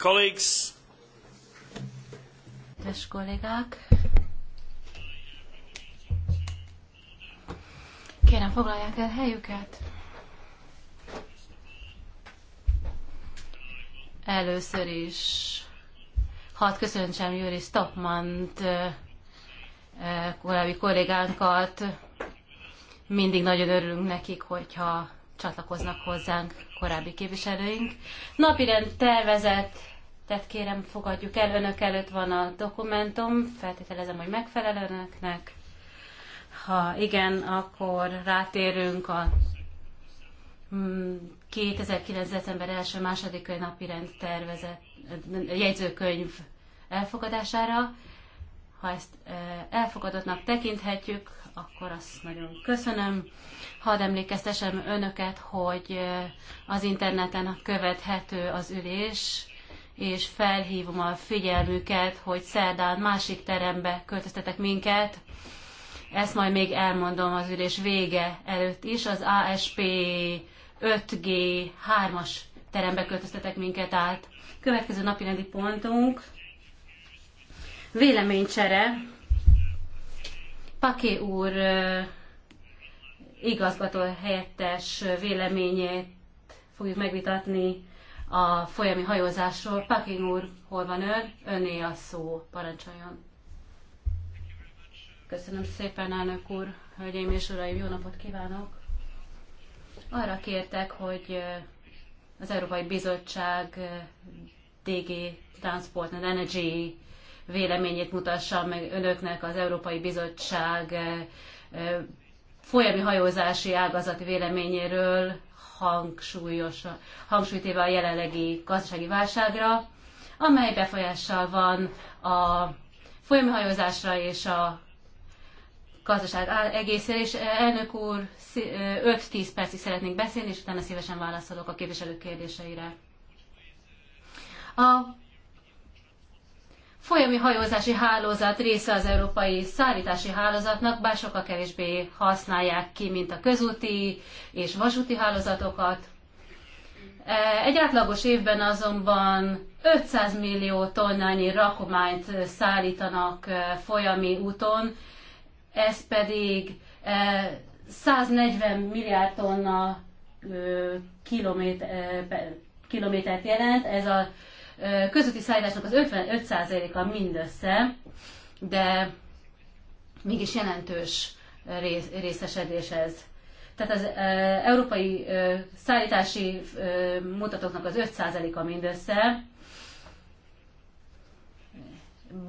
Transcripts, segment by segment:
Colleagues. Kedves Kérem, foglalják el helyüket. Először is hadd köszöntsem Jüri Stopmant, korábbi kollégánkat. Mindig nagyon örülünk nekik, hogyha csatlakoznak hozzánk korábbi képviselőink. Napirend tervezett tehát kérem fogadjuk el, önök előtt van a dokumentum, feltételezem, hogy megfelel önöknek. Ha igen, akkor rátérünk a 2009. Mm, december 1 második napi rend tervezett jegyzőkönyv elfogadására. Ha ezt e, elfogadottnak tekinthetjük, akkor azt nagyon köszönöm. Hadd emlékeztesem önöket, hogy e, az interneten követhető az ülés, és felhívom a figyelmüket, hogy szerdán másik terembe költöztetek minket. Ezt majd még elmondom az ülés vége előtt is. Az ASP 5G 3-as terembe költöztetek minket át. Következő napi rendi pontunk véleménycsere. Paké úr igazgató helyettes véleményét fogjuk megvitatni a folyami hajózásról. Paking úr, hol van ön? Önné a szó, parancsoljon. Köszönöm szépen, elnök úr, hölgyeim és uraim, jó napot kívánok! Arra kértek, hogy az Európai Bizottság DG Transport and Energy véleményét mutassam meg önöknek az Európai Bizottság folyami hajózási ágazati véleményéről hangsúlyos, hangsúlytéve a jelenlegi gazdasági válságra, amely befolyással van a folyamihajózásra és a gazdaság egészére, és eh, elnök úr 5-10 eh, percig szeretnék beszélni, és utána szívesen válaszolok a képviselők kérdéseire. A folyami hajózási hálózat része az európai szállítási hálózatnak, bár sokkal kevésbé használják ki, mint a közúti és vasúti hálózatokat. E, egy átlagos évben azonban 500 millió tonnányi rakományt szállítanak e, folyami úton, ez pedig 140 e, milliárd tonna kilométert jelent, ez a közúti szállításnak az 55%-a mindössze, de mégis jelentős rész, részesedés ez. Tehát az európai szállítási mutatóknak az 5%-a mindössze,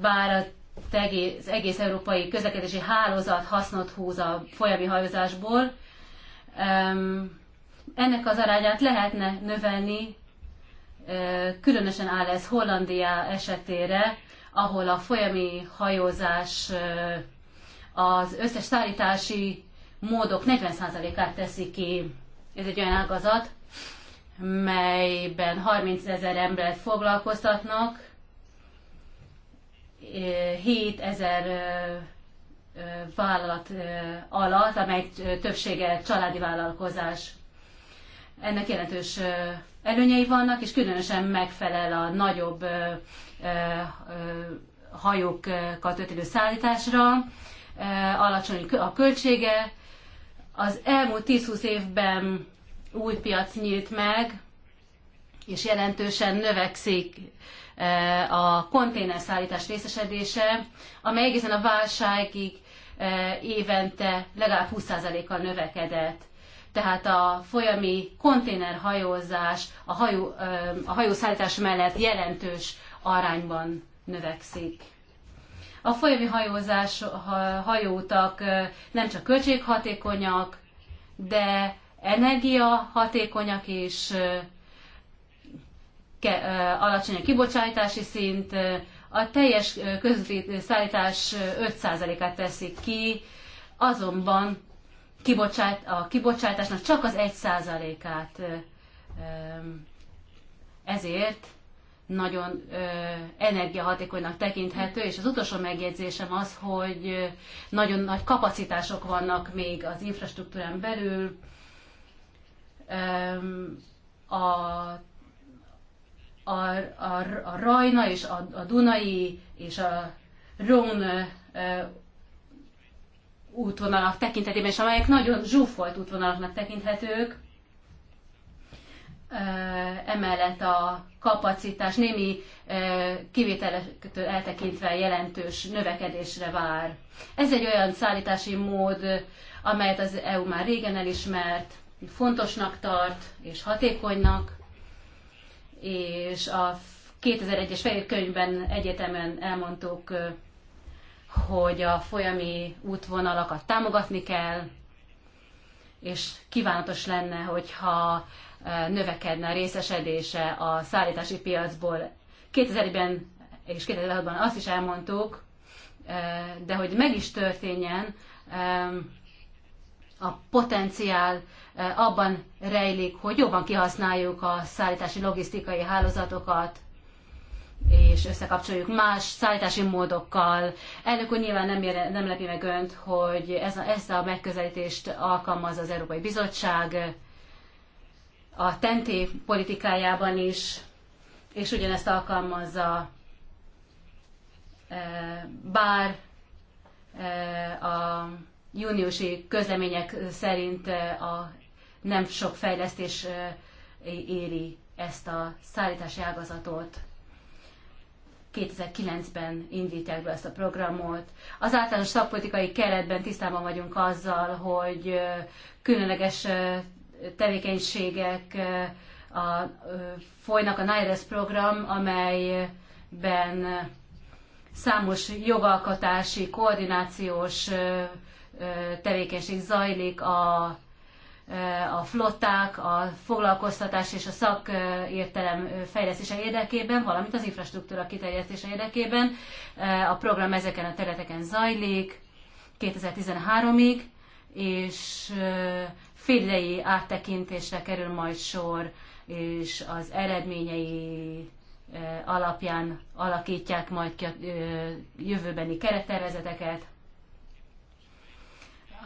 bár a tegész, az egész európai közlekedési hálózat hasznot húz a folyami hajózásból, ennek az arányát lehetne növelni Különösen áll ez Hollandia esetére, ahol a folyami hajózás az összes szállítási módok 40%-át teszi ki. Ez egy olyan ágazat, melyben 30 ezer embert foglalkoztatnak, 7 ezer vállalat alatt, amely többsége családi vállalkozás ennek jelentős előnyei vannak, és különösen megfelel a nagyobb hajókkal történő szállításra, alacsony a költsége. Az elmúlt 10-20 évben új piac nyílt meg, és jelentősen növekszik a konténerszállítás részesedése, amely egészen a válságig évente legalább 20%-kal növekedett tehát a folyami konténerhajózás a, hajó, a hajószállítás mellett jelentős arányban növekszik. A folyami hajózás, hajótak nem csak költséghatékonyak, de energiahatékonyak és alacsony a kibocsátási szint, a teljes közúti szállítás 5%-át teszik ki, azonban kibocsát, a kibocsátásnak csak az egy százalékát. Ezért nagyon ö, energiahatékonynak tekinthető, és az utolsó megjegyzésem az, hogy nagyon nagy kapacitások vannak még az infrastruktúrán belül. Ö, a a, a, a Rajna és a, a Dunai és a Rhône útvonalak tekintetében, és amelyek nagyon zsúfolt útvonalaknak tekinthetők. Emellett a kapacitás némi kivételektől eltekintve jelentős növekedésre vár. Ez egy olyan szállítási mód, amelyet az EU már régen elismert, fontosnak tart és hatékonynak, és a 2001-es fejlőkönyvben egyetemen elmondtuk hogy a folyami útvonalakat támogatni kell, és kívánatos lenne, hogyha e, növekedne a részesedése a szállítási piacból. 2000-ben és 2006-ban azt is elmondtuk, e, de hogy meg is történjen, e, a potenciál abban rejlik, hogy jobban kihasználjuk a szállítási logisztikai hálózatokat, és összekapcsoljuk más szállítási módokkal. Elnök úr nyilván nem, ér nem lepi meg önt, hogy ez a, ezt a megközelítést alkalmaz az Európai Bizottság a tenté politikájában is, és ugyanezt alkalmazza e, bár e, a júniusi közlemények szerint e, a nem sok fejlesztés éri ezt a szállítási ágazatot. 2009-ben indítják be ezt a programot. Az általános szakpolitikai keretben tisztában vagyunk azzal, hogy különleges tevékenységek a, folynak a NIRES program, amelyben számos jogalkotási, koordinációs tevékenység zajlik a a flották, a foglalkoztatás és a szakértelem fejlesztése érdekében, valamint az infrastruktúra kiterjesztése érdekében. E, a program ezeken a területeken zajlik 2013-ig, és e, félidei áttekintésre kerül majd sor, és az eredményei e, alapján alakítják majd ki a jövőbeni kerettervezeteket.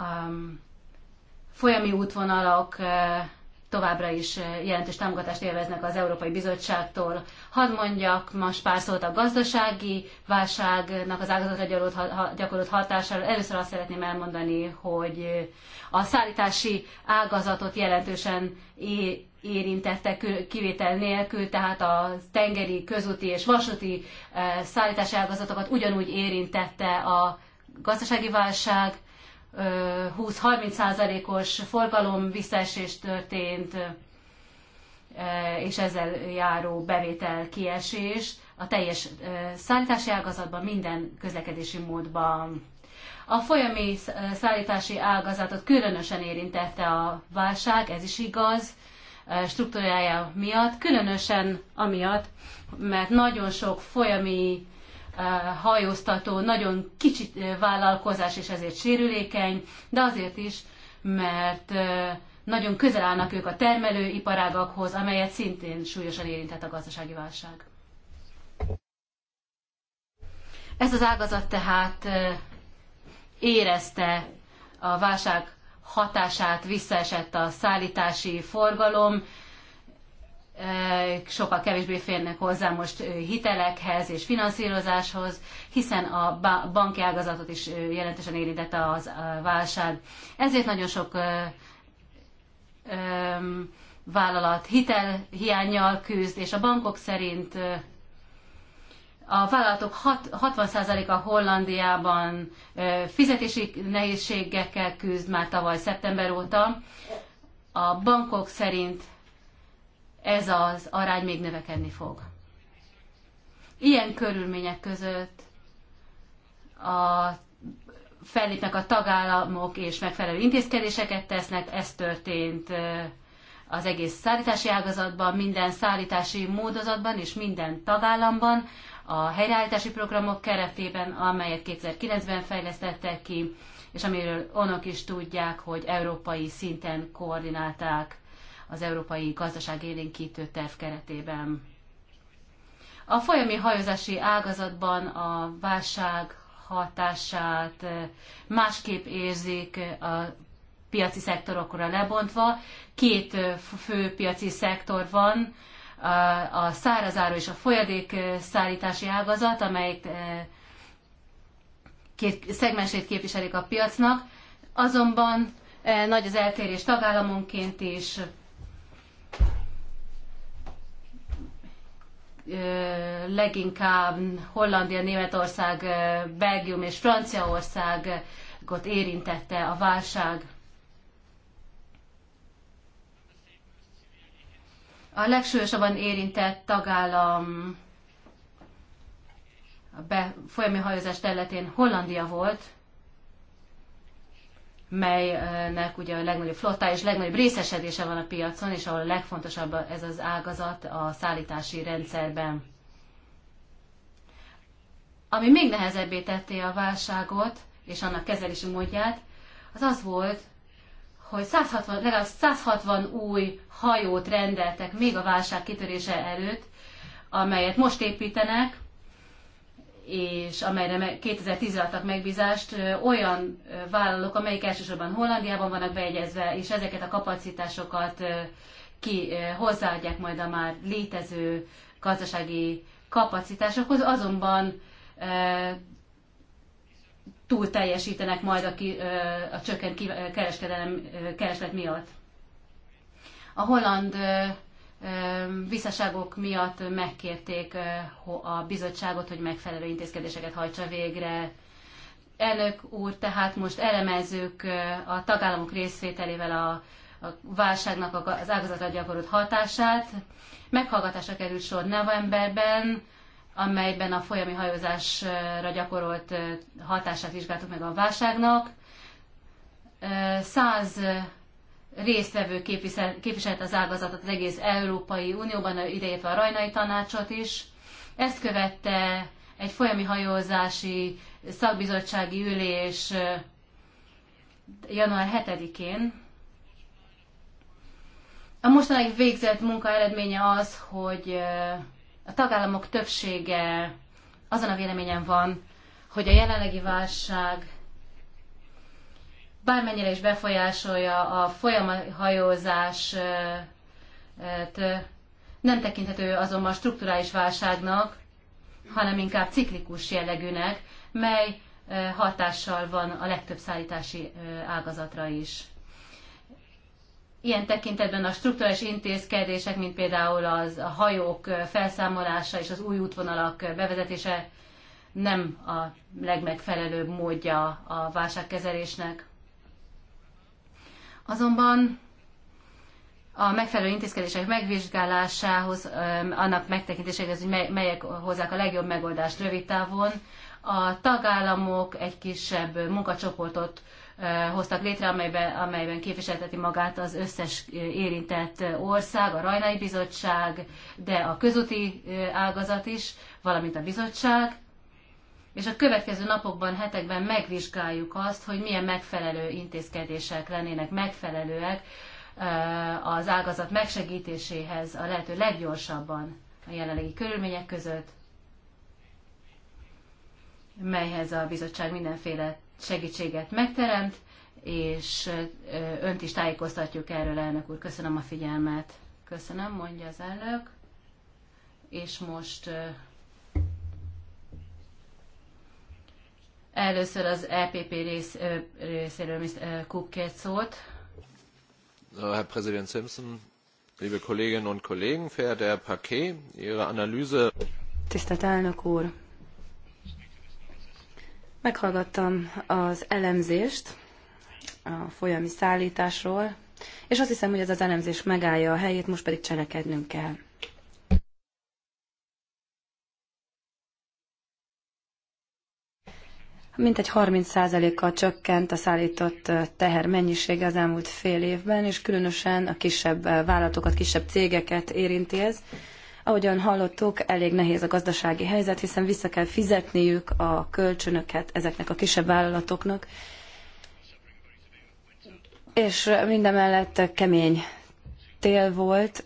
Um, folyami útvonalak továbbra is jelentős támogatást élveznek az Európai Bizottságtól. Hadd mondjak most pár szót a gazdasági válságnak az ágazatra gyakorolt hatásáról. Először azt szeretném elmondani, hogy a szállítási ágazatot jelentősen érintette kivétel nélkül, tehát a tengeri, közúti és vasúti szállítási ágazatokat ugyanúgy érintette a gazdasági válság, 20-30%-os forgalom visszaesés történt, és ezzel járó bevétel kiesés a teljes szállítási ágazatban, minden közlekedési módban. A folyami szállítási ágazatot különösen érintette a válság, ez is igaz, struktúrája miatt, különösen amiatt, mert nagyon sok folyami hajóztató, nagyon kicsi vállalkozás, és ezért sérülékeny, de azért is, mert nagyon közel állnak ők a termelőiparágakhoz, amelyet szintén súlyosan érintett a gazdasági válság. Ez az ágazat tehát érezte a válság hatását, visszaesett a szállítási forgalom, Eh, sokkal kevésbé férnek hozzá most eh, hitelekhez és finanszírozáshoz, hiszen a banki ágazatot is eh, jelentősen érintette az válság. Ezért nagyon sok vállalat hitelhiányjal küzd, és a bankok szerint a vállalatok 60%-a Hollandiában fizetési nehézségekkel küzd már tavaly szeptember óta. A bankok szerint ez az arány még növekedni fog. Ilyen körülmények között a, fellépnek a tagállamok és megfelelő intézkedéseket tesznek, ez történt az egész szállítási ágazatban, minden szállítási módozatban és minden tagállamban, a helyreállítási programok keretében, amelyet 2009-ben fejlesztettek ki, és amiről onok is tudják, hogy európai szinten koordinálták az Európai Gazdaság Élénkítő Terv keretében. A folyami hajózási ágazatban a válság hatását eh, másképp érzik eh, a piaci szektorokra lebontva. Két eh, fő piaci szektor van, a szárazáró és a folyadék szállítási ágazat, amelyet két szegmensét képviselik a piacnak, azonban nagy az eltérés tagállamonként is, leginkább Hollandia, Németország, Belgium és Franciaországot érintette a válság. A legsúlyosabban érintett tagállam a be, folyami hajózás területén Hollandia volt, melynek ugye a legnagyobb flottája és legnagyobb részesedése van a piacon, és ahol a legfontosabb ez az ágazat a szállítási rendszerben. Ami még nehezebbé tette a válságot és annak kezelési módját, az az volt, hogy 160, legalább 160 új hajót rendeltek még a válság kitörése előtt, amelyet most építenek, és amelyre 2010-re adtak megbízást, olyan vállalók, amelyik elsősorban Hollandiában vannak bejegyezve, és ezeket a kapacitásokat ki hozzáadják majd a már létező gazdasági kapacitásokhoz, azonban túl teljesítenek majd a, ki, a csökkent kereskedelem, kereslet miatt. A holland visszaságok miatt megkérték a bizottságot, hogy megfelelő intézkedéseket hajtsa végre. Elnök úr, tehát most elemezzük a tagállamok részvételével a, a válságnak az ágazatra gyakorolt hatását. Meghallgatásra került sor novemberben, amelyben a folyami hajózásra gyakorolt hatását vizsgáltuk meg a válságnak. Száz résztvevő képvisel, képviselte az ágazatot az egész Európai Unióban, ideértve a Rajnai Tanácsot is. Ezt követte egy folyami hajózási szakbizottsági ülés január 7-én. A mostanáig végzett munka eredménye az, hogy a tagállamok többsége azon a véleményen van, hogy a jelenlegi válság bármennyire is befolyásolja a folyamhajózást, nem tekinthető azonban strukturális válságnak, hanem inkább ciklikus jellegűnek, mely hatással van a legtöbb szállítási ágazatra is. Ilyen tekintetben a strukturális intézkedések, mint például az, a hajók felszámolása és az új útvonalak bevezetése nem a legmegfelelőbb módja a válságkezelésnek. Azonban a megfelelő intézkedések megvizsgálásához, annak megtekintéséhez, hogy melyek hozzák a legjobb megoldást rövid távon, a tagállamok egy kisebb munkacsoportot hoztak létre, amelyben, amelyben képviselteti magát az összes érintett ország, a Rajnai Bizottság, de a közúti ágazat is, valamint a bizottság és a következő napokban, hetekben megvizsgáljuk azt, hogy milyen megfelelő intézkedések lennének megfelelőek eh, az ágazat megsegítéséhez a lehető leggyorsabban a jelenlegi körülmények között, melyhez a bizottság mindenféle segítséget megteremt, és eh, önt is tájékoztatjuk erről, elnök úr. Köszönöm a figyelmet. Köszönöm, mondja az elnök. És most eh, Először az EPP rész, részéről Mr. Cook két szót. Herr Präsident Simpson, liebe Kolleginnen und Kollegen, verehrter Herr Paquet, Ihre Analyse... Tisztelt elnök úr! Meghallgattam az elemzést a folyami szállításról, és azt hiszem, hogy ez az elemzés megállja a helyét, most pedig cselekednünk kell. mintegy 30%-kal csökkent a szállított teher mennyisége az elmúlt fél évben, és különösen a kisebb vállalatokat, kisebb cégeket érinti ez. Ahogyan hallottuk, elég nehéz a gazdasági helyzet, hiszen vissza kell fizetniük a kölcsönöket ezeknek a kisebb vállalatoknak, és mindemellett kemény tél volt,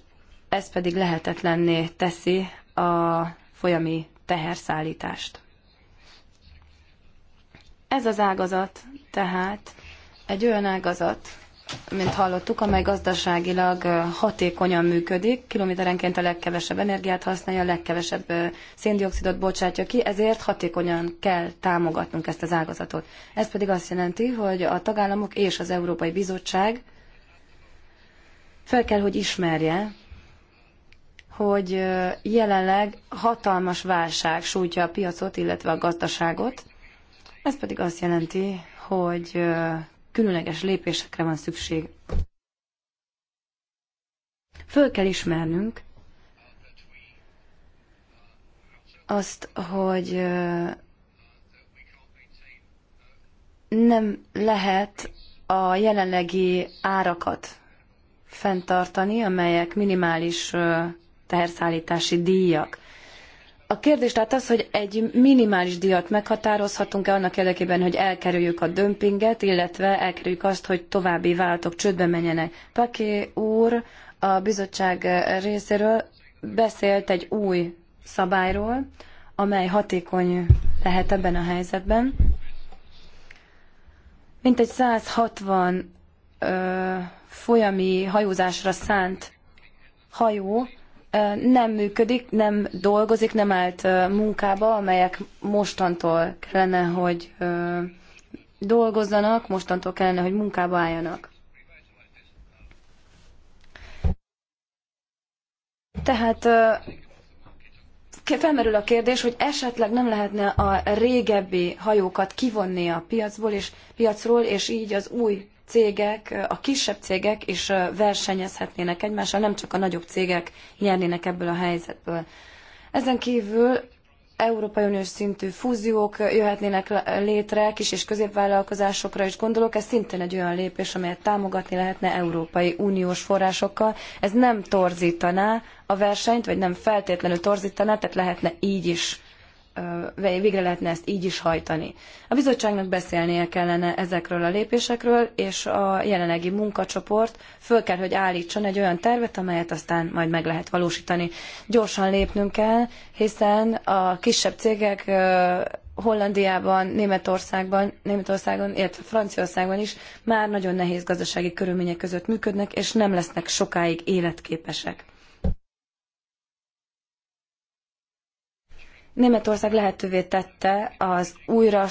ez pedig lehetetlenné teszi a folyami teherszállítást. Ez az ágazat tehát egy olyan ágazat, mint hallottuk, amely gazdaságilag hatékonyan működik, kilométerenként a legkevesebb energiát használja, a legkevesebb széndiokszidot bocsátja ki, ezért hatékonyan kell támogatnunk ezt az ágazatot. Ez pedig azt jelenti, hogy a tagállamok és az Európai Bizottság fel kell, hogy ismerje, hogy jelenleg hatalmas válság sújtja a piacot, illetve a gazdaságot, ez pedig azt jelenti, hogy különleges lépésekre van szükség. Föl kell ismernünk azt, hogy nem lehet a jelenlegi árakat fenntartani, amelyek minimális teherszállítási díjak. A kérdés tehát az, hogy egy minimális díjat meghatározhatunk-e annak érdekében, hogy elkerüljük a dömpinget, illetve elkerüljük azt, hogy további vállalatok csődbe menjenek. Paké úr a bizottság részéről beszélt egy új szabályról, amely hatékony lehet ebben a helyzetben. Mintegy 160 ö, folyami hajózásra szánt hajó nem működik, nem dolgozik, nem állt munkába, amelyek mostantól kellene, hogy dolgozzanak, mostantól kellene, hogy munkába álljanak. Tehát felmerül a kérdés, hogy esetleg nem lehetne a régebbi hajókat kivonni a piacból és piacról, és így az új cégek, a kisebb cégek is versenyezhetnének egymással, nem csak a nagyobb cégek nyernének ebből a helyzetből. Ezen kívül Európai Uniós szintű fúziók jöhetnének létre, kis és középvállalkozásokra is gondolok, ez szintén egy olyan lépés, amelyet támogatni lehetne Európai Uniós forrásokkal. Ez nem torzítaná a versenyt, vagy nem feltétlenül torzítaná, tehát lehetne így is végre lehetne ezt így is hajtani. A bizottságnak beszélnie kellene ezekről a lépésekről, és a jelenlegi munkacsoport föl kell, hogy állítson egy olyan tervet, amelyet aztán majd meg lehet valósítani. Gyorsan lépnünk kell, hiszen a kisebb cégek Hollandiában, Németországban, Németországon, illetve Franciaországban is már nagyon nehéz gazdasági körülmények között működnek, és nem lesznek sokáig életképesek. Németország lehetővé tette az újra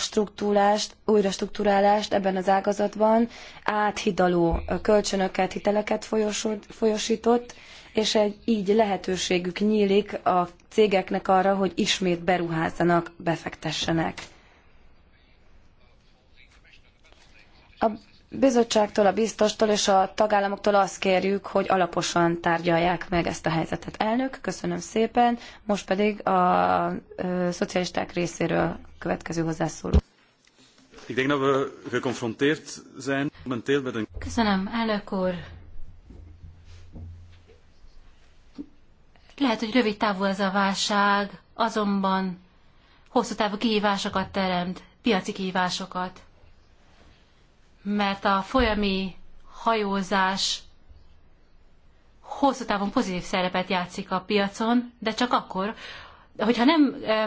újra struktúrálást ebben az ágazatban, áthidaló kölcsönöket, hiteleket folyosod, folyosított, és egy, így lehetőségük nyílik a cégeknek arra, hogy ismét beruházzanak, befektessenek. A bizottságtól, a biztostól és a tagállamoktól azt kérjük, hogy alaposan tárgyalják meg ezt a helyzetet. Elnök, köszönöm szépen. Most pedig a ö, szocialisták részéről következő hozzászóló. Köszönöm, elnök úr. Lehet, hogy rövid távú ez a válság, azonban hosszú távú kihívásokat teremt, piaci kihívásokat mert a folyami hajózás hosszú távon pozitív szerepet játszik a piacon, de csak akkor, hogyha nem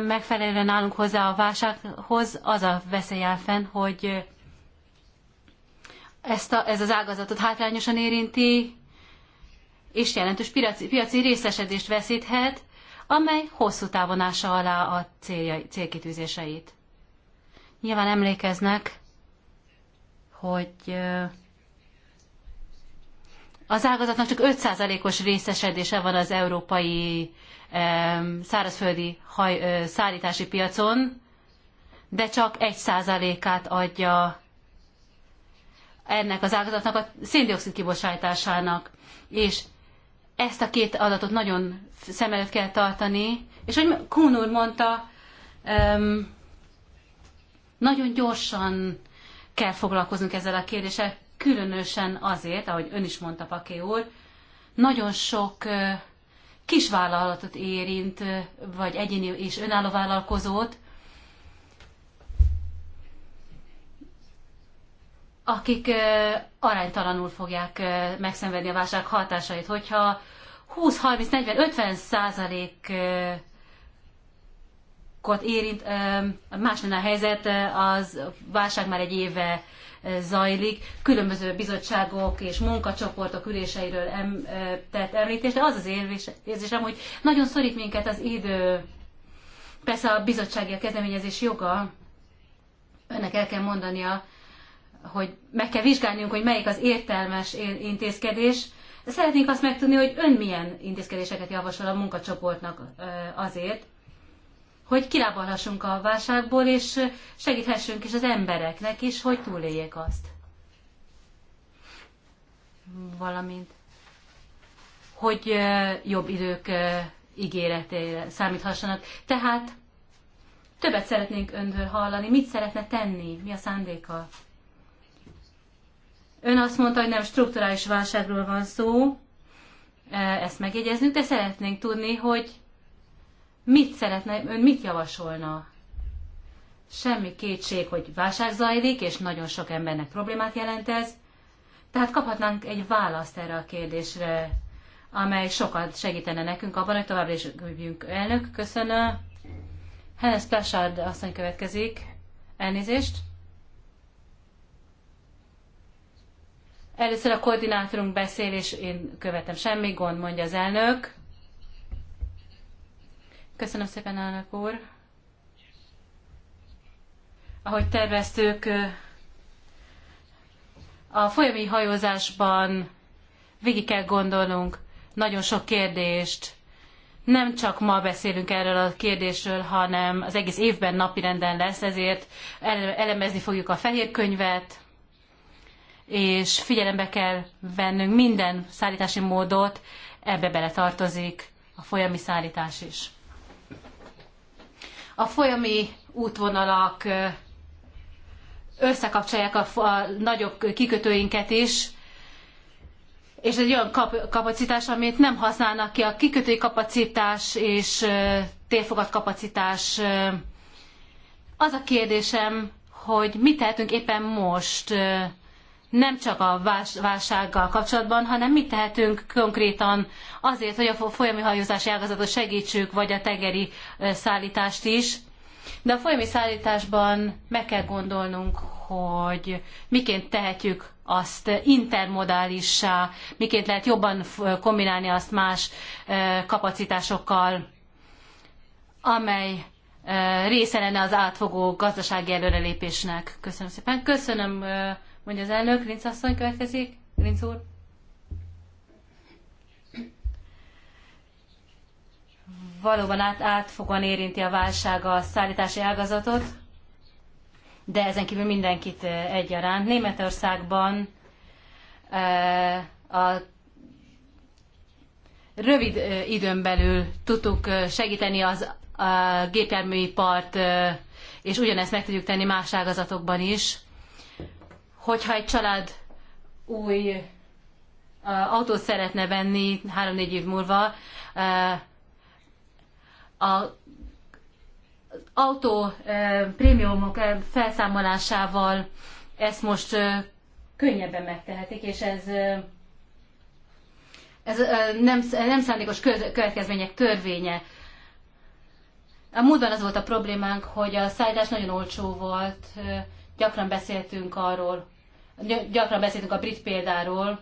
megfelelően állunk hozzá a válsághoz, az a veszély áll fenn, hogy ezt a, ez az ágazatot hátrányosan érinti, és jelentős piaci, piaci részesedést veszíthet, amely hosszú távon ása alá a célja, célkitűzéseit. Nyilván emlékeznek hogy az ágazatnak csak 5%-os részesedése van az európai szárazföldi haj, szállítási piacon, de csak 1%-át adja ennek az ágazatnak a széndiokszid kibocsátásának. És ezt a két adatot nagyon szem előtt kell tartani, és hogy Kuhn úr mondta, nagyon gyorsan kell foglalkoznunk ezzel a kérdéssel, különösen azért, ahogy ön is mondta, Paké úr, nagyon sok kisvállalatot érint, vagy egyéni és önálló vállalkozót, akik aránytalanul fogják megszenvedni a válság hatásait. Hogyha 20, 30, 40, 50 százalék érint, más lenne a helyzet, az válság már egy éve zajlik, különböző bizottságok és munkacsoportok üléseiről em, tett említést, de az az érzésem, hogy nagyon szorít minket az idő. Persze a bizottsági a kezdeményezés joga, önnek el kell mondania, hogy meg kell vizsgálnunk, hogy melyik az értelmes intézkedés. Szeretnénk azt megtudni, hogy ön milyen intézkedéseket javasol a munkacsoportnak azért, hogy kilábalhassunk a válságból, és segíthessünk is az embereknek is, hogy túléljék azt. Valamint, hogy jobb idők ígéretére számíthassanak. Tehát többet szeretnénk öntől hallani. Mit szeretne tenni? Mi a szándéka? Ön azt mondta, hogy nem strukturális válságról van szó, ezt megjegyeznünk, de szeretnénk tudni, hogy Mit szeretne, ön mit javasolna? Semmi kétség, hogy válság zajlik, és nagyon sok embernek problémát jelent ez. Tehát kaphatnánk egy választ erre a kérdésre, amely sokat segítene nekünk abban, hogy továbbra is működjünk. Elnök, köszönöm. Hennes Plashard asszony következik. Elnézést. Először a koordinátorunk beszél, és én követem semmi gond, mondja az elnök. Köszönöm szépen, elnök úr. Ahogy terveztük, a folyami hajózásban végig kell gondolnunk nagyon sok kérdést. Nem csak ma beszélünk erről a kérdésről, hanem az egész évben napirenden lesz, ezért elemezni fogjuk a fehér könyvet, és figyelembe kell vennünk minden szállítási módot, ebbe beletartozik a folyami szállítás is a folyami útvonalak összekapcsolják a, a nagyobb kikötőinket is, és egy olyan kap, kapacitás, amit nem használnak ki, a kikötői kapacitás és térfogat kapacitás. Az a kérdésem, hogy mit tehetünk éppen most nem csak a válsággal kapcsolatban, hanem mit tehetünk konkrétan azért, hogy a folyami hajózási ágazatot segítsük, vagy a tengeri szállítást is. De a folyami szállításban meg kell gondolnunk, hogy miként tehetjük azt intermodálissá, miként lehet jobban kombinálni azt más kapacitásokkal, amely része lenne az átfogó gazdasági előrelépésnek. Köszönöm szépen. Köszönöm Mondja az elnök, Linz asszony következik. Linz úr. Valóban át, átfogóan érinti a válság a szállítási ágazatot, de ezen kívül mindenkit eh, egyaránt. Németországban eh, a rövid eh, időn belül tudtuk segíteni az a gépjárműipart, és ugyanezt meg tudjuk tenni más ágazatokban is hogyha egy család új autót szeretne venni három-négy év múlva, a autó prémiumok felszámolásával ezt most könnyebben megtehetik, és ez, ez nem, nem szándékos következmények törvénye. A múltban az volt a problémánk, hogy a szállítás nagyon olcsó volt, gyakran beszéltünk arról, gyakran beszélünk a brit példáról,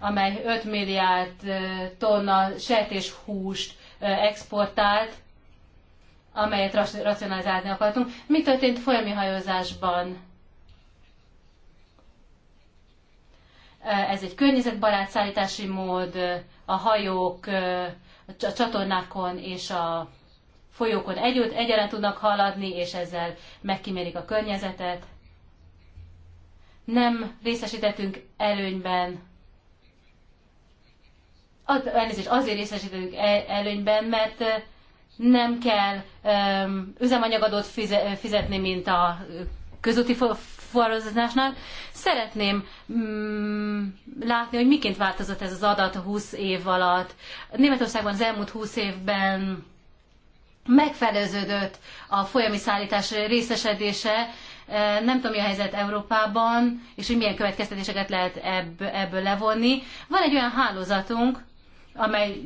amely 5 milliárd tonna sertéshúst exportált, amelyet racionalizálni akartunk. Mi történt folyami hajózásban? Ez egy környezetbarát szállítási mód, a hajók a csatornákon és a folyókon együtt egyaránt tudnak haladni, és ezzel megkimérik a környezetet nem részesítettünk előnyben, az, elnézést, azért részesítettünk e- előnyben, mert nem kell um, üzemanyagadót fizetni, mint a közúti forrózásnál. Szeretném mm, látni, hogy miként változott ez az adat 20 év alatt. Németországban az elmúlt 20 évben megfeleződött a folyami szállítás részesedése, nem tudom, mi a helyzet Európában, és hogy milyen következtetéseket lehet ebből levonni. Van egy olyan hálózatunk, amely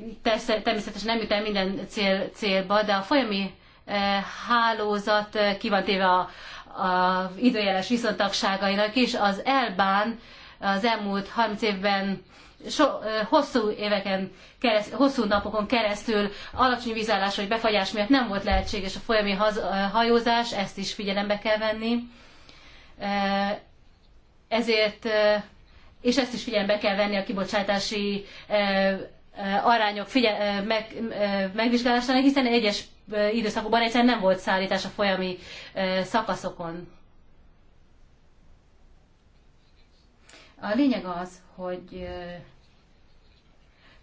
természetesen nem jut el minden cél, célba, de a folyami hálózat ki van téve a, időjeles viszontagságainak is. Az Elbán az elmúlt 30 évben so, hosszú éveken, kereszt, hosszú napokon keresztül alacsony vízállás vagy befagyás miatt nem volt lehetséges a folyami hajózás, ezt is figyelembe kell venni. Ezért, és ezt is figyelembe kell venni a kibocsátási arányok figyel, meg, megvizsgálásának, hiszen egyes időszakokban egyszerűen nem volt szállítás a folyami szakaszokon. A lényeg az, hogy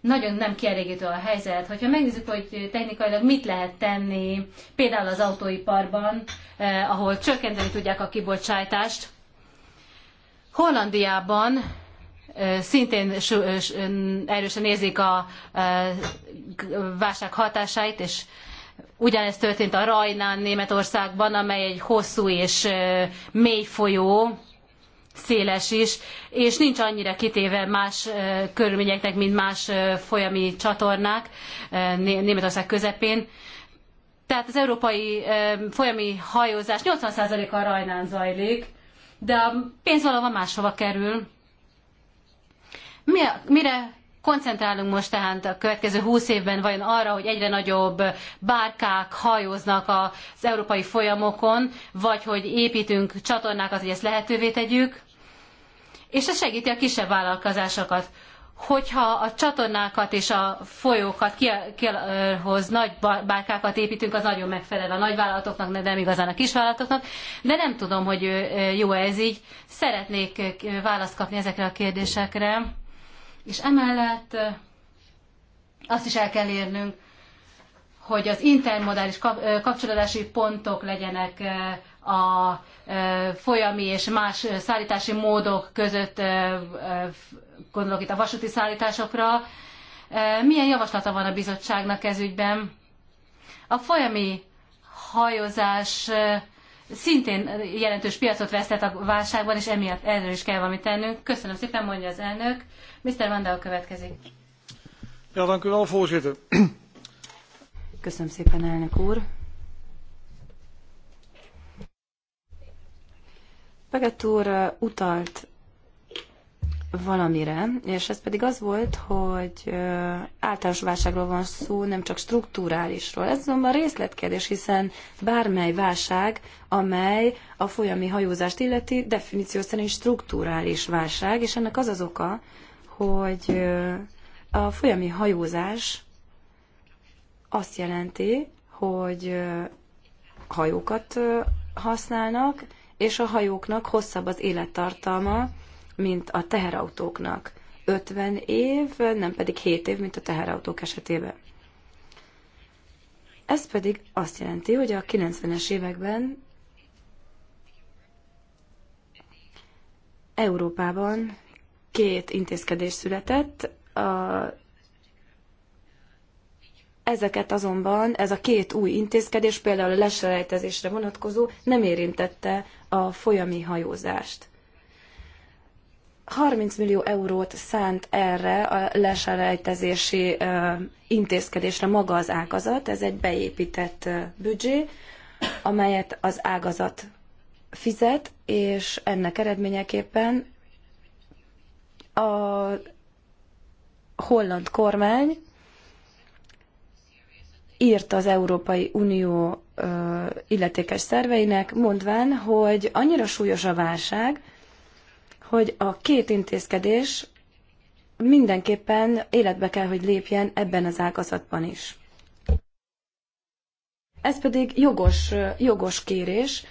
nagyon nem kielégítő a helyzet. Hogyha megnézzük, hogy technikailag mit lehet tenni, például az autóiparban, eh, ahol csökkenteni tudják a kibocsátást, Hollandiában eh, szintén erősen érzik a eh, válság hatásait, és ugyanezt történt a Rajnán Németországban, amely egy hosszú és mély folyó, széles is, és nincs annyira kitéve más körülményeknek, mint más folyami csatornák Németország közepén. Tehát az európai folyami hajózás 80%-a Rajnán zajlik, de a pénz valahova máshova kerül. Mire koncentrálunk most tehát a következő húsz évben vajon arra, hogy egyre nagyobb bárkák hajóznak az európai folyamokon, vagy hogy építünk csatornákat, hogy ezt lehetővé tegyük, és ez segíti a kisebb vállalkozásokat. Hogyha a csatornákat és a folyókat kihoz nagy bárkákat építünk, az nagyon megfelel a nagyvállalatoknak, de nem igazán a kisvállalatoknak, de nem tudom, hogy jó -e ez így. Szeretnék választ kapni ezekre a kérdésekre, és emellett azt is el kell érnünk, hogy az intermodális kapcsolódási pontok legyenek a folyami és más szállítási módok között, gondolok itt a vasúti szállításokra. Milyen javaslata van a bizottságnak ez ügyben? A folyami hajózás szintén jelentős piacot vesztett a válságban, és emiatt erről is kell valamit tennünk. Köszönöm szépen, mondja az elnök. Mr. Dal következik. Ja, Köszönöm szépen, elnök úr. Beget úr utalt valamire, és ez pedig az volt, hogy általános válságról van szó, nem csak struktúrálisról. Ez azonban részletkérdés, hiszen bármely válság, amely a folyami hajózást illeti, definíció szerint struktúrális válság, és ennek az az oka, hogy a folyami hajózás azt jelenti, hogy hajókat használnak, és a hajóknak hosszabb az élettartalma, mint a teherautóknak. 50 év, nem pedig 7 év, mint a teherautók esetében. Ez pedig azt jelenti, hogy a 90-es években Európában két intézkedés született, a Ezeket azonban ez a két új intézkedés, például a leselejtezésre vonatkozó, nem érintette a folyami hajózást. 30 millió eurót szánt erre a leselejtezési intézkedésre maga az ágazat, ez egy beépített büdzsé, amelyet az ágazat fizet, és ennek eredményeképpen a holland kormány írt az Európai Unió illetékes szerveinek, mondván, hogy annyira súlyos a válság, hogy a két intézkedés mindenképpen életbe kell, hogy lépjen ebben az ágazatban is. Ez pedig jogos, jogos kérés,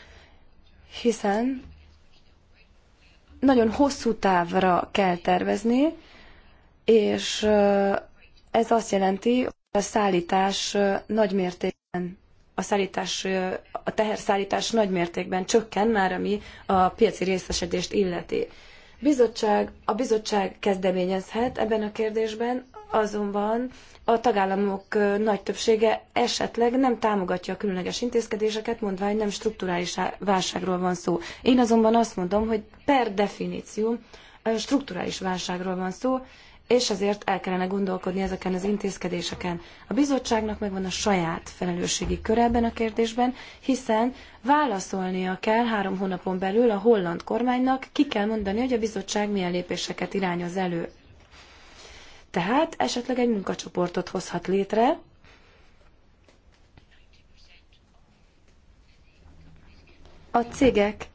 hiszen nagyon hosszú távra kell tervezni, és ez azt jelenti, a szállítás nagy mértékben a szállítás, a teherszállítás nagy mértékben csökken már, ami a piaci részesedést illeti. Bizottság, a bizottság kezdeményezhet ebben a kérdésben, azonban a tagállamok nagy többsége esetleg nem támogatja a különleges intézkedéseket, mondván, hogy nem strukturális válságról van szó. Én azonban azt mondom, hogy per definíció strukturális válságról van szó, és ezért el kellene gondolkodni ezeken az intézkedéseken. A bizottságnak megvan a saját felelősségi köre ebben a kérdésben, hiszen válaszolnia kell három hónapon belül a holland kormánynak, ki kell mondani, hogy a bizottság milyen lépéseket irányoz elő. Tehát esetleg egy munkacsoportot hozhat létre, A cégek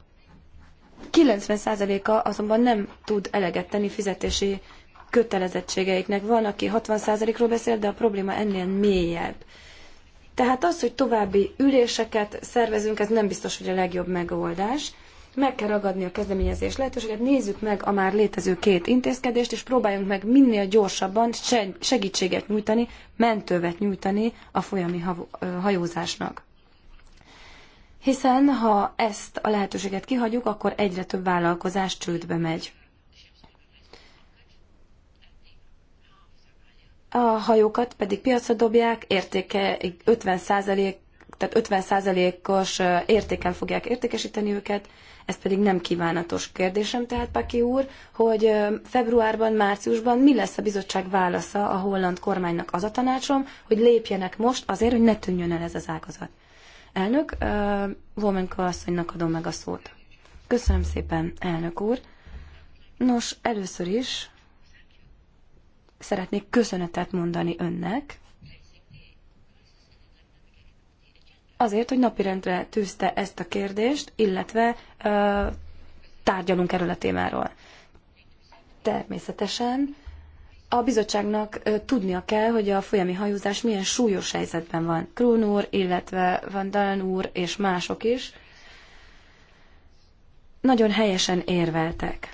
90%-a azonban nem tud eleget tenni fizetési kötelezettségeiknek. Van, aki 60%-ról beszél, de a probléma ennél mélyebb. Tehát az, hogy további üléseket szervezünk, ez nem biztos, hogy a legjobb megoldás. Meg kell ragadni a kezdeményezés lehetőséget, nézzük meg a már létező két intézkedést, és próbáljunk meg minél gyorsabban segítséget nyújtani, mentővet nyújtani a folyami hajózásnak. Hiszen ha ezt a lehetőséget kihagyjuk, akkor egyre több vállalkozás csődbe megy. a hajókat pedig piacra dobják, értéke 50 tehát 50%-os értéken fogják értékesíteni őket, ez pedig nem kívánatos kérdésem, tehát Paki úr, hogy februárban, márciusban mi lesz a bizottság válasza a holland kormánynak az a tanácsom, hogy lépjenek most azért, hogy ne tűnjön el ez az ágazat. Elnök, uh, Womenko asszonynak adom meg a szót. Köszönöm szépen, elnök úr. Nos, először is szeretnék köszönetet mondani önnek, azért, hogy napirendre tűzte ezt a kérdést, illetve ö, tárgyalunk erről a témáról. Természetesen a bizottságnak ö, tudnia kell, hogy a folyami hajózás milyen súlyos helyzetben van. Krón úr, illetve Van Dalen úr és mások is nagyon helyesen érveltek.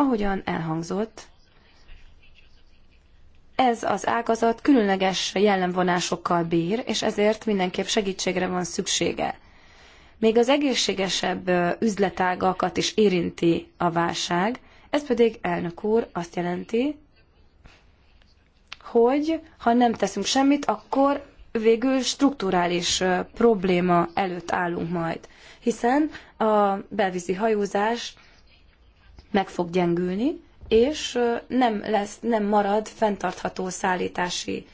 Ahogyan elhangzott, ez az ágazat különleges jellemvonásokkal bír, és ezért mindenképp segítségre van szüksége. Még az egészségesebb üzletágakat is érinti a válság, ez pedig, elnök úr, azt jelenti, hogy ha nem teszünk semmit, akkor végül strukturális probléma előtt állunk majd. Hiszen a belvízi hajózás meg fog gyengülni, és nem, lesz, nem marad fenntartható szállítási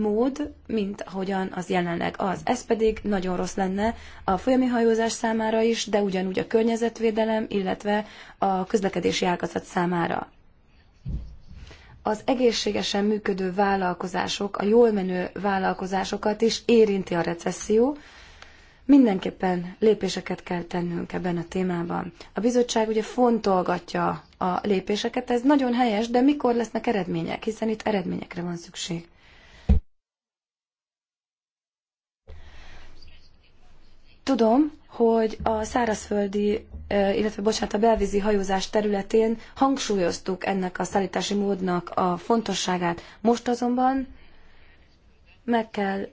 mód, mint ahogyan az jelenleg az. Ez pedig nagyon rossz lenne a folyami hajózás számára is, de ugyanúgy a környezetvédelem, illetve a közlekedési ágazat számára. Az egészségesen működő vállalkozások, a jól menő vállalkozásokat is érinti a recesszió, Mindenképpen lépéseket kell tennünk ebben a témában. A bizottság ugye fontolgatja a lépéseket, ez nagyon helyes, de mikor lesznek eredmények, hiszen itt eredményekre van szükség. Tudom, hogy a szárazföldi, illetve bocsánat, a belvízi hajózás területén hangsúlyoztuk ennek a szállítási módnak a fontosságát. Most azonban meg kell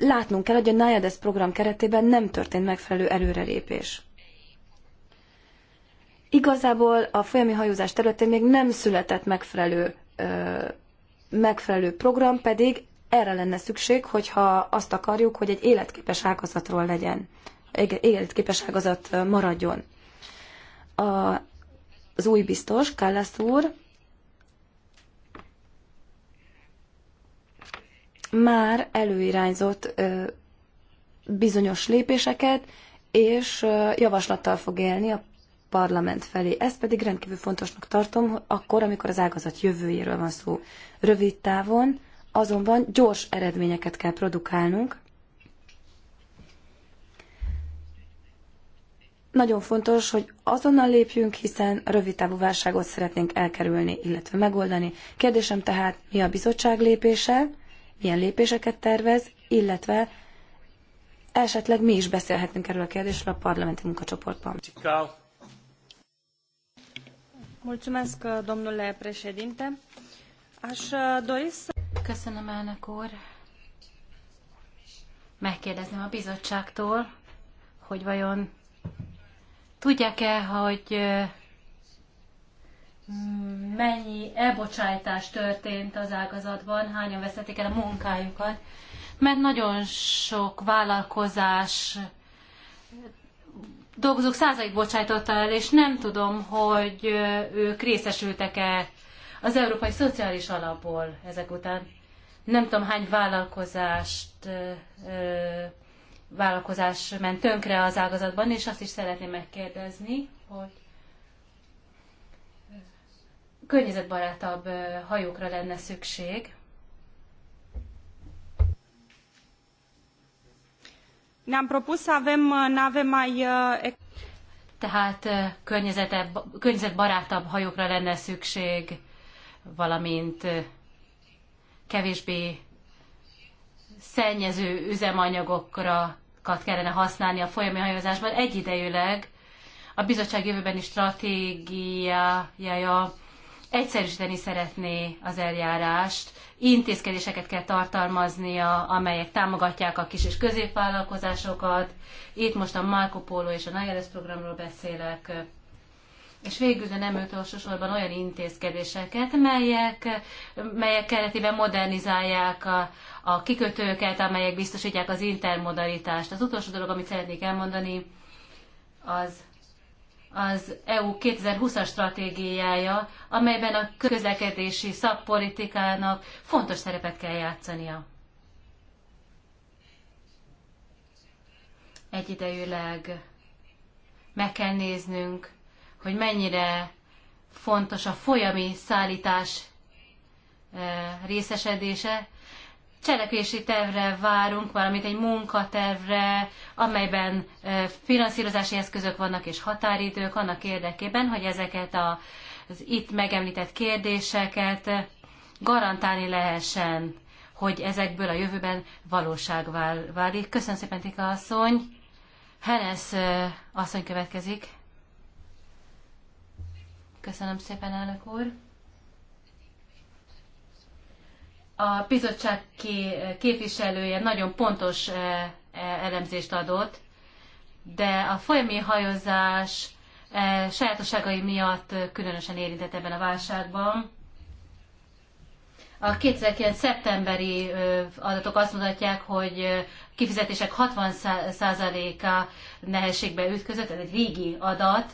látnunk kell, hogy a NIADES program keretében nem történt megfelelő előrelépés. Igazából a folyami hajózás területén még nem született megfelelő, megfelelő program, pedig erre lenne szükség, hogyha azt akarjuk, hogy egy életképes ágazatról legyen, egy életképes ágazat maradjon. A, az új biztos, Kállász úr, már előirányzott bizonyos lépéseket, és javaslattal fog élni a parlament felé. Ezt pedig rendkívül fontosnak tartom, akkor, amikor az ágazat jövőjéről van szó. Rövid távon azonban gyors eredményeket kell produkálnunk. Nagyon fontos, hogy azonnal lépjünk, hiszen rövid távú válságot szeretnénk elkerülni, illetve megoldani. Kérdésem tehát, mi a bizottság lépése? milyen lépéseket tervez, illetve esetleg mi is beszélhetünk erről a kérdésről a parlamenti munkacsoportban. Mulțumesc, domnule președinte. Aș uh, dori să... Köszönöm, elnök úr. Megkérdezném a bizottságtól, hogy vajon tudják-e, hogy uh, mennyi elbocsájtás történt az ágazatban, hányan veszették el a munkájukat, mert nagyon sok vállalkozás dolgozók százalék bocsájtotta el, és nem tudom, hogy ők részesültek-e az Európai Szociális Alapból ezek után. Nem tudom, hány vállalkozást, vállalkozás ment tönkre az ágazatban, és azt is szeretném megkérdezni, hogy környezetbarátabb hajókra lenne szükség. Ne-am propus să avem uh, nave mai... Uh, Tehát környezetbarátabb hajókra lenne szükség, valamint kevésbé szennyező üzemanyagokra kellene használni a folyami hajózásban egyidejűleg. A bizottság jövőbeni stratégiája egyszerűsíteni szeretné az eljárást, intézkedéseket kell tartalmaznia, amelyek támogatják a kis és középvállalkozásokat. Itt most a Marco Polo és a Najeles programról beszélek. És végül, de nem utolsó sorban olyan intézkedéseket, melyek, melyek keretében modernizálják a, a kikötőket, amelyek biztosítják az intermodalitást. Az utolsó dolog, amit szeretnék elmondani, az az EU 2020-as stratégiája, amelyben a közlekedési szakpolitikának fontos szerepet kell játszania. Egyidejűleg meg kell néznünk, hogy mennyire fontos a folyami szállítás eh, részesedése, cselekvési tervre várunk, valamint egy munkatervre, amelyben finanszírozási eszközök vannak és határidők annak érdekében, hogy ezeket a, az itt megemlített kérdéseket garantálni lehessen, hogy ezekből a jövőben valóság válik. Köszönöm szépen, Tika asszony. Henes asszony következik. Köszönöm szépen, elnök úr. a bizottság képviselője nagyon pontos e, e, elemzést adott, de a folyami hajózás e, sajátosságai miatt különösen érintett ebben a válságban. A 2009. szeptemberi adatok azt mutatják, hogy kifizetések 60%-a nehézségbe ütközött, ez egy régi adat,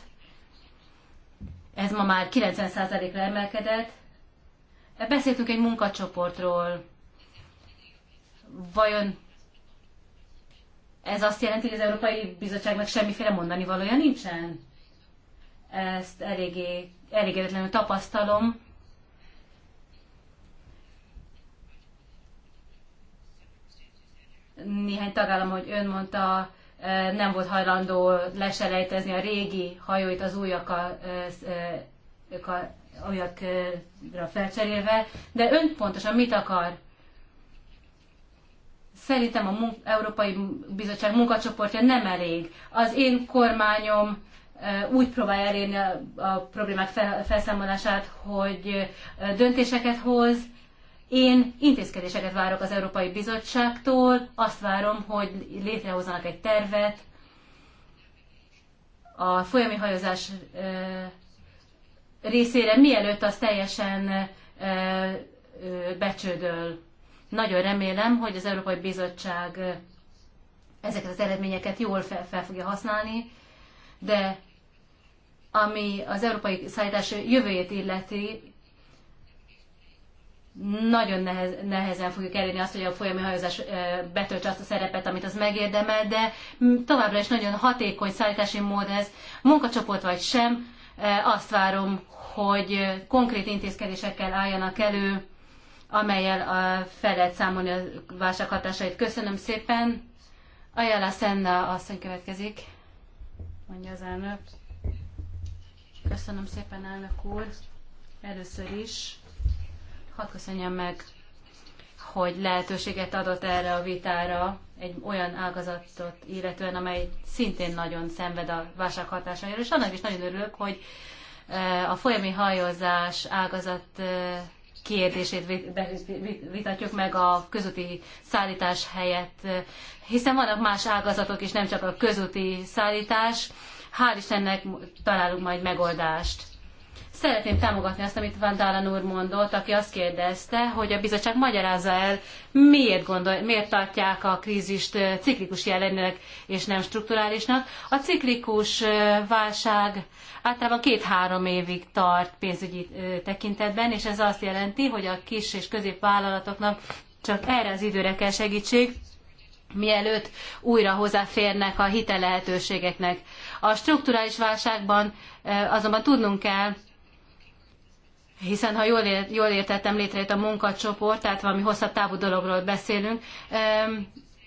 ez ma már 90%-ra emelkedett, Beszéltünk egy munkacsoportról. Vajon ez azt jelenti, hogy az Európai Bizottságnak semmiféle mondani valója nincsen? Ezt eléggé elégedetlenül tapasztalom. Néhány tagállam, hogy ön mondta, e, nem volt hajlandó leselejtezni a régi hajóit az újakkal e, e, olyakra felcserélve, de ön pontosan mit akar? Szerintem a Európai Bizottság munkacsoportja nem elég. Az én kormányom úgy próbálja elérni a, a problémák fel, felszámolását, hogy döntéseket hoz. Én intézkedéseket várok az Európai Bizottságtól, azt várom, hogy létrehozzanak egy tervet a folyami hajózás részére, mielőtt az teljesen becsődöl. Nagyon remélem, hogy az Európai Bizottság ezeket az eredményeket jól fel, fel fogja használni, de ami az európai szállítás jövőjét illeti, nagyon nehez, nehezen fogjuk elérni azt, hogy a folyami hajózás betöltse azt a szerepet, amit az megérdemel, de továbbra is nagyon hatékony szállítási mód ez, munkacsoport vagy sem, Eh, azt várom, hogy konkrét intézkedésekkel álljanak elő, amelyel fel lehet számolni a válság hatásait. Köszönöm szépen. Ajala Szenna asszony következik, mondja az elnök. Köszönöm szépen, elnök úr. Először is hadd köszönjem meg hogy lehetőséget adott erre a vitára egy olyan ágazatot illetően, amely szintén nagyon szenved a válság hatásaira, És annak is nagyon örülök, hogy e, a folyami hajózás ágazat e, kérdését vitatjuk meg a közúti szállítás helyett, e, hiszen vannak más ágazatok is, nem csak a közúti szállítás. Hál' Istennek találunk majd megoldást. Szeretném támogatni azt, amit Van Dálan úr mondott, aki azt kérdezte, hogy a bizottság magyarázza el, miért, gondol, miért tartják a krízist ciklikus jellegűnek és nem strukturálisnak. A ciklikus válság általában két-három évig tart pénzügyi tekintetben, és ez azt jelenti, hogy a kis és középvállalatoknak csak erre az időre kell segítség, mielőtt újra hozzáférnek a hitelehetőségeknek. A strukturális válságban azonban tudnunk kell, hiszen ha jól, ér, jól értettem, létrejött a munkacsoport, tehát valami hosszabb távú dologról beszélünk.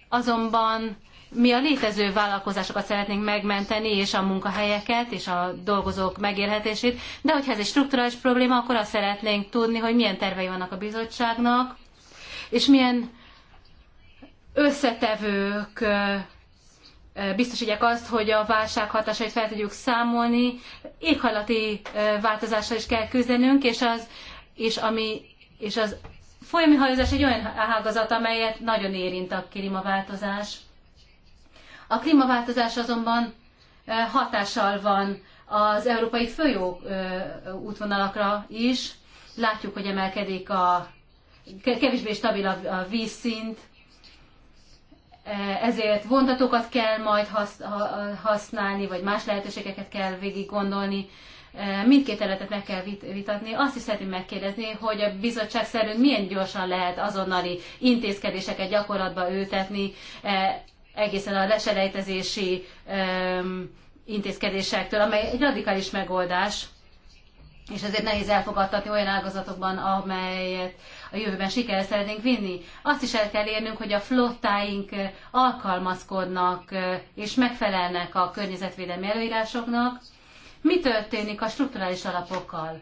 Azonban mi a létező vállalkozásokat szeretnénk megmenteni, és a munkahelyeket, és a dolgozók megélhetését, de hogyha ez egy strukturális probléma, akkor azt szeretnénk tudni, hogy milyen tervei vannak a bizottságnak, és milyen összetevők biztosítják azt, hogy a válság hatásait fel tudjuk számolni, éghajlati változással is kell küzdenünk, és az, és ami, és az folyami hajózás egy olyan ágazat, amelyet nagyon érint a klímaváltozás. A klímaváltozás azonban hatással van az európai folyó útvonalakra is. Látjuk, hogy emelkedik a kevésbé stabil a vízszint, E, ezért vontatokat kell majd használni, vagy más lehetőségeket kell végig gondolni. E, mindkét eletet meg kell vitatni. Azt is szeretném megkérdezni, hogy a bizottság szerint milyen gyorsan lehet azonnali intézkedéseket gyakorlatba ültetni, e, egészen a leselejtezési intézkedésektől, amely egy radikális megoldás, és ezért nehéz elfogadtatni olyan ágazatokban, amelyet a jövőben sikerre szeretnénk vinni. Azt is el kell érnünk, hogy a flottáink eh, alkalmazkodnak eh, és megfelelnek a környezetvédelmi előírásoknak. Mi történik a strukturális alapokkal?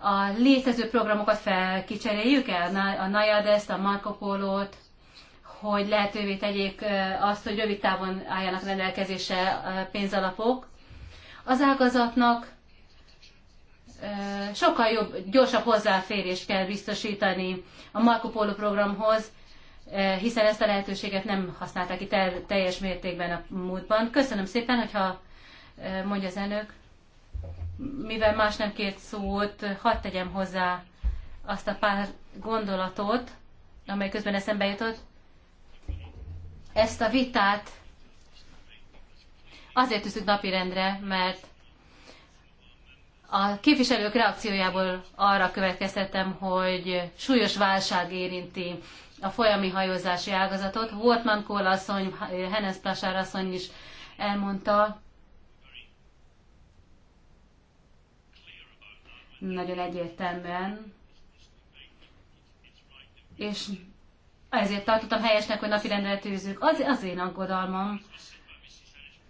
A létező programokat felkicseréljük el, a Nayadest, a Marco Polo-t, hogy lehetővé tegyék eh, azt, hogy rövid távon álljanak rendelkezésre pénzalapok. Az ágazatnak sokkal jobb, gyorsabb hozzáférést kell biztosítani a Marco Polo programhoz, hiszen ezt a lehetőséget nem használták ki teljes mértékben a múltban. Köszönöm szépen, hogyha mondja az elnök, mivel más nem kért szót, hadd tegyem hozzá azt a pár gondolatot, amely közben eszembe jutott. Ezt a vitát azért tűztük napirendre, mert a képviselők reakciójából arra következtettem, hogy súlyos válság érinti a folyami hajózási ágazatot. Wortmann Kohl asszony, Hennes Plasár asszony is elmondta, nagyon egyértelműen, és ezért tartottam helyesnek, hogy napirendre tűzzük. Az, az én aggodalmam,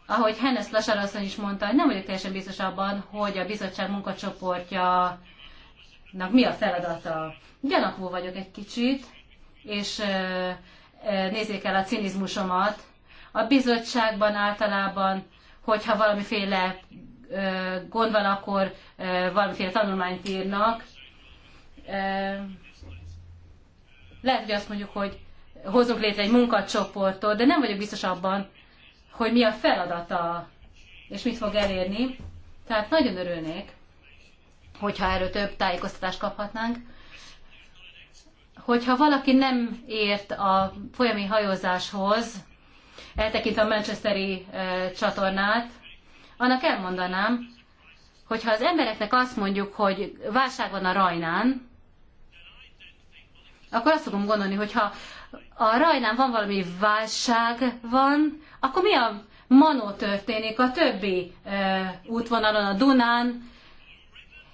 ahogy Hennes Lasár asszony is mondta, nem vagyok teljesen biztos abban, hogy a bizottság munkacsoportja nak mi a feladata. Gyanakvó vagyok egy kicsit, és nézzék el a cinizmusomat. A bizottságban általában, hogyha valamiféle gond van, akkor valamiféle tanulmányt írnak. Lehet, hogy azt mondjuk, hogy hozunk létre egy munkacsoportot, de nem vagyok biztos abban, hogy mi a feladata, és mit fog elérni. Tehát nagyon örülnék, hogyha erről több tájékoztatást kaphatnánk. Hogyha valaki nem ért a folyami hajózáshoz, eltekintve a Manchesteri e, csatornát, annak elmondanám, hogyha az embereknek azt mondjuk, hogy válság van a rajnán, akkor azt fogom gondolni, hogyha a rajnán van valami válság van, akkor mi a manó történik a többi útvonalon, a Dunán,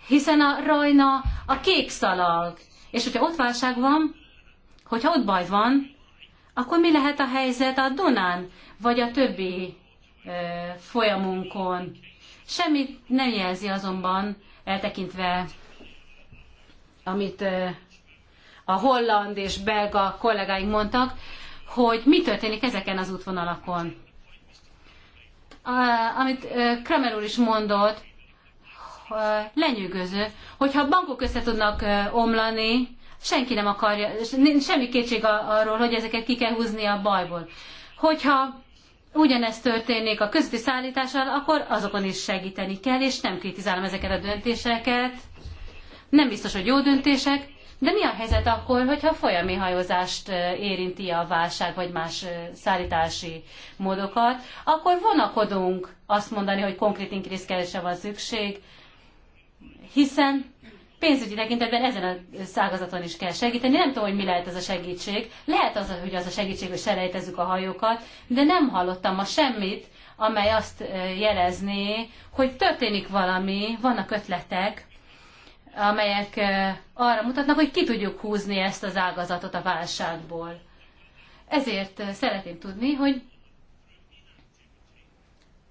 hiszen a rajna a kék szalag. És hogyha ott válság van, hogyha ott baj van, akkor mi lehet a helyzet a Dunán, vagy a többi ö, folyamunkon? Semmit nem jelzi azonban, eltekintve, amit ö, a holland és belga kollégáink mondtak, hogy mi történik ezeken az útvonalakon amit Kramer úr is mondott, lenyűgöző, hogyha a bankok össze tudnak omlani, senki nem akarja, semmi kétség arról, hogy ezeket ki kell húzni a bajból. Hogyha ugyanez történik a közti szállítással, akkor azokon is segíteni kell, és nem kritizálom ezeket a döntéseket. Nem biztos, hogy jó döntések, de mi a helyzet akkor, hogyha folyami hajózást érinti a válság, vagy más szállítási módokat, akkor vonakodunk azt mondani, hogy konkrét inkrészkelésre van szükség, hiszen pénzügyi tekintetben ezen a szágazaton is kell segíteni. Nem tudom, hogy mi lehet ez a segítség. Lehet az, hogy az a segítség, hogy selejtezzük a hajókat, de nem hallottam ma semmit, amely azt jelezné, hogy történik valami, vannak ötletek, amelyek eh, arra mutatnak, hogy ki tudjuk húzni ezt az ágazatot a válságból. Ezért eh, szeretném tudni, hogy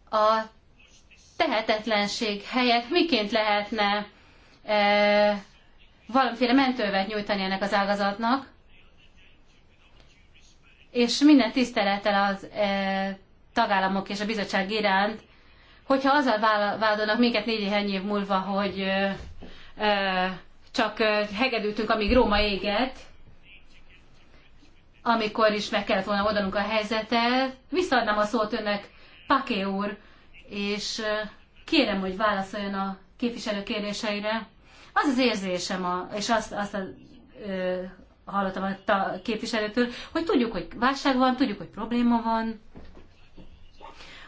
a tehetetlenség helyett miként lehetne e, valamiféle mentővet nyújtani ennek az ágazatnak, és minden tisztelettel az e, tagállamok és a bizottság iránt, hogyha azzal vádolnak minket négy év múlva, hogy e, csak hegedültünk, amíg Róma éget, amikor is meg kellett volna oldanunk a helyzetet. Visszaadnám a szót önnek, Paké úr, és kérem, hogy válaszoljon a képviselő kérdéseire. Az az érzésem, a, és azt, azt a, ö, hallottam a képviselőtől, hogy tudjuk, hogy válság van, tudjuk, hogy probléma van.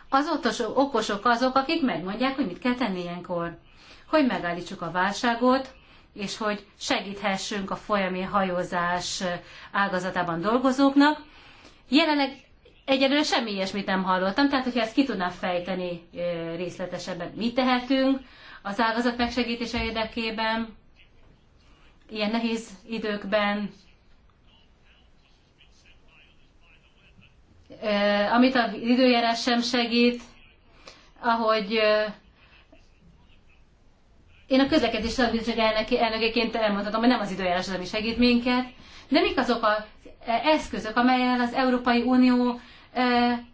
Az ottos, okosok azok, akik megmondják, hogy mit kell tenni ilyenkor hogy megállítsuk a válságot, és hogy segíthessünk a folyami hajózás ágazatában dolgozóknak. Jelenleg egyelőre semmi ilyesmit nem hallottam, tehát hogyha ezt ki tudnám fejteni részletesebben, mi tehetünk az ágazat megsegítése érdekében, ilyen nehéz időkben, amit az időjárás sem segít, ahogy én a közlekedés szakbizottság elnökeként elmondhatom, hogy nem az időjárás az, ami segít minket, de mik azok az e, eszközök, amelyel az Európai Unió e,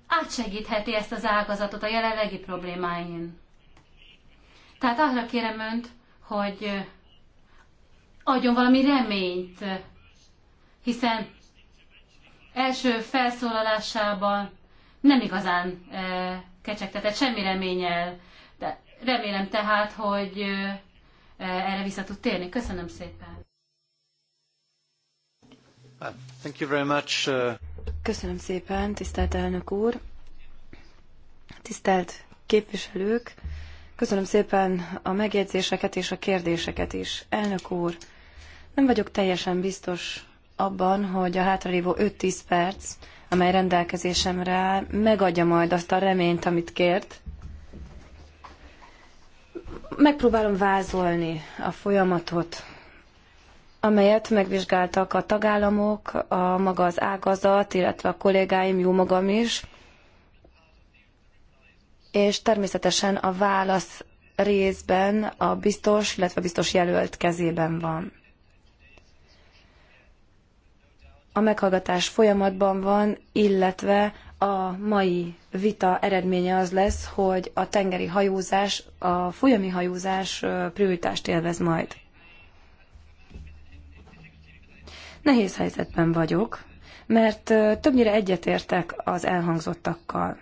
átsegítheti ezt az ágazatot a jelenlegi problémáin. Tehát arra kérem Önt, hogy e, adjon valami reményt, hiszen első felszólalásában nem igazán kecsegtetett semmi reményel. De remélem tehát, hogy Eh, erre vissza tud térni. Köszönöm szépen! Uh, thank you very much. Uh, köszönöm szépen, tisztelt elnök úr! Tisztelt képviselők! Köszönöm szépen a megjegyzéseket és a kérdéseket is. Elnök úr, nem vagyok teljesen biztos abban, hogy a hátralévő 5-10 perc, amely rendelkezésemre áll, megadja majd azt a reményt, amit kért. Megpróbálom vázolni a folyamatot, amelyet megvizsgáltak a tagállamok, a maga az ágazat, illetve a kollégáim, jó magam is, és természetesen a válasz részben a biztos, illetve a biztos jelölt kezében van. A meghallgatás folyamatban van, illetve a mai vita eredménye az lesz, hogy a tengeri hajózás, a folyami hajózás prioritást élvez majd. Nehéz helyzetben vagyok, mert többnyire egyetértek az elhangzottakkal.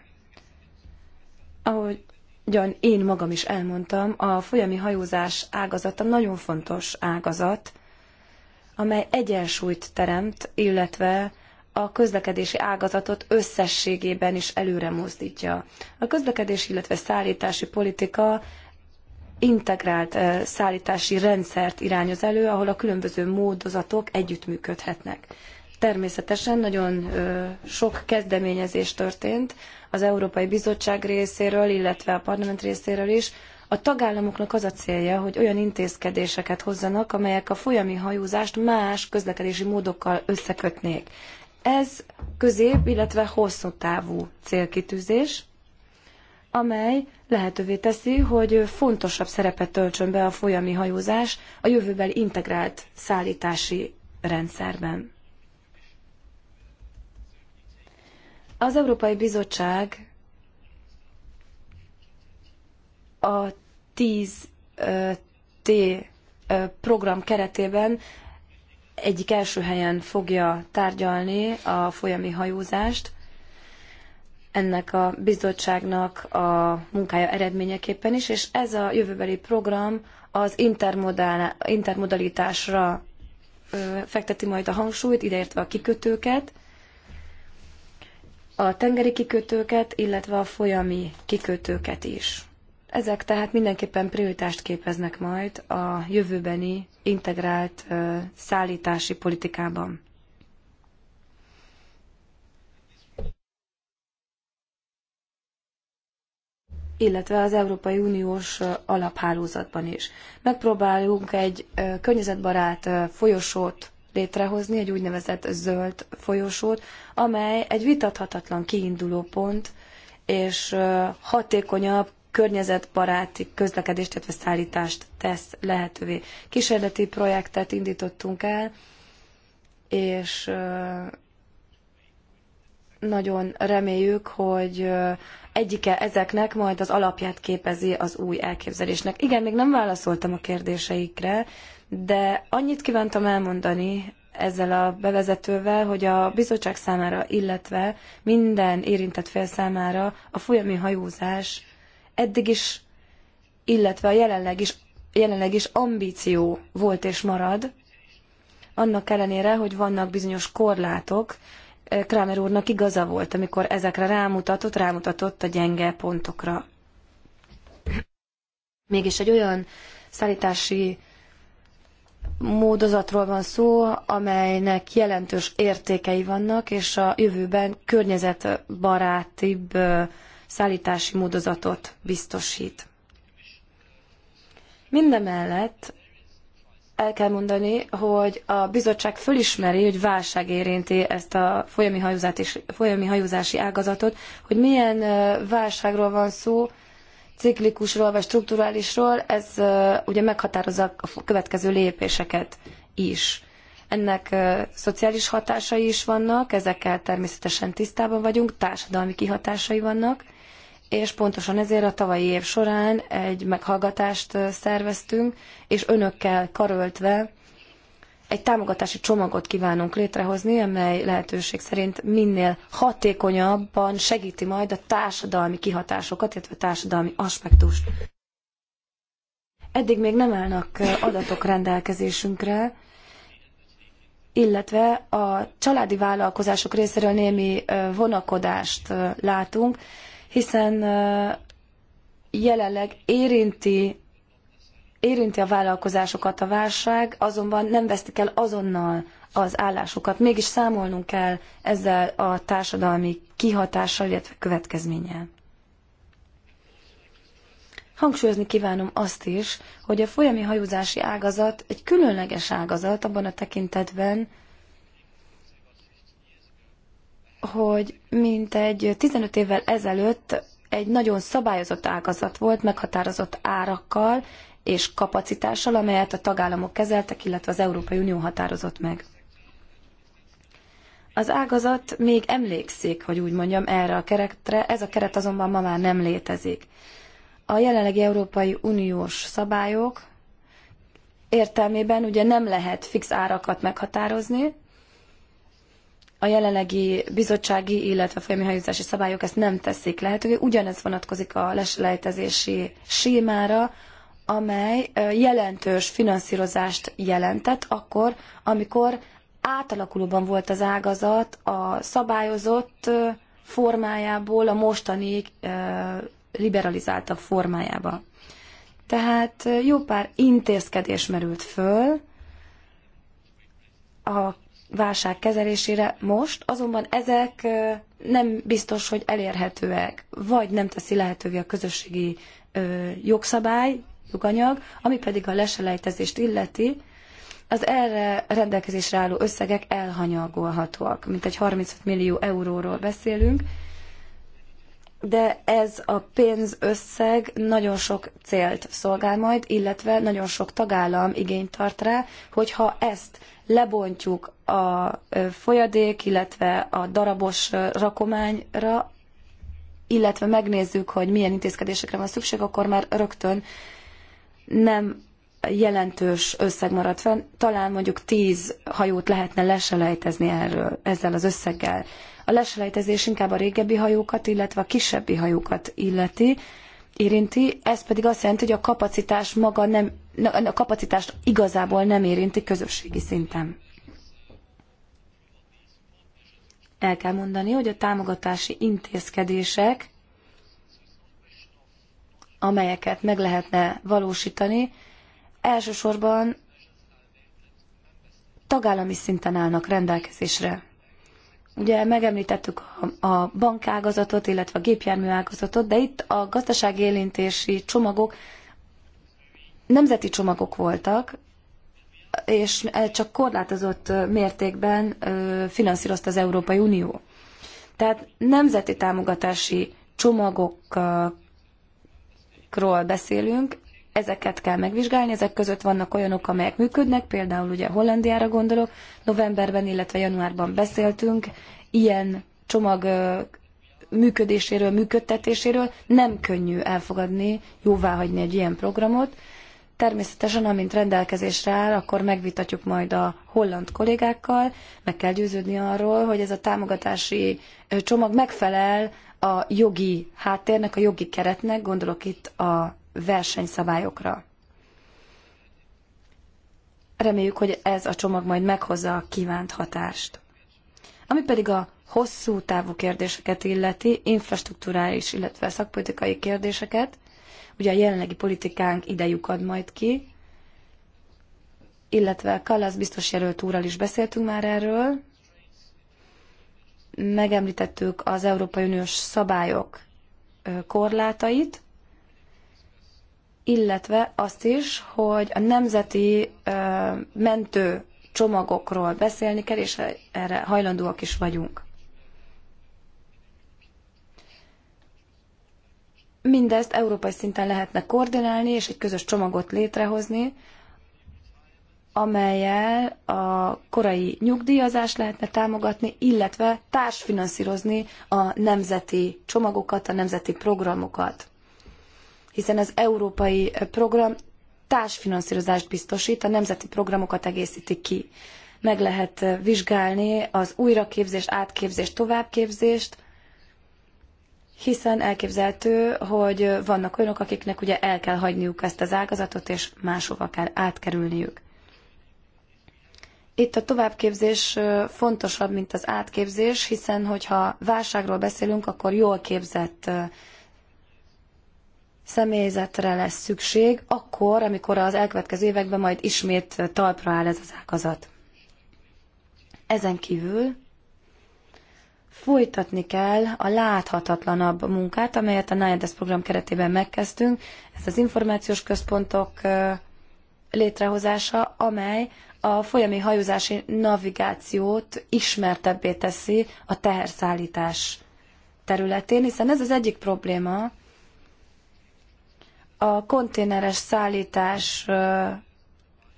ahogy Ugyan én magam is elmondtam, a folyami hajózás ágazata nagyon fontos ágazat, amely egyensúlyt teremt, illetve a közlekedési ágazatot összességében is előre mozdítja. A közlekedési, illetve szállítási politika integrált szállítási rendszert irányoz elő, ahol a különböző módozatok együttműködhetnek. Természetesen nagyon sok kezdeményezés történt az Európai Bizottság részéről, illetve a parlament részéről is. A tagállamoknak az a célja, hogy olyan intézkedéseket hozzanak, amelyek a folyami hajózást más közlekedési módokkal összekötnék. Ez közép, illetve hosszú távú célkitűzés, amely lehetővé teszi, hogy fontosabb szerepet töltsön be a folyami hajózás a jövőbeli integrált szállítási rendszerben. Az Európai Bizottság a 10 T program keretében egyik első helyen fogja tárgyalni a folyami hajózást. Ennek a bizottságnak a munkája eredményeképpen is, és ez a jövőbeli program az intermodalitásra fekteti majd a hangsúlyt, ideértve a kikötőket, a tengeri kikötőket, illetve a folyami kikötőket is. Ezek tehát mindenképpen prioritást képeznek majd a jövőbeni integrált szállítási politikában. illetve az Európai Uniós alaphálózatban is. Megpróbálunk egy környezetbarát folyosót létrehozni, egy úgynevezett zöld folyosót, amely egy vitathatatlan kiinduló pont, és hatékonyabb, környezetbaráti közlekedést, illetve szállítást tesz lehetővé. Kísérleti projektet indítottunk el, és nagyon reméljük, hogy egyike ezeknek majd az alapját képezi az új elképzelésnek. Igen, még nem válaszoltam a kérdéseikre, de annyit kívántam elmondani ezzel a bevezetővel, hogy a bizottság számára, illetve minden érintett fél számára a folyami hajózás eddig is, illetve a jelenleg is, jelenleg is ambíció volt és marad, annak ellenére, hogy vannak bizonyos korlátok, eh, Kramer úrnak igaza volt, amikor ezekre rámutatott, rámutatott a gyenge pontokra. Mégis egy olyan szállítási módozatról van szó, amelynek jelentős értékei vannak, és a jövőben környezetbarátibb eh, szállítási módozatot biztosít. Mindemellett el kell mondani, hogy a bizottság fölismeri, hogy válság érinti ezt a folyami, és folyami hajózási ágazatot, hogy milyen válságról van szó, ciklikusról vagy strukturálisról, ez ugye meghatározza a következő lépéseket is. Ennek szociális hatásai is vannak, ezekkel természetesen tisztában vagyunk, társadalmi kihatásai vannak, és pontosan ezért a tavalyi év során egy meghallgatást szerveztünk, és önökkel karöltve egy támogatási csomagot kívánunk létrehozni, amely lehetőség szerint minél hatékonyabban segíti majd a társadalmi kihatásokat, illetve a társadalmi aspektust. Eddig még nem állnak adatok rendelkezésünkre, illetve a családi vállalkozások részéről némi vonakodást látunk, hiszen jelenleg érinti, érinti a vállalkozásokat a válság, azonban nem vesztik el azonnal az állásukat. Mégis számolnunk kell ezzel a társadalmi kihatással, illetve következménnyel. Hangsúlyozni kívánom azt is, hogy a folyami hajózási ágazat egy különleges ágazat abban a tekintetben, hogy mint egy 15 évvel ezelőtt egy nagyon szabályozott ágazat volt, meghatározott árakkal és kapacitással, amelyet a tagállamok kezeltek, illetve az Európai Unió határozott meg. Az ágazat még emlékszik, hogy úgy mondjam, erre a keretre, ez a keret azonban ma már nem létezik. A jelenlegi Európai Uniós szabályok értelmében ugye nem lehet fix árakat meghatározni, a jelenlegi bizottsági, illetve folyamihajózási szabályok ezt nem teszik lehetővé. Ugyanez vonatkozik a leselejtezési sémára, amely jelentős finanszírozást jelentett akkor, amikor átalakulóban volt az ágazat a szabályozott formájából a mostani liberalizáltabb formájába. Tehát jó pár intézkedés merült föl a válság kezelésére most, azonban ezek nem biztos, hogy elérhetőek, vagy nem teszi lehetővé a közösségi jogszabály, joganyag, ami pedig a leselejtezést illeti, az erre rendelkezésre álló összegek elhanyagolhatóak, mint egy 35 millió euróról beszélünk, de ez a pénzösszeg nagyon sok célt szolgál majd, illetve nagyon sok tagállam igényt tart rá, hogyha ezt lebontjuk a folyadék, illetve a darabos rakományra, illetve megnézzük, hogy milyen intézkedésekre van szükség, akkor már rögtön nem jelentős összeg maradt fenn. Talán mondjuk tíz hajót lehetne leselejtezni erről, ezzel az összeggel. A leselejtezés inkább a régebbi hajókat, illetve a kisebbi hajókat illeti, érinti, ez pedig azt jelenti, hogy a kapacitás maga nem, a kapacitást igazából nem érinti közösségi szinten. El kell mondani, hogy a támogatási intézkedések, amelyeket meg lehetne valósítani, elsősorban tagállami szinten állnak rendelkezésre. Ugye megemlítettük a bankágazatot, illetve a gépjármű ágazatot, de itt a gazdaságéléntési csomagok nemzeti csomagok voltak, és csak korlátozott mértékben finanszírozta az Európai Unió. Tehát nemzeti támogatási csomagokról beszélünk, ezeket kell megvizsgálni, ezek között vannak olyanok, amelyek működnek, például ugye Hollandiára gondolok, novemberben, illetve januárban beszéltünk, ilyen csomag működéséről, működtetéséről nem könnyű elfogadni, hagyni egy ilyen programot. Természetesen, amint rendelkezésre áll, akkor megvitatjuk majd a holland kollégákkal, meg kell győződni arról, hogy ez a támogatási csomag megfelel a jogi háttérnek, a jogi keretnek, gondolok itt a versenyszabályokra. Reméljük, hogy ez a csomag majd meghozza a kívánt hatást. Ami pedig a hosszú távú kérdéseket illeti, infrastruktúrális, illetve szakpolitikai kérdéseket, ugye a jelenlegi politikánk idejük ad majd ki, illetve Kallas biztos jelölt úrral is beszéltünk már erről, megemlítettük az Európai Uniós szabályok korlátait, illetve azt is, hogy a nemzeti mentő csomagokról beszélni kell, és erre hajlandóak is vagyunk. Mindezt európai szinten lehetne koordinálni, és egy közös csomagot létrehozni, amelyel a korai nyugdíjazást lehetne támogatni, illetve társfinanszírozni a nemzeti csomagokat, a nemzeti programokat hiszen az európai program társfinanszírozást biztosít, a nemzeti programokat egészíti ki. Meg lehet vizsgálni az újraképzést, átképzést, továbbképzést, hiszen elképzelhető, hogy vannak olyanok, akiknek ugye el kell hagyniuk ezt az ágazatot, és máshova kell átkerülniük. Itt a továbbképzés fontosabb, mint az átképzés, hiszen hogyha válságról beszélünk, akkor jól képzett személyzetre lesz szükség, akkor, amikor az elkövetkező években majd ismét talpra áll ez az ágazat. Ezen kívül folytatni kell a láthatatlanabb munkát, amelyet a NIADES program keretében megkezdtünk. Ez az információs központok létrehozása, amely a folyami hajózási navigációt ismertebbé teszi a teherszállítás területén, hiszen ez az egyik probléma, a konténeres szállítás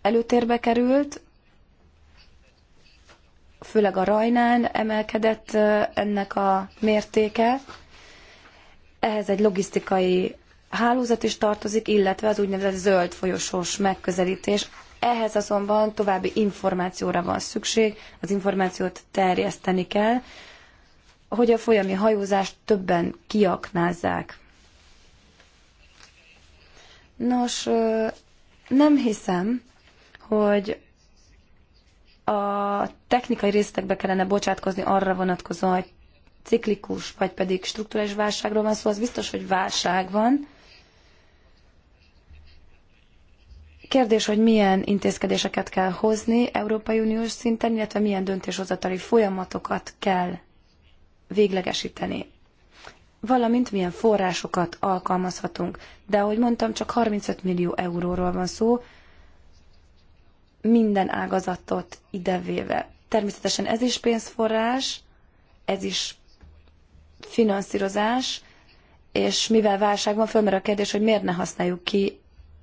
előtérbe került, főleg a rajnán emelkedett ennek a mértéke. Ehhez egy logisztikai hálózat is tartozik, illetve az úgynevezett zöld folyosós megközelítés. Ehhez azonban további információra van szükség, az információt terjeszteni kell, hogy a folyami hajózást többen kiaknázzák. Nos, nem hiszem, hogy a technikai részletekbe kellene bocsátkozni arra vonatkozóan, hogy ciklikus vagy pedig strukturális válságról van szó, szóval az biztos, hogy válság van. Kérdés, hogy milyen intézkedéseket kell hozni Európai Uniós szinten, illetve milyen döntéshozatali folyamatokat kell véglegesíteni valamint milyen forrásokat alkalmazhatunk. De ahogy mondtam, csak 35 millió euróról van szó, minden ágazatot idevéve. Természetesen ez is pénzforrás, ez is finanszírozás, és mivel válság van, fölmer a kérdés, hogy miért ne használjuk ki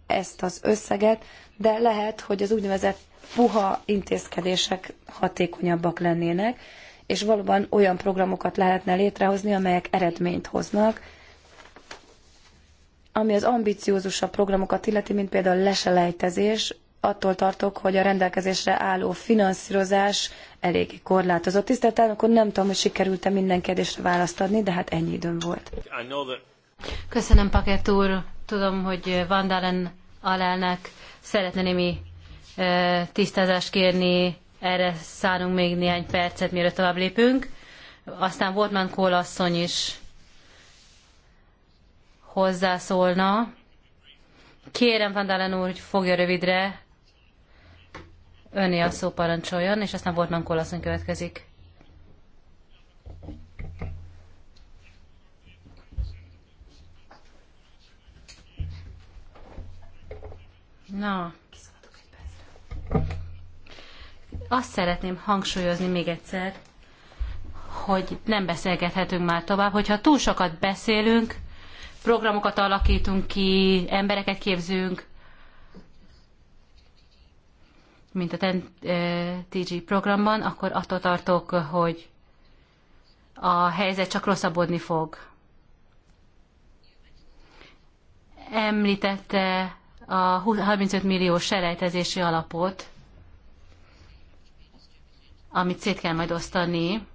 ezt az összeget, de lehet, hogy az úgynevezett puha intézkedések hatékonyabbak lennének, és valóban olyan programokat lehetne létrehozni, amelyek eredményt hoznak, ami az ambiciózusabb programokat illeti, mint például leselejtezés, attól tartok, hogy a rendelkezésre álló finanszírozás eléggé korlátozott. Tisztelt akkor nem tudom, hogy sikerült-e minden kérdésre választ adni, de hát ennyi időm volt. Köszönöm, Pakert úr. Tudom, hogy Vandalen alelnök szeretne némi eh, tisztázást kérni erre szánunk még néhány percet, mielőtt tovább lépünk. Aztán Wortmann Kohl asszony is hozzászólna. Kérem Van Dalen úr, hogy fogja rövidre. Öné a szó parancsoljon, és aztán Wortmann Kohl asszony következik. Na. Kiszabadok egy percre azt szeretném hangsúlyozni még egyszer, hogy nem beszélgethetünk már tovább, hogyha túl sokat beszélünk, programokat alakítunk ki, embereket képzünk, mint a TG eh, programban, akkor attól tartok, hogy a helyzet csak rosszabbodni fog. Említette a 35 millió selejtezési alapot, amit szét kell majd osztani,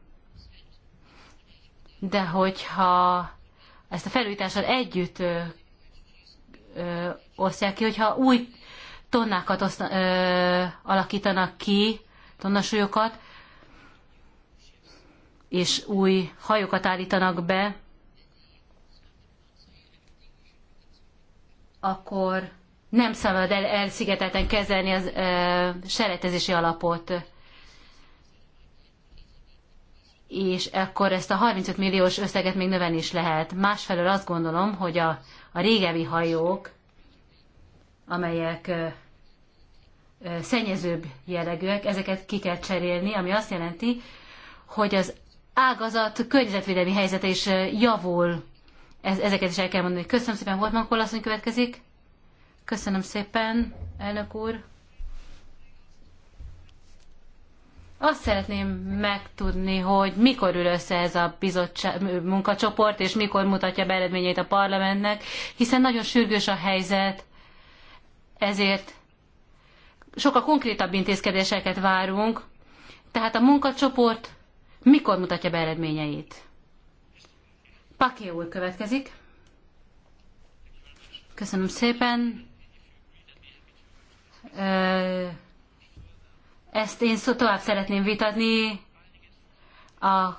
de hogyha ezt a felújítással együtt ö, ö, osztják ki, hogyha új tonnákat oszta, ö, alakítanak ki, tonnasúlyokat, és új hajókat állítanak be, akkor nem szabad el, elszigetelten kezelni az ö, seletezési alapot és akkor ezt a 35 milliós összeget még növelni is lehet. Másfelől azt gondolom, hogy a, a régevi hajók, amelyek ö, ö, szennyezőbb jellegűek, ezeket ki kell cserélni, ami azt jelenti, hogy az ágazat környezetvédelmi helyzete is javul. Ez, ezeket is el kell mondani. Köszönöm szépen, Hortman Kolaszony következik. Köszönöm szépen, elnök úr. Azt szeretném megtudni, hogy mikor ül össze ez a bizottság, munkacsoport, és mikor mutatja be eredményeit a parlamentnek, hiszen nagyon sürgős a helyzet, ezért sokkal konkrétabb intézkedéseket várunk. Tehát a munkacsoport mikor mutatja be eredményeit? Paké úr következik. Köszönöm szépen. Ö ezt én szó tovább szeretném vitatni a,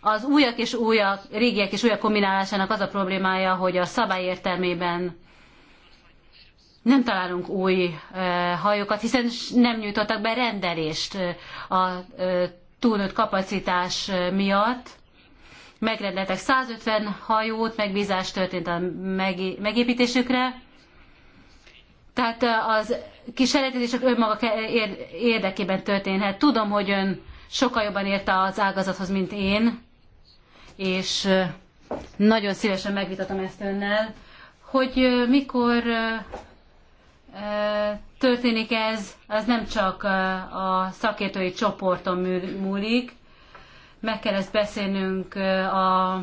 az újak és újak, régiek és újak kombinálásának az a problémája, hogy a szabály értelmében nem találunk új hajókat, hiszen nem nyújtottak be rendelést a túlnőtt kapacitás miatt. Megrendeltek 150 hajót, megbízás történt a megépítésükre, tehát az kísérletezések önmaga érdekében történhet. Tudom, hogy ön sokkal jobban érte az ágazathoz, mint én, és nagyon szívesen megvitatom ezt önnel, hogy mikor történik ez, az nem csak a szakértői csoporton múlik, meg kell ezt beszélnünk a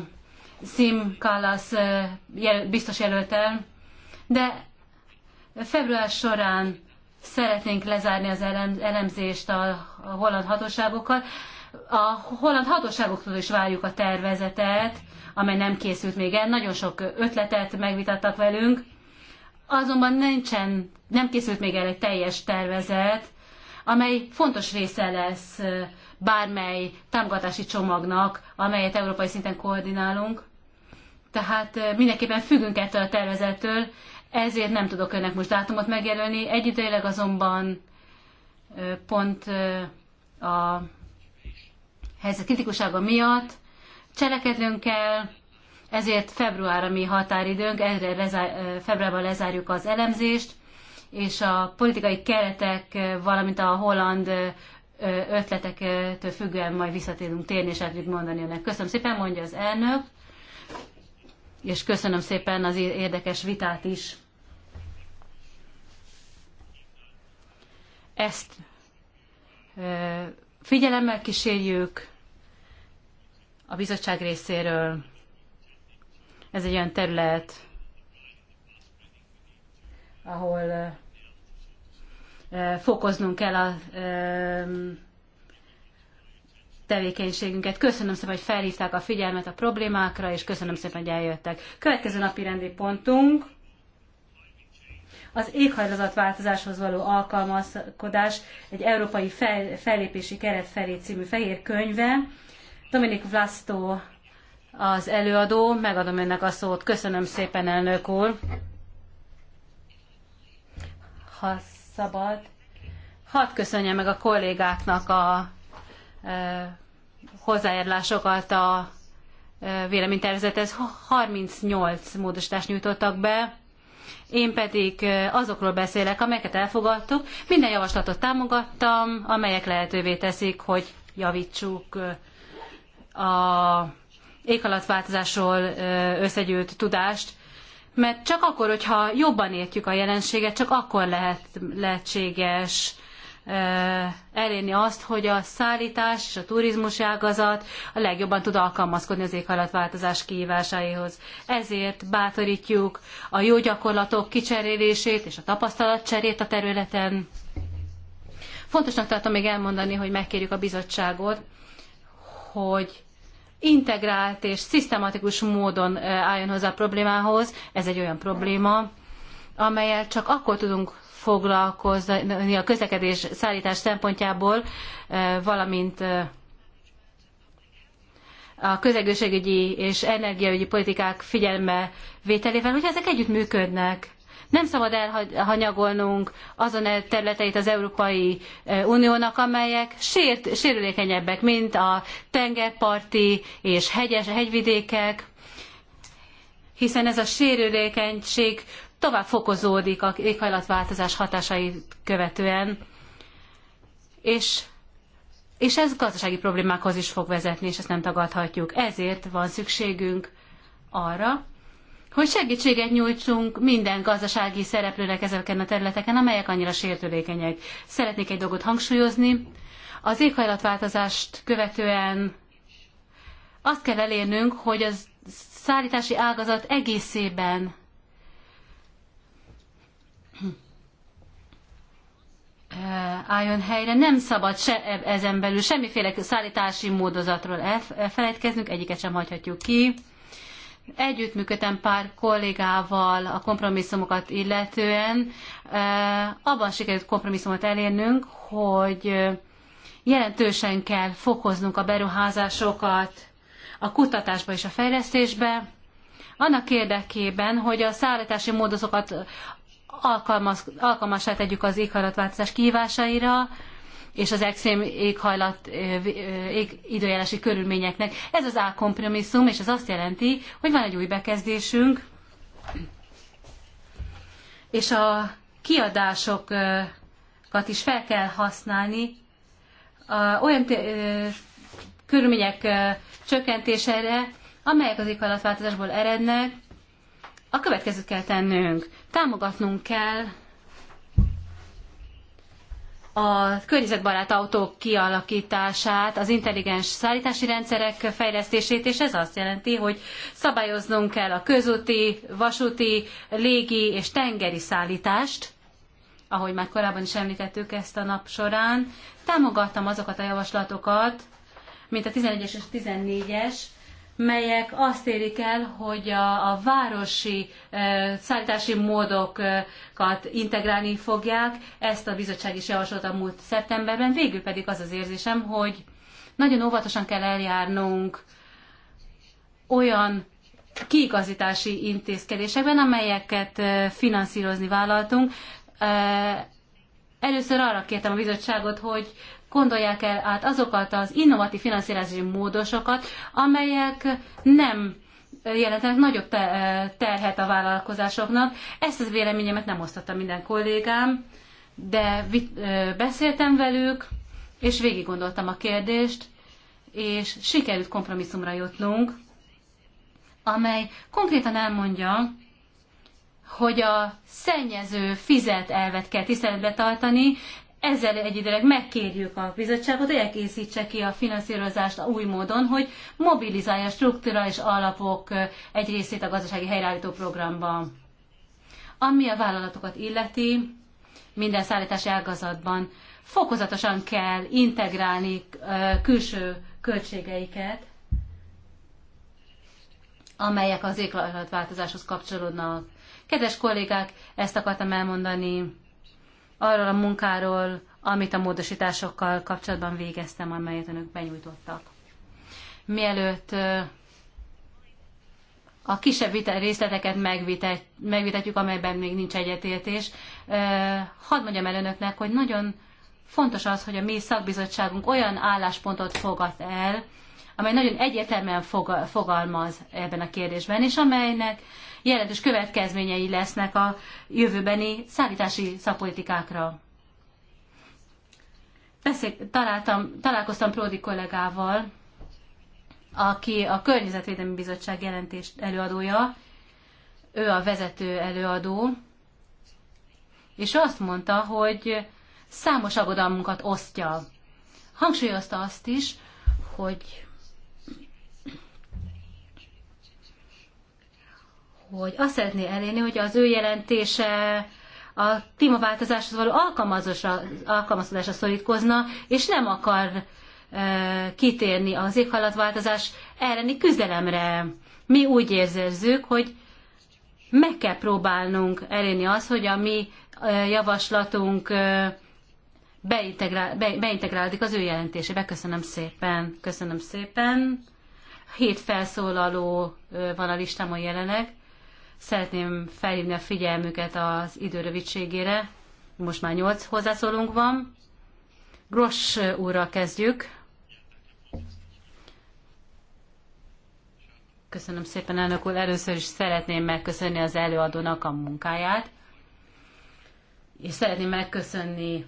Sim Kallas biztos jelöltel, de Február során szeretnénk lezárni az elemzést a, holland hatóságokkal. A holland hatóságoktól is várjuk a tervezetet, amely nem készült még el. Nagyon sok ötletet megvitattak velünk, azonban nincsen, nem készült még el egy teljes tervezet, amely fontos része lesz bármely támogatási csomagnak, amelyet európai szinten koordinálunk. Tehát mindenképpen függünk ettől a tervezettől, ezért nem tudok önnek most dátumot megjelölni. Egyidejleg azonban pont a helyzet kritikusága miatt cselekednünk kell, ezért február a mi határidőnk, ezre lezár, februárban lezárjuk az elemzést, és a politikai keretek, valamint a holland ötletektől függően majd visszatérünk térni, és el tudjuk mondani önnek. Köszönöm szépen, mondja az elnök és köszönöm szépen az érdekes vitát is. Ezt figyelemmel kísérjük a bizottság részéről. Ez egy olyan terület, ahol fokoznunk kell a tevékenységünket. Köszönöm szépen, hogy felhívták a figyelmet a problémákra, és köszönöm szépen, hogy eljöttek. Következő napi rendi pontunk az éghajlatváltozáshoz való alkalmazkodás egy európai fel, fellépési keret felé című fehér könyve. Dominik Vlasto az előadó, megadom önnek a szót. Köszönöm szépen, elnök úr. Ha szabad. Hadd köszönje meg a kollégáknak a hozzájárulásokat a véleménytervezethez. 38 módosítást nyújtottak be, én pedig azokról beszélek, amelyeket elfogadtuk. Minden javaslatot támogattam, amelyek lehetővé teszik, hogy javítsuk a éghajlatváltozásról összegyűlt tudást, mert csak akkor, hogyha jobban értjük a jelenséget, csak akkor lehet lehetséges elérni azt, hogy a szállítás és a turizmus ágazat a legjobban tud alkalmazkodni az éghajlatváltozás kihívásaihoz. Ezért bátorítjuk a jó gyakorlatok kicserélését és a tapasztalatcserét a területen. Fontosnak tartom még elmondani, hogy megkérjük a bizottságot, hogy integrált és szisztematikus módon álljon hozzá a problémához. Ez egy olyan probléma, amelyel csak akkor tudunk foglalkozni a közlekedés szállítás szempontjából, eh, valamint eh, a közegőségügyi és energiaügyi politikák figyelme vételével, hogyha ezek együtt működnek. Nem szabad elhanyagolnunk azon e- területeit az Európai eh, Uniónak, amelyek sért, sérülékenyebbek, mint a tengerparti és hegyes, hegyvidékek, hiszen ez a sérülékenység tovább fokozódik a éghajlatváltozás hatásait követően, és, és ez gazdasági problémákhoz is fog vezetni, és ezt nem tagadhatjuk. Ezért van szükségünk arra, hogy segítséget nyújtsunk minden gazdasági szereplőnek ezeken a területeken, amelyek annyira sérülékenyek. Szeretnék egy dolgot hangsúlyozni. Az éghajlatváltozást követően azt kell elérnünk, hogy az szállítási ágazat egészében Eh, álljon helyre. Nem szabad se, ezen belül semmiféle szállítási módozatról elfelejtkeznünk, egyiket sem hagyhatjuk ki. Együttműködtem pár kollégával a kompromisszumokat illetően. Eh, abban sikerült kompromisszumot elérnünk, hogy eh, jelentősen kell fokoznunk a beruházásokat a kutatásba és a fejlesztésbe, annak érdekében, hogy a szállítási módozatokat alkalmaz, alkalmassá tegyük az éghajlatváltozás kihívásaira, és az extrém éghajlat ég, időjárási körülményeknek. Ez az A kompromisszum, és ez azt jelenti, hogy van egy új bekezdésünk, és a kiadásokat is fel kell használni a olyan körülmények csökkentésére, amelyek az éghajlatváltozásból erednek, a következőt kell tennünk. Támogatnunk kell a környezetbarát autók kialakítását, az intelligens szállítási rendszerek fejlesztését, és ez azt jelenti, hogy szabályoznunk kell a közúti, vasúti, légi és tengeri szállítást, ahogy már korábban is említettük ezt a nap során. Támogattam azokat a javaslatokat, mint a 11-es és 14-es, melyek azt érik el, hogy a, a városi e, szállítási módokat integrálni fogják. Ezt a bizottság is javasolta a múlt szeptemberben. Végül pedig az az érzésem, hogy nagyon óvatosan kell eljárnunk olyan kiigazítási intézkedésekben, amelyeket finanszírozni vállaltunk. Először arra kértem a bizottságot, hogy gondolják el át azokat az innovatív finanszírozási módosokat, amelyek nem jelentenek nagyobb eh, terhet a vállalkozásoknak. Ezt az véleményemet nem osztotta minden kollégám, de eh, beszéltem velük, és végig gondoltam a kérdést, és sikerült kompromisszumra jutnunk, amely konkrétan elmondja, hogy a szennyező fizet elvet kell tiszteletbe tartani, ezzel egyidőleg megkérjük a bizottságot, hogy elkészítse ki a finanszírozást a új módon, hogy mobilizálja a struktúra és alapok egy részét a gazdasági helyreállító programban. Ami a vállalatokat illeti, minden szállítási ágazatban fokozatosan kell integrálni külső költségeiket, amelyek az éghajlatváltozáshoz kapcsolódnak. Kedves kollégák, ezt akartam elmondani arról a munkáról, amit a módosításokkal kapcsolatban végeztem, amelyet önök benyújtottak. Mielőtt a kisebb részleteket megvitet, megvitetjük, amelyben még nincs egyetértés, hadd mondjam el önöknek, hogy nagyon fontos az, hogy a mi szakbizottságunk olyan álláspontot fogad el, amely nagyon egyértelműen fogalmaz ebben a kérdésben, és amelynek jelentős következményei lesznek a jövőbeni szállítási szakpolitikákra. Beszél, találtam, találkoztam Pródi kollégával, aki a Környezetvédelmi Bizottság jelentés előadója, ő a vezető előadó, és azt mondta, hogy számos aggodalmunkat osztja. Hangsúlyozta azt is, hogy hogy azt szeretné elérni, hogy az ő jelentése a klímaváltozáshoz való alkalmazkodásra szorítkozna, és nem akar e, kitérni az éghajlatváltozás elleni küzdelemre. Mi úgy érzezzük, hogy meg kell próbálnunk elérni azt, hogy a mi javaslatunk beintegrál, be, beintegrálódik az ő jelentésébe. Köszönöm szépen. Köszönöm szépen. Hét felszólaló van a listámon jelenleg. Szeretném felhívni a figyelmüket az időrövidségére. Most már nyolc hozzászólunk van. Gross úrral kezdjük. Köszönöm szépen, elnök úr. Először is szeretném megköszönni az előadónak a munkáját, és szeretném megköszönni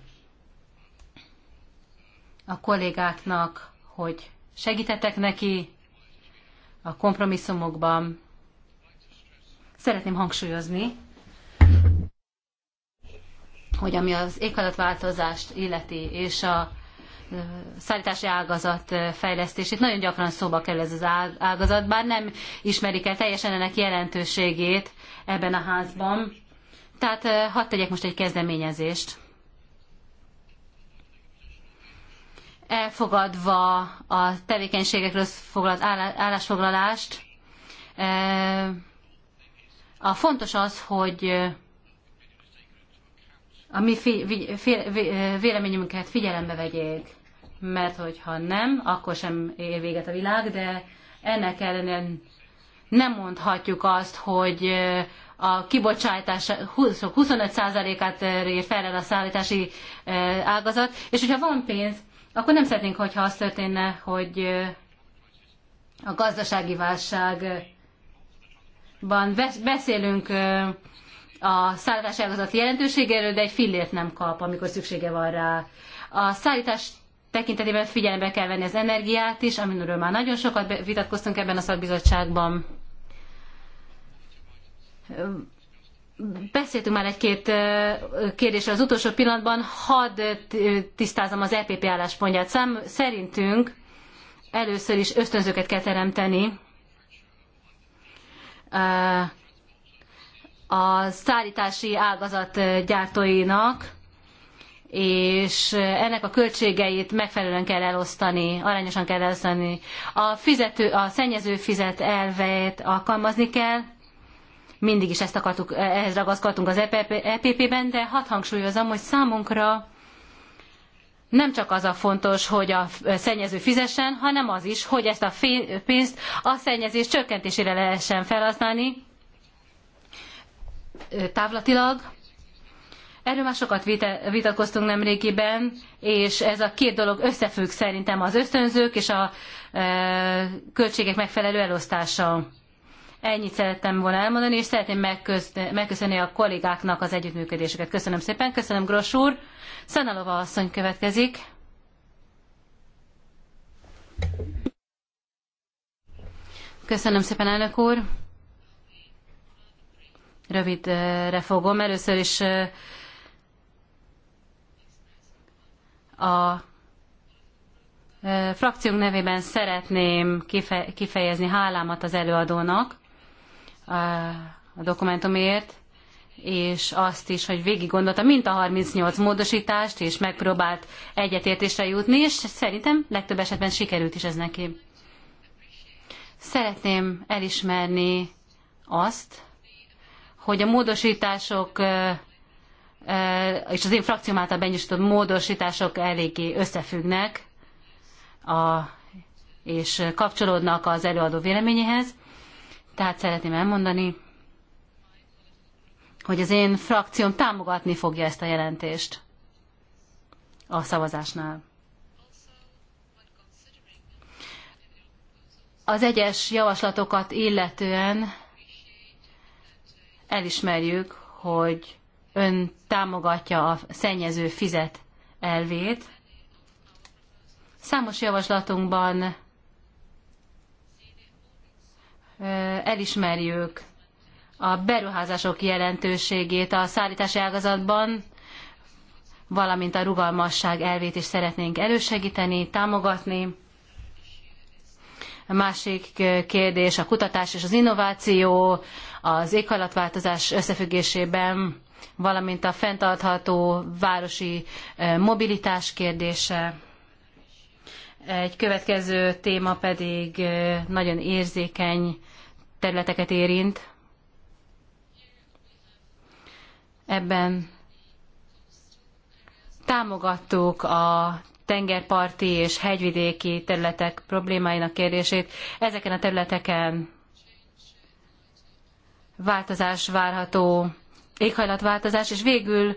a kollégáknak, hogy segítetek neki a kompromisszumokban, Szeretném hangsúlyozni, hogy ami az éghajlatváltozást illeti, és a szállítási ágazat fejlesztését. Nagyon gyakran szóba kerül ez az ágazat, bár nem ismerik el teljesen ennek jelentőségét ebben a házban. Tehát hadd tegyek most egy kezdeményezést. Elfogadva a tevékenységekről foglalt állásfoglalást, a fontos az, hogy a mi fi, vi, fi, véleményünket figyelembe vegyék, mert hogyha nem, akkor sem ér véget a világ, de ennek ellenére nem mondhatjuk azt, hogy a kibocsátás 25%-át el a szállítási ágazat, és hogyha van pénz, akkor nem szeretnénk, hogyha az történne, hogy a gazdasági válság ban beszélünk a szállítás ágazat jelentőségéről, de egy fillért nem kap, amikor szüksége van rá. A szállítás tekintetében figyelembe kell venni az energiát is, amiről már nagyon sokat vitatkoztunk ebben a szakbizottságban. Beszéltünk már egy-két kérdésre az utolsó pillanatban, hadd tisztázom az EPP álláspontját. Szám, szerintünk először is ösztönzőket kell teremteni a szállítási ágazat gyártóinak, és ennek a költségeit megfelelően kell elosztani, arányosan kell elosztani. A, fizető, a szennyező fizet elveit alkalmazni kell, mindig is ezt akartuk, ehhez ragaszkodtunk az EPP-ben, de hadd hangsúlyozom, hogy számunkra nem csak az a fontos, hogy a szennyező fizessen, hanem az is, hogy ezt a pénzt a szennyezés csökkentésére lehessen felhasználni távlatilag. Erről már sokat vitatkoztunk nemrégiben, és ez a két dolog összefügg szerintem az ösztönzők és a költségek megfelelő elosztása. Ennyit szerettem volna elmondani, és szeretném megköszönni a kollégáknak az együttműködésüket. Köszönöm szépen, köszönöm Gross úr. Szanalova asszony következik. Köszönöm szépen, elnök úr. Rövidre fogom. Először is a frakciónk nevében szeretném kifejezni hálámat az előadónak a dokumentumért, és azt is, hogy végig gondolta mint a 38 módosítást, és megpróbált egyetértésre jutni, és szerintem legtöbb esetben sikerült is ez neki. Szeretném elismerni azt, hogy a módosítások és az én frakcióm által benyújtott módosítások eléggé összefüggnek, a, és kapcsolódnak az előadó véleményéhez. Tehát szeretném elmondani, hogy az én frakcióm támogatni fogja ezt a jelentést a szavazásnál. Az egyes javaslatokat illetően elismerjük, hogy ön támogatja a szennyező fizet elvét. Számos javaslatunkban elismerjük a beruházások jelentőségét a szállítási ágazatban, valamint a rugalmasság elvét is szeretnénk elősegíteni, támogatni. A másik kérdés a kutatás és az innováció az éghajlatváltozás összefüggésében, valamint a fenntartható városi mobilitás kérdése. Egy következő téma pedig nagyon érzékeny területeket érint. Ebben támogattuk a tengerparti és hegyvidéki területek problémáinak kérdését. Ezeken a területeken változás várható, éghajlatváltozás, és végül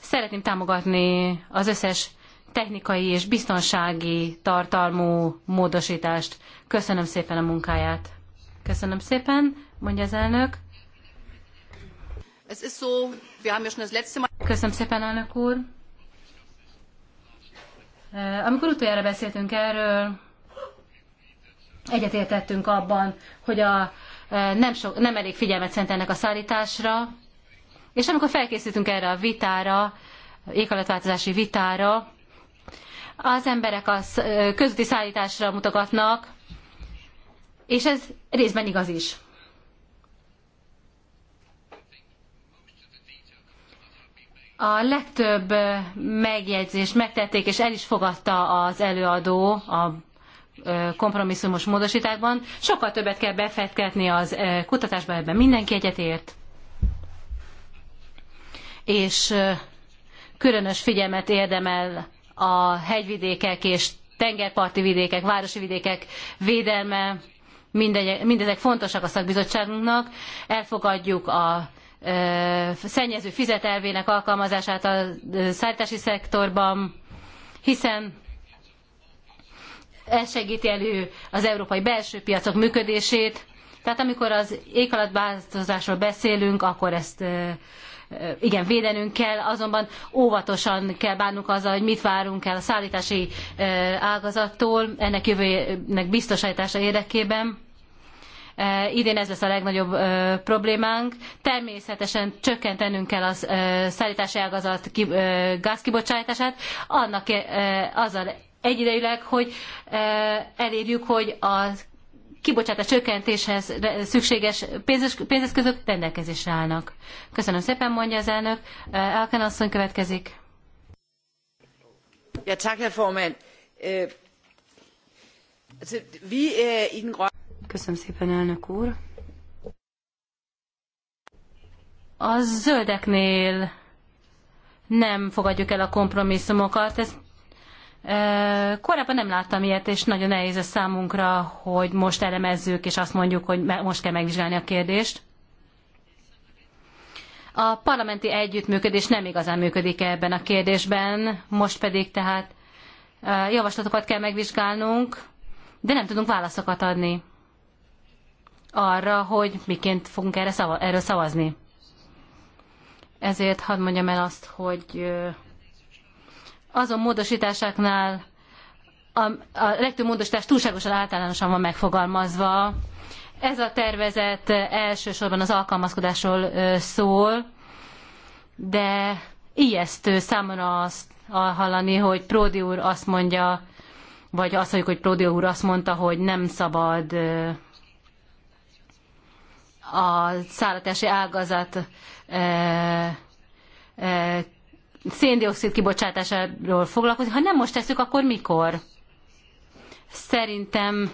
szeretném támogatni az összes technikai és biztonsági tartalmú módosítást. Köszönöm szépen a munkáját! Köszönöm szépen, mondja az elnök. Köszönöm szépen, elnök úr. Amikor utoljára beszéltünk erről, egyetértettünk abban, hogy a, nem, sok, nem elég figyelmet szentelnek a szállításra, és amikor felkészültünk erre a vitára, éghajlatváltozási vitára, az emberek a közúti szállításra mutogatnak, és ez részben igaz is. A legtöbb megjegyzést megtették, és el is fogadta az előadó a kompromisszumos módosításban. Sokkal többet kell befektetni az kutatásba, ebben mindenki egyetért. És különös figyelmet érdemel a hegyvidékek és tengerparti vidékek, városi vidékek védelme, mindezek fontosak a szakbizottságunknak. Elfogadjuk a szennyező fizetelvének alkalmazását a szállítási szektorban, hiszen ez segíti elő az európai belső piacok működését. Tehát amikor az éghajlatváltozásról beszélünk, akkor ezt igen, védenünk kell, azonban óvatosan kell bánnunk azzal, hogy mit várunk el a szállítási ágazattól, ennek jövőjének biztosítása érdekében Eh, idén ez lesz a legnagyobb eh, problémánk. Természetesen csökkentenünk kell a eh, szállítási ágazat gázkibocsátását, annak azzal egyidejűleg, hogy elérjük, hogy a kibocsátás csökkentéshez szükséges pénzeszközök rendelkezésre állnak. Köszönöm szépen, mondja az elnök. Elken asszony következik. Ja, tak, Herr Formand. vi Köszönöm szépen, elnök úr. A zöldeknél nem fogadjuk el a kompromisszumokat. Ez, e, korábban nem láttam ilyet, és nagyon nehéz ez számunkra, hogy most elemezzük, és azt mondjuk, hogy most kell megvizsgálni a kérdést. A parlamenti együttműködés nem igazán működik ebben a kérdésben, most pedig tehát e, javaslatokat kell megvizsgálnunk, de nem tudunk válaszokat adni arra, hogy miként fogunk erre szava, erről szavazni. Ezért hadd mondjam el azt, hogy azon módosításáknál a, a legtöbb módosítás túlságosan általánosan van megfogalmazva. Ez a tervezet elsősorban az alkalmazkodásról szól, de ijesztő számomra azt hallani, hogy Pródi úr azt mondja, vagy azt mondjuk, hogy Pródi úr azt mondta, hogy nem szabad a szállatási ágazat e, e, széndiokszid kibocsátásáról foglalkozik. Ha nem most tesszük, akkor mikor? Szerintem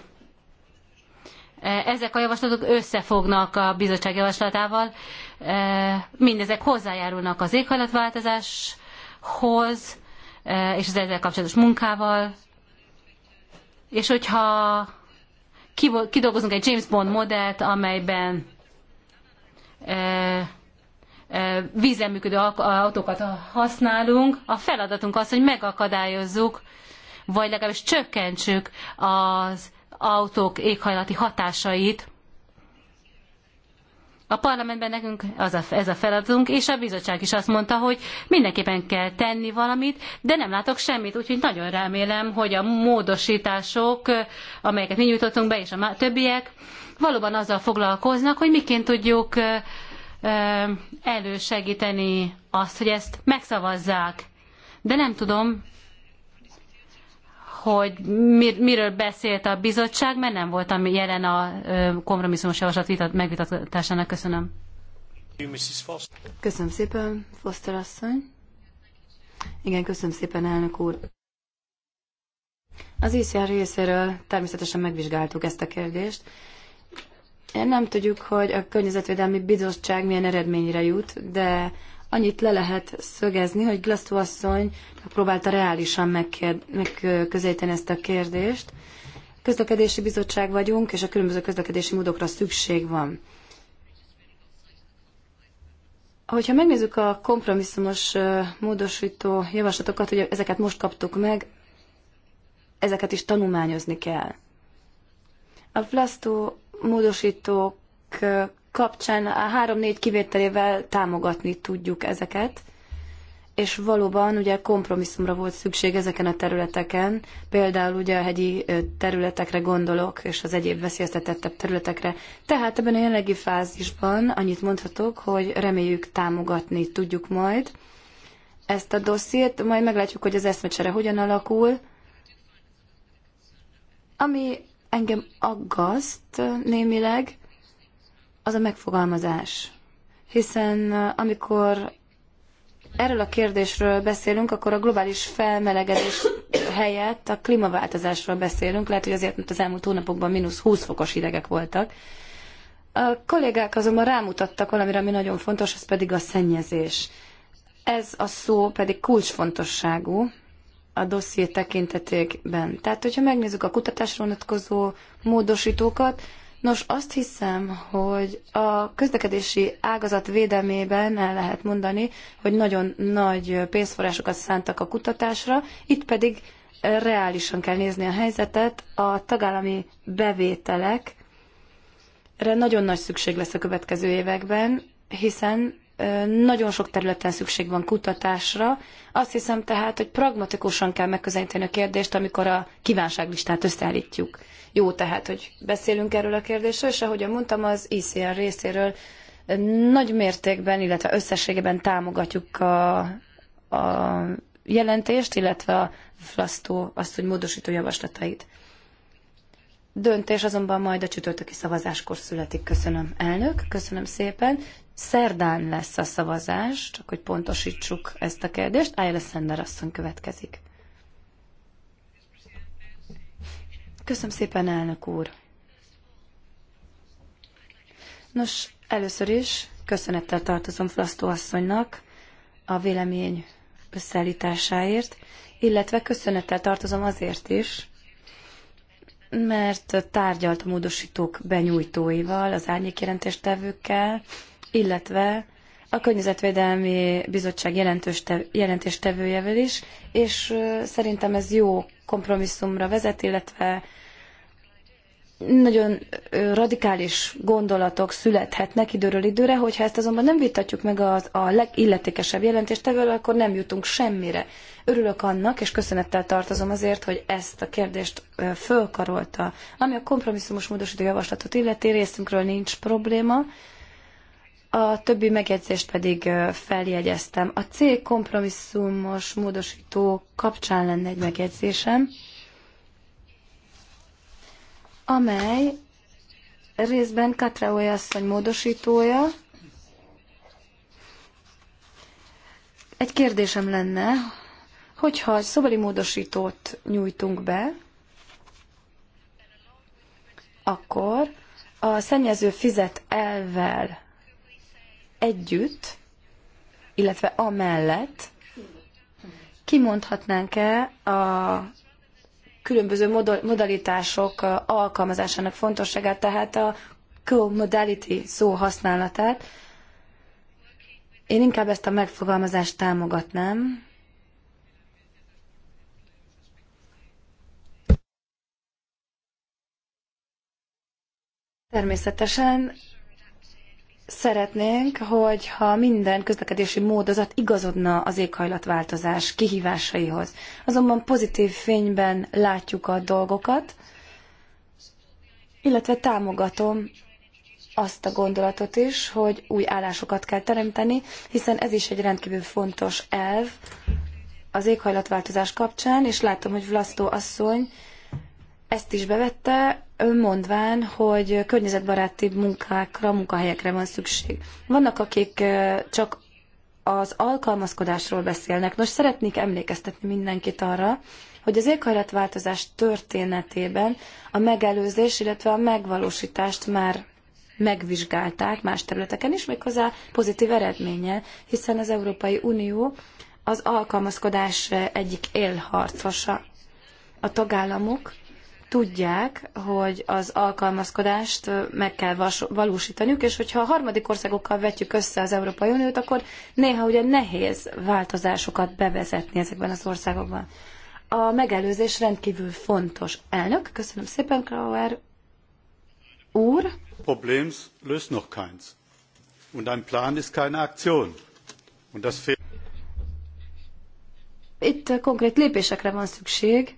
e, ezek a javaslatok összefognak a bizottság javaslatával. Mindezek hozzájárulnak az éghajlatváltozáshoz és az ezzel kapcsolatos munkával. És hogyha kidolgozunk egy James Bond modellt, amelyben E, e, vízzel működő autókat használunk, a feladatunk az, hogy megakadályozzuk, vagy legalábbis csökkentsük az autók éghajlati hatásait, a parlamentben nekünk az a, ez a feladatunk, és a bizottság is azt mondta, hogy mindenképpen kell tenni valamit, de nem látok semmit, úgyhogy nagyon remélem, hogy a módosítások, amelyeket mi nyújtottunk be, és a többiek, valóban azzal foglalkoznak, hogy miként tudjuk elősegíteni azt, hogy ezt megszavazzák. De nem tudom, hogy mir, miről beszélt a bizottság, mert nem voltam jelen a kompromisszumos javaslat megvitatásának. Köszönöm. Köszönöm szépen, Foster asszony. Igen, köszönöm szépen, elnök úr. Az ICR részéről természetesen megvizsgáltuk ezt a kérdést. Én nem tudjuk, hogy a Környezetvédelmi Bizottság milyen eredményre jut, de annyit le lehet szögezni, hogy Glasztó asszony próbálta reálisan megkér, megközelíteni ezt a kérdést. Közlekedési bizottság vagyunk, és a különböző közlekedési módokra szükség van. Hogyha megnézzük a kompromisszumos módosító javaslatokat, hogy ezeket most kaptuk meg, ezeket is tanulmányozni kell. A Vlasztó módosítók kapcsán három-négy kivételével támogatni tudjuk ezeket, és valóban ugye kompromisszumra volt szükség ezeken a területeken, például ugye a hegyi területekre gondolok, és az egyéb veszélyeztetettebb területekre. Tehát ebben a jelenlegi fázisban annyit mondhatok, hogy reméljük támogatni tudjuk majd ezt a dossziét, majd meglátjuk, hogy az eszmecsere hogyan alakul. Ami engem aggaszt némileg, az a megfogalmazás. Hiszen eh, amikor erről a kérdésről beszélünk, akkor a globális felmelegedés helyett a klímaváltozásról beszélünk. Lehet, hogy azért, mert az elmúlt hónapokban mínusz 20 fokos hidegek voltak. A kollégák azonban rámutattak valamire, ami nagyon fontos, ez pedig a szennyezés. Ez a szó pedig kulcsfontosságú a dosszié tekintetében. Tehát, hogyha megnézzük a kutatásra vonatkozó módosítókat, Nos, azt hiszem, hogy a közlekedési ágazat védelmében el lehet mondani, hogy nagyon nagy pénzforrásokat szántak a kutatásra, itt pedig reálisan kell nézni a helyzetet, a tagállami bevételekre nagyon nagy szükség lesz a következő években, hiszen nagyon sok területen szükség van kutatásra. Azt hiszem tehát, hogy pragmatikusan kell megközelíteni a kérdést, amikor a kívánságlistát összeállítjuk. Jó tehát, hogy beszélünk erről a kérdésről, és ahogyan mondtam, az ICR részéről nagy mértékben, illetve összességében támogatjuk a, a jelentést, illetve a Flasztó azt, hogy módosító javaslatait. Döntés azonban majd a csütörtöki szavazáskor születik. Köszönöm, elnök, köszönöm szépen. Szerdán lesz a szavazás, csak hogy pontosítsuk ezt a kérdést. Ájla Szender asszony következik. Köszönöm szépen, elnök úr. Nos, először is köszönettel tartozom Flasztó asszonynak a vélemény összeállításáért, illetve köszönettel tartozom azért is, mert tárgyalt a módosítók benyújtóival, az jelentéstevőkkel, illetve a Környezetvédelmi Bizottság jelentős tev, jelentéstevőjevel is, és szerintem ez jó kompromisszumra vezet, illetve nagyon radikális gondolatok születhetnek időről időre, hogyha ezt azonban nem vitatjuk meg a, a legilletékesebb jelentéstevővel, akkor nem jutunk semmire. Örülök annak, és köszönettel tartozom azért, hogy ezt a kérdést fölkarolta. Ami a kompromisszumos módosító javaslatot illeti, részünkről nincs probléma, a többi megjegyzést pedig feljegyeztem. A C kompromisszumos módosító kapcsán lenne egy megjegyzésem, amely részben Katra asszony módosítója. Egy kérdésem lenne, hogyha szobali módosítót nyújtunk be, akkor a szennyező fizet elvel együtt, illetve amellett kimondhatnánk-e a különböző modalitások alkalmazásának fontosságát, tehát a co-modality szó használatát. Én inkább ezt a megfogalmazást támogatnám, Természetesen szeretnénk, hogyha minden közlekedési módozat igazodna az éghajlatváltozás kihívásaihoz. Azonban pozitív fényben látjuk a dolgokat, illetve támogatom azt a gondolatot is, hogy új állásokat kell teremteni, hiszen ez is egy rendkívül fontos elv az éghajlatváltozás kapcsán, és látom, hogy Vlasztó asszony ezt is bevette, mondván, hogy környezetbaráti munkákra, munkahelyekre van szükség. Vannak, akik csak az alkalmazkodásról beszélnek. Nos, szeretnék emlékeztetni mindenkit arra, hogy az éghajlatváltozás történetében a megelőzés, illetve a megvalósítást már megvizsgálták más területeken is, méghozzá pozitív eredménye, hiszen az Európai Unió az alkalmazkodás egyik élharcosa. A tagállamok tudják, hogy az alkalmazkodást meg kell vas- valósítaniuk, és hogyha a harmadik országokkal vetjük össze az Európai Uniót, akkor néha ugye nehéz változásokat bevezetni ezekben az országokban. A megelőzés rendkívül fontos. Elnök, köszönöm szépen, Krauer úr. Problems löst noch keins. Und ein Plan ist keine Aktion. Und das fehlt. Itt konkrét lépésekre van szükség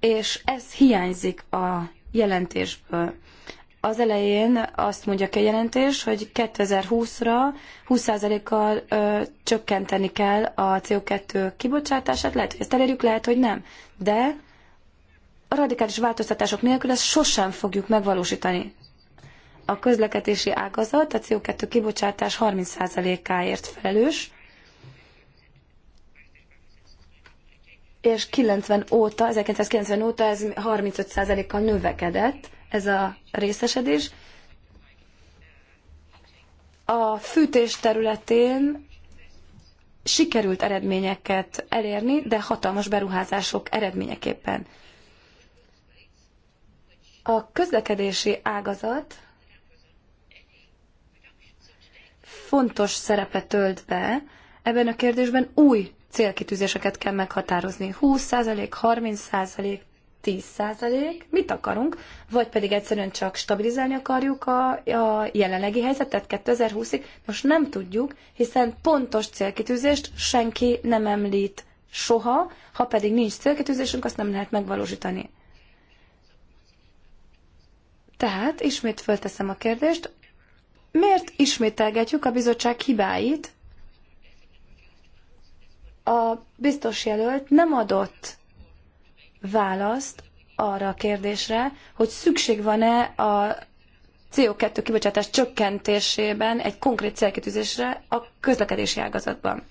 és ez hiányzik a jelentésből. Az elején azt mondja a jelentés, hogy 2020-ra 20%-kal csökkenteni kell a CO2 kibocsátását. Lehet, hogy ezt elérjük, lehet, hogy nem. De a radikális változtatások nélkül ezt sosem fogjuk megvalósítani. A közlekedési ágazat a CO2 kibocsátás 30%-áért felelős, és 90 óta, 1990 óta ez 35%-kal növekedett, ez a részesedés. A fűtés területén sikerült eredményeket elérni, de hatalmas beruházások eredményeképpen. A közlekedési ágazat fontos szerepet tölt be ebben a kérdésben új célkitűzéseket kell meghatározni. 20%, 30%, 10%, mit akarunk, vagy pedig egyszerűen csak stabilizálni akarjuk a, a jelenlegi helyzetet 2020-ig, most nem tudjuk, hiszen pontos célkitűzést senki nem említ soha, ha pedig nincs célkitűzésünk, azt nem lehet megvalósítani. Tehát ismét fölteszem a kérdést, miért ismételgetjük a bizottság hibáit, a biztos jelölt nem adott választ arra a kérdésre, hogy szükség van-e a CO2 kibocsátás csökkentésében egy konkrét célkitűzésre a közlekedési ágazatban.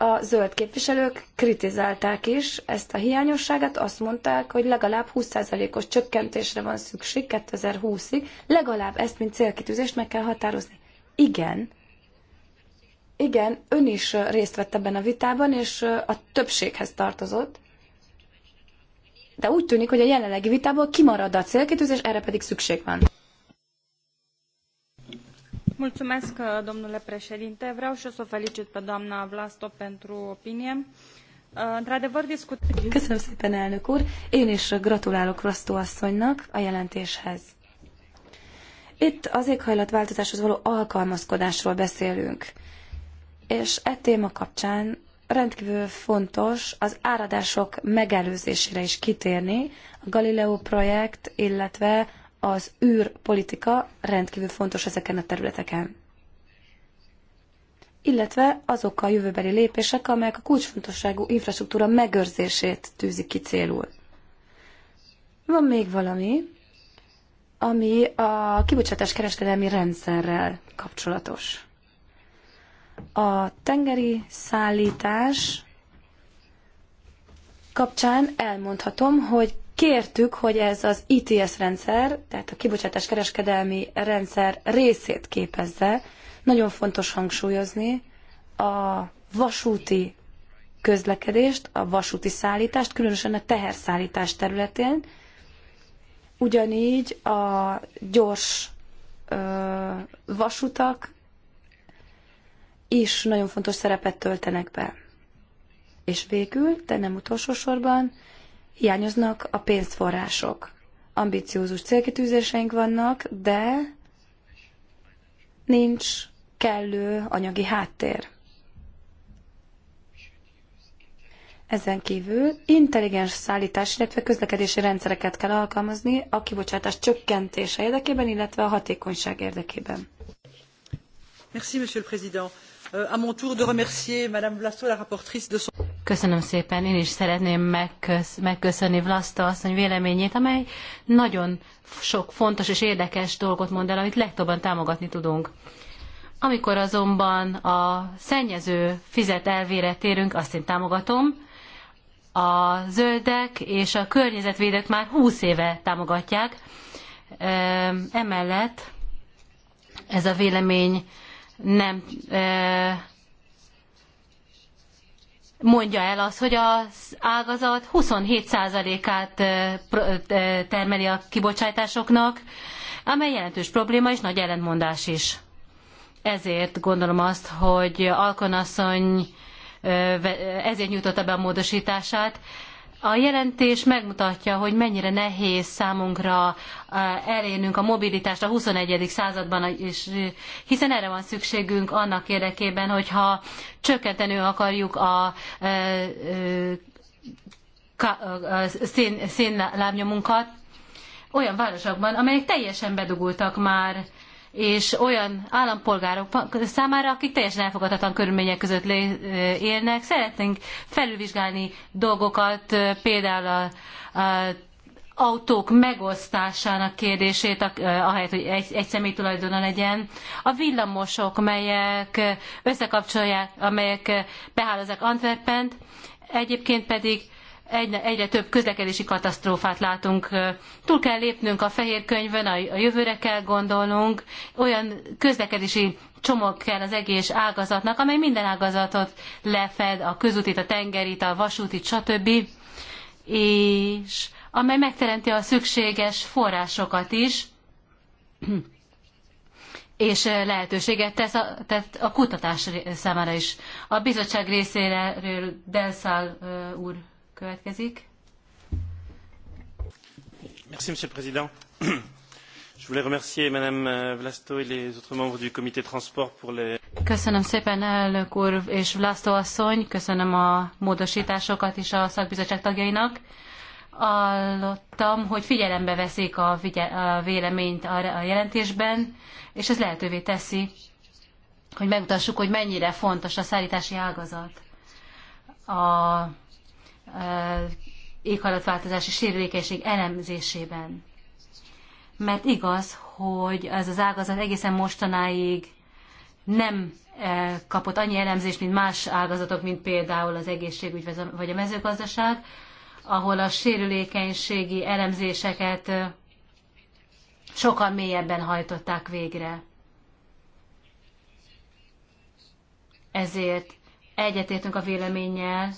A zöld képviselők kritizálták is ezt a hiányosságát, azt mondták, hogy legalább 20%-os csökkentésre van szükség 2020-ig, legalább ezt, mint célkitűzést meg kell határozni. Igen, igen, ön is részt vett ebben a vitában, és a többséghez tartozott. De úgy tűnik, hogy a jelenlegi vitából kimarad a célkitűzés, erre pedig szükség van. Mulțumesc, domnule președinte. Vreau și să o felicit pe doamna Vlasto pentru opinie. Într-adevăr, discut... Köszönöm szépen, elnök úr. Én is gratulálok Rostó asszonynak a jelentéshez. Itt az éghajlatváltozáshoz való alkalmazkodásról beszélünk és e téma kapcsán rendkívül fontos az áradások megelőzésére is kitérni. A Galileo projekt, illetve az űrpolitika rendkívül fontos ezeken a területeken. Illetve azok a jövőbeli lépések, amelyek a kulcsfontosságú infrastruktúra megőrzését tűzik ki célul. Van még valami, ami a kibocsátás kereskedelmi rendszerrel kapcsolatos. A tengeri szállítás kapcsán elmondhatom, hogy kértük, hogy ez az ITS rendszer, tehát a kibocsátás kereskedelmi rendszer részét képezze. Nagyon fontos hangsúlyozni a vasúti közlekedést, a vasúti szállítást, különösen a teherszállítás területén. Ugyanígy a gyors ö, vasutak is nagyon fontos szerepet töltenek be. És végül, de nem utolsó sorban, hiányoznak a pénzforrások. Ambiciózus célkitűzéseink vannak, de nincs kellő anyagi háttér. Ezen kívül intelligens szállítás, illetve közlekedési rendszereket kell alkalmazni a kibocsátás csökkentése érdekében, illetve a hatékonyság érdekében. Merci, Monsieur le Président. Euh, à mon tour de remercier Madame Vlasto, la rapporteure de son... Köszönöm szépen, én is szeretném megkösz, megköszönni Vlasta asszony véleményét, amely nagyon sok fontos és érdekes dolgot mond el, amit legtöbben támogatni tudunk. Amikor azonban a szennyező fizet elvére térünk, azt én támogatom, a zöldek és a környezetvédők már 20 éve támogatják. Emellett ez a vélemény nem mondja el azt, hogy az ágazat 27%-át termeli a kibocsátásoknak, amely jelentős probléma és nagy ellentmondás is. Ezért gondolom azt, hogy Alkonasszony ezért nyújtotta be a módosítását, a jelentés megmutatja, hogy mennyire nehéz számunkra eh, elérnünk a mobilitást a 21. században, és eh, hiszen erre van szükségünk annak érdekében, hogyha csökkenteni akarjuk a eh, szénlábnyomunkat olyan városokban, amelyek teljesen bedugultak már és olyan állampolgárok számára, akik teljesen elfogadhatatlan körülmények között élnek. Szeretnénk felülvizsgálni dolgokat, például a, a autók megosztásának kérdését, ahelyett, hogy egy, egy személy tulajdona legyen. A villamosok, melyek összekapcsolják, amelyek behálazák Antwerpent, egyébként pedig egyre több közlekedési katasztrófát látunk. Túl kell lépnünk a fehér könyvön, a jövőre kell gondolnunk, olyan közlekedési csomag kell az egész ágazatnak, amely minden ágazatot lefed, a közútit, a tengerit, a vasútit, stb. És amely megteremti a szükséges forrásokat is, és lehetőséget tesz a, tett a kutatás számára is. A bizottság részéről Delszál úr Monsieur le Président. Je voulais remercier mme Vlasto et les autres membres du comité transports pour les... Köszönöm szépen, elnök úr és Vlasto asszony, köszönöm a módosításokat is a szakbizottság tagjainak. Hallottam, hogy figyelembe veszik a, vigye- a véleményt a jelentésben, és ez lehetővé teszi, hogy megmutassuk, hogy mennyire fontos a szállítási ágazat a Eh, éghajlatváltozási sérülékenység elemzésében. Mert igaz, hogy ez az ágazat egészen mostanáig nem eh, kapott annyi elemzést, mint más ágazatok, mint például az egészségügy vagy a mezőgazdaság, ahol a sérülékenységi elemzéseket eh, sokkal mélyebben hajtották végre. Ezért egyetértünk a véleménnyel,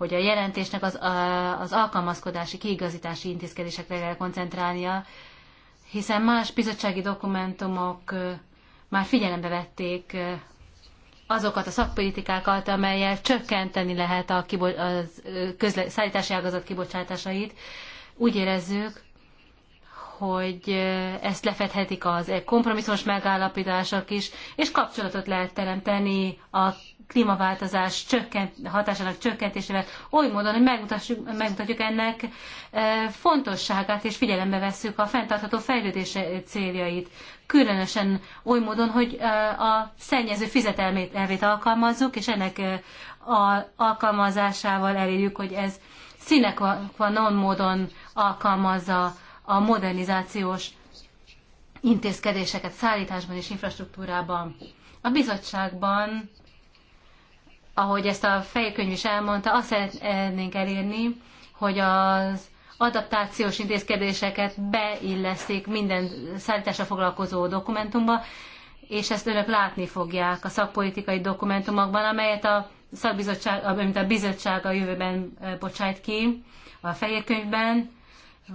hogy a jelentésnek az, az alkalmazkodási, kiigazítási intézkedésekre kell koncentrálnia, hiszen más bizottsági dokumentumok már figyelembe vették azokat a szakpolitikákat, amelyel csökkenteni lehet a, kibo- a közle- szállítási ágazat kibocsátásait. Úgy érezzük, hogy ezt lefedhetik az kompromisszumos megállapítások is, és kapcsolatot lehet teremteni a klímaváltozás csökkent, hatásának csökkentésével, oly módon, hogy megmutatjuk, megmutatjuk ennek e, fontosságát, és figyelembe vesszük a fenntartható fejlődés céljait. Különösen oly módon, hogy e, a szennyező fizetelmét elvét alkalmazzuk, és ennek e, a alkalmazásával elérjük, hogy ez színek van non módon alkalmazza a modernizációs intézkedéseket szállításban és infrastruktúrában. A bizottságban ahogy ezt a fejkönyv is elmondta, azt szeretnénk elérni, hogy az adaptációs intézkedéseket beilleszik minden szállításra foglalkozó dokumentumba, és ezt önök látni fogják a szakpolitikai dokumentumokban, amelyet a szakbizottság, amit a bizottság a jövőben bocsájt ki a fehér könyvben,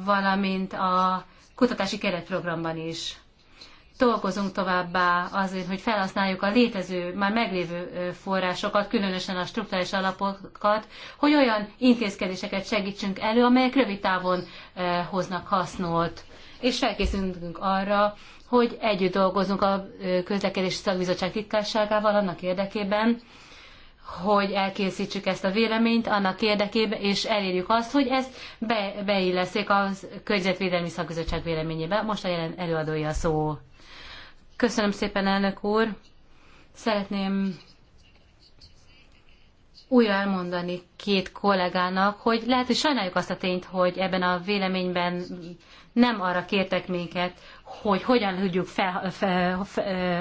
valamint a kutatási keretprogramban is dolgozunk továbbá azért, hogy felhasználjuk a létező, már meglévő forrásokat, különösen a struktúrális alapokat, hogy olyan intézkedéseket segítsünk elő, amelyek rövid távon hoznak hasznot. És felkészülünk arra, hogy együtt dolgozunk a közlekedési szakbizottság titkárságával annak érdekében, hogy elkészítsük ezt a véleményt annak érdekében, és elérjük azt, hogy ezt be, beilleszik a környezetvédelmi szakbizottság véleményébe. Most a jelen előadója a szó. Köszönöm szépen, elnök úr. Szeretném újra elmondani két kollégának, hogy lehet, hogy sajnáljuk azt a tényt, hogy ebben a véleményben nem arra kértek minket, hogy hogyan tudjuk, fel, fel,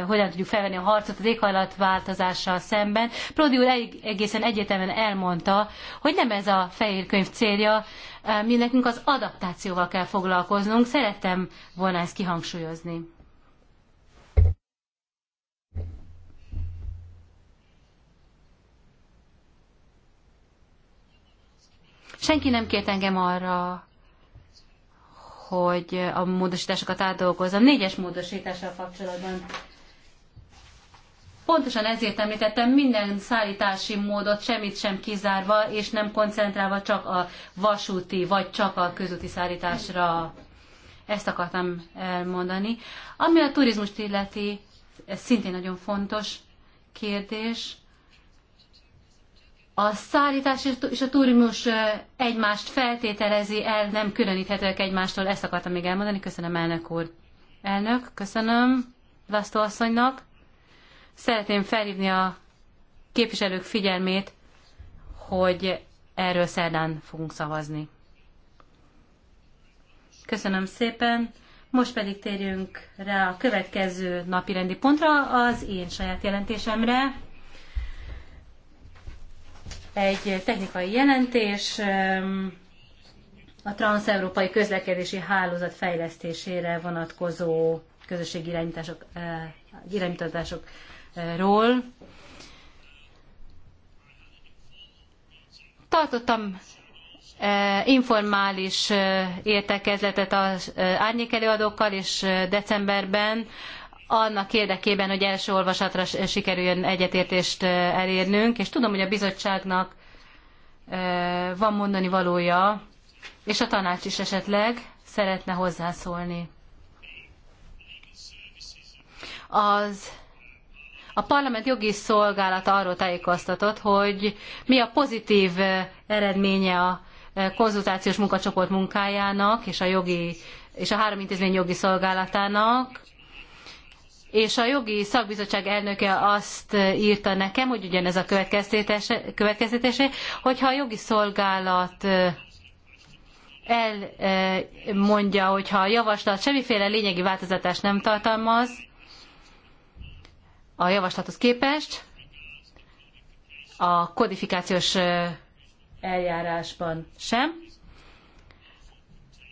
hogyan tudjuk felvenni a harcot az éghajlatváltozással szemben. Prodi úr egészen egyetemen elmondta, hogy nem ez a fehér könyv célja, mi nekünk az adaptációval kell foglalkoznunk. Szerettem volna ezt kihangsúlyozni. Senki nem kért engem arra, hogy a módosításokat átdolgozzam. Négyes módosítással kapcsolatban Pontosan ezért említettem minden szállítási módot semmit sem kizárva, és nem koncentrálva csak a vasúti vagy csak a közúti szállításra. Ezt akartam elmondani. Ami a turizmust illeti, ez szintén nagyon fontos kérdés a szállítás és a turizmus egymást feltételezi el, nem különíthetőek egymástól. Ezt akartam még elmondani. Köszönöm, elnök úr. Elnök, köszönöm Vasztó asszonynak. Szeretném felhívni a képviselők figyelmét, hogy erről szerdán fogunk szavazni. Köszönöm szépen. Most pedig térjünk rá a következő napirendi pontra, az én saját jelentésemre egy technikai jelentés a transeurópai közlekedési hálózat fejlesztésére vonatkozó közösségi irányítások, eh, irányításokról. Tartottam eh, informális eh, értekezletet az árnyékelőadókkal, és decemberben annak érdekében, hogy első olvasatra sikerüljön egyetértést elérnünk, és tudom, hogy a bizottságnak van mondani valója, és a tanács is esetleg szeretne hozzászólni. Az a parlament jogi szolgálata arról tájékoztatott, hogy mi a pozitív eredménye a konzultációs munkacsoport munkájának és a jogi és a három intézmény jogi szolgálatának, és a jogi szakbizottság elnöke azt írta nekem, hogy ugyanez a következtetése, következtetése hogyha a jogi szolgálat elmondja, hogyha a javaslat semmiféle lényegi változtatást nem tartalmaz a javaslathoz képest a kodifikációs eljárásban sem,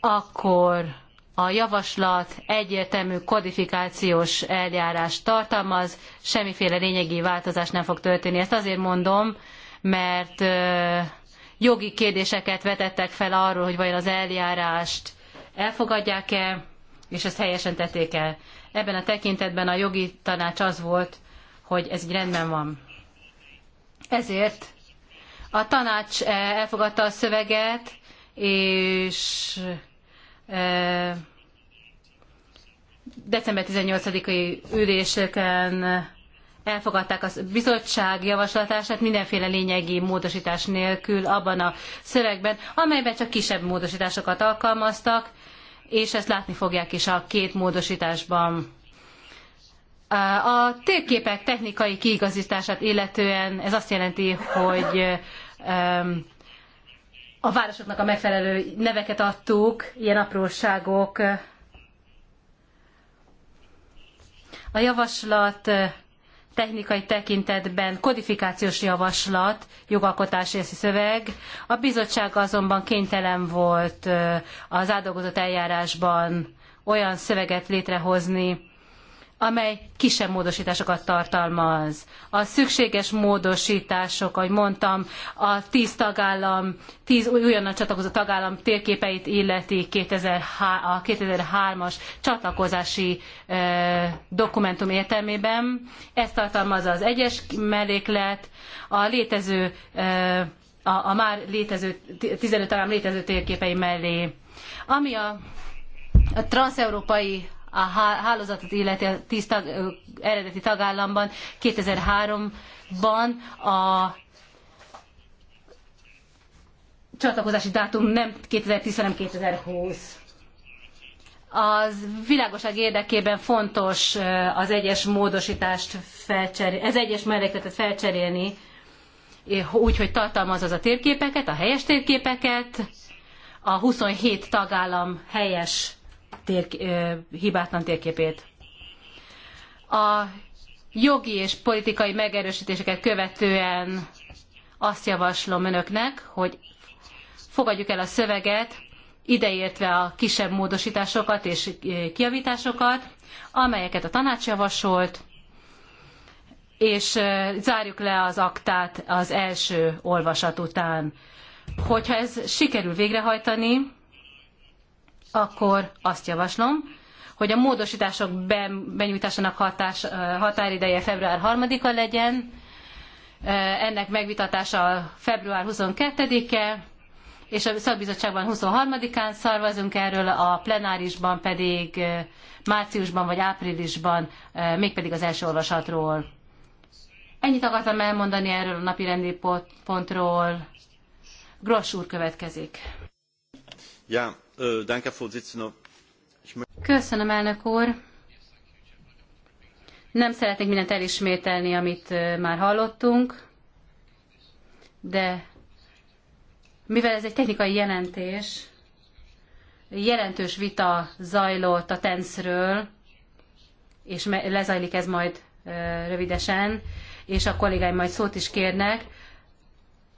akkor a javaslat egyértelmű kodifikációs eljárást tartalmaz, semmiféle lényegi változás nem fog történni. Ezt azért mondom, mert jogi kérdéseket vetettek fel arról, hogy vajon az eljárást elfogadják-e, és ezt helyesen tették el. Ebben a tekintetben a jogi tanács az volt, hogy ez így rendben van. Ezért a tanács e, elfogadta a szöveget, és december 18-ai üléseken elfogadták a bizottság javaslatását mindenféle lényegi módosítás nélkül abban a szövegben, amelyben csak kisebb módosításokat alkalmaztak, és ezt látni fogják is a két módosításban. A térképek technikai kiigazítását illetően ez azt jelenti, hogy a városoknak a megfelelő neveket adtuk, ilyen apróságok. A javaslat eh, technikai tekintetben kodifikációs javaslat, jogalkotási szöveg. A bizottság azonban kénytelen volt eh, az átdolgozott eljárásban olyan szöveget létrehozni, amely kisebb módosításokat tartalmaz. A szükséges módosítások, ahogy mondtam, a tíz tagállam, 10 újonnan csatlakozó tagállam térképeit illeti 2003, a 2003-as csatlakozási e, dokumentum értelmében. Ez tartalmazza az egyes melléklet, a létező a, a, már létező, 15 tagállam létező térképei mellé. Ami a, a transeurópai a hálózatot illeti a tíz tag, eredeti tagállamban 2003-ban a csatlakozási dátum nem 2010, hanem 2020. Az világoság érdekében fontos az egyes módosítást felcserélni, az egyes mellékletet felcserélni, úgy, hogy tartalmaz az a térképeket, a helyes térképeket, a 27 tagállam helyes tér, hibátlan térképét. A jogi és politikai megerősítéseket követően azt javaslom önöknek, hogy fogadjuk el a szöveget, ideértve a kisebb módosításokat és kiavításokat, amelyeket a tanács javasolt, és zárjuk le az aktát az első olvasat után. Hogyha ez sikerül végrehajtani, akkor azt javaslom, hogy a módosítások benyújtásának hatás, határideje február 3-a legyen, ennek megvitatása február 22-e, és a szakbizottságban 23-án szarvazunk erről, a plenárisban pedig márciusban vagy áprilisban, mégpedig az első olvasatról. Ennyit akartam elmondani erről a napi rendi pontról. Gross úr következik. Ja, Köszönöm, elnök úr. Nem szeretnék mindent elismételni, amit már hallottunk, de mivel ez egy technikai jelentés, jelentős vita zajlott a e e ről és lezajlik ez majd rövidesen, és a kollégáim majd szót is kérnek.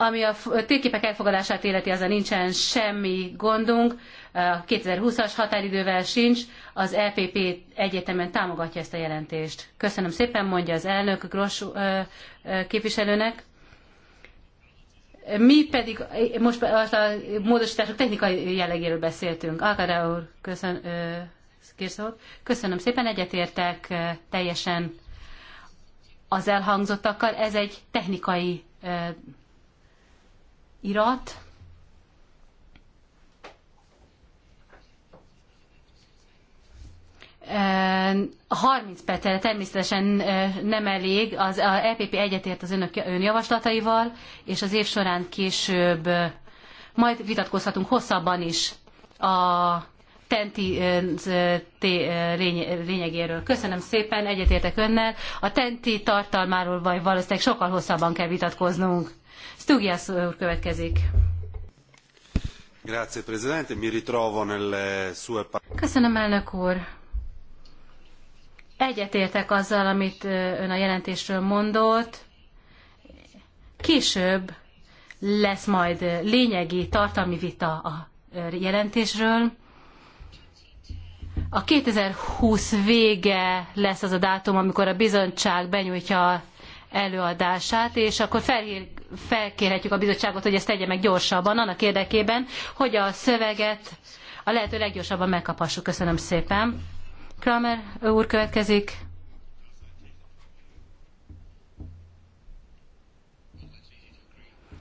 Ami a térképek elfogadását illeti, azzal nincsen semmi gondunk, 2020-as határidővel sincs, az EPP egyetemen támogatja ezt a jelentést. Köszönöm szépen, mondja az elnök Gross képviselőnek. Mi pedig most a módosítások technikai jellegéről beszéltünk. Alkadá úr, köszön, szót. Köszönöm szépen, egyetértek teljesen az elhangzottakkal. Ez egy technikai irat. A 30 perc természetesen e, nem elég, az a EPP egyetért az önök javaslataival, és az év során később e, majd vitatkozhatunk hosszabban is a tenti e, lényegéről. Köszönöm szépen, egyetértek önnel. A tenti tartalmáról vagy valószínűleg sokkal hosszabban kell vitatkoznunk. Stugias úr következik. Grazie, Presidente. Mi ritrovo nelle sue... Köszönöm, elnök úr. Egyetértek azzal, amit ön a jelentésről mondott. Később lesz majd lényegi tartalmi vita a jelentésről. A 2020 vége lesz az a dátum, amikor a bizottság benyújtja előadását, és akkor felkérhetjük a bizottságot, hogy ezt tegye meg gyorsabban, annak érdekében, hogy a szöveget a lehető leggyorsabban megkaphassuk. Köszönöm szépen. Kramer úr következik.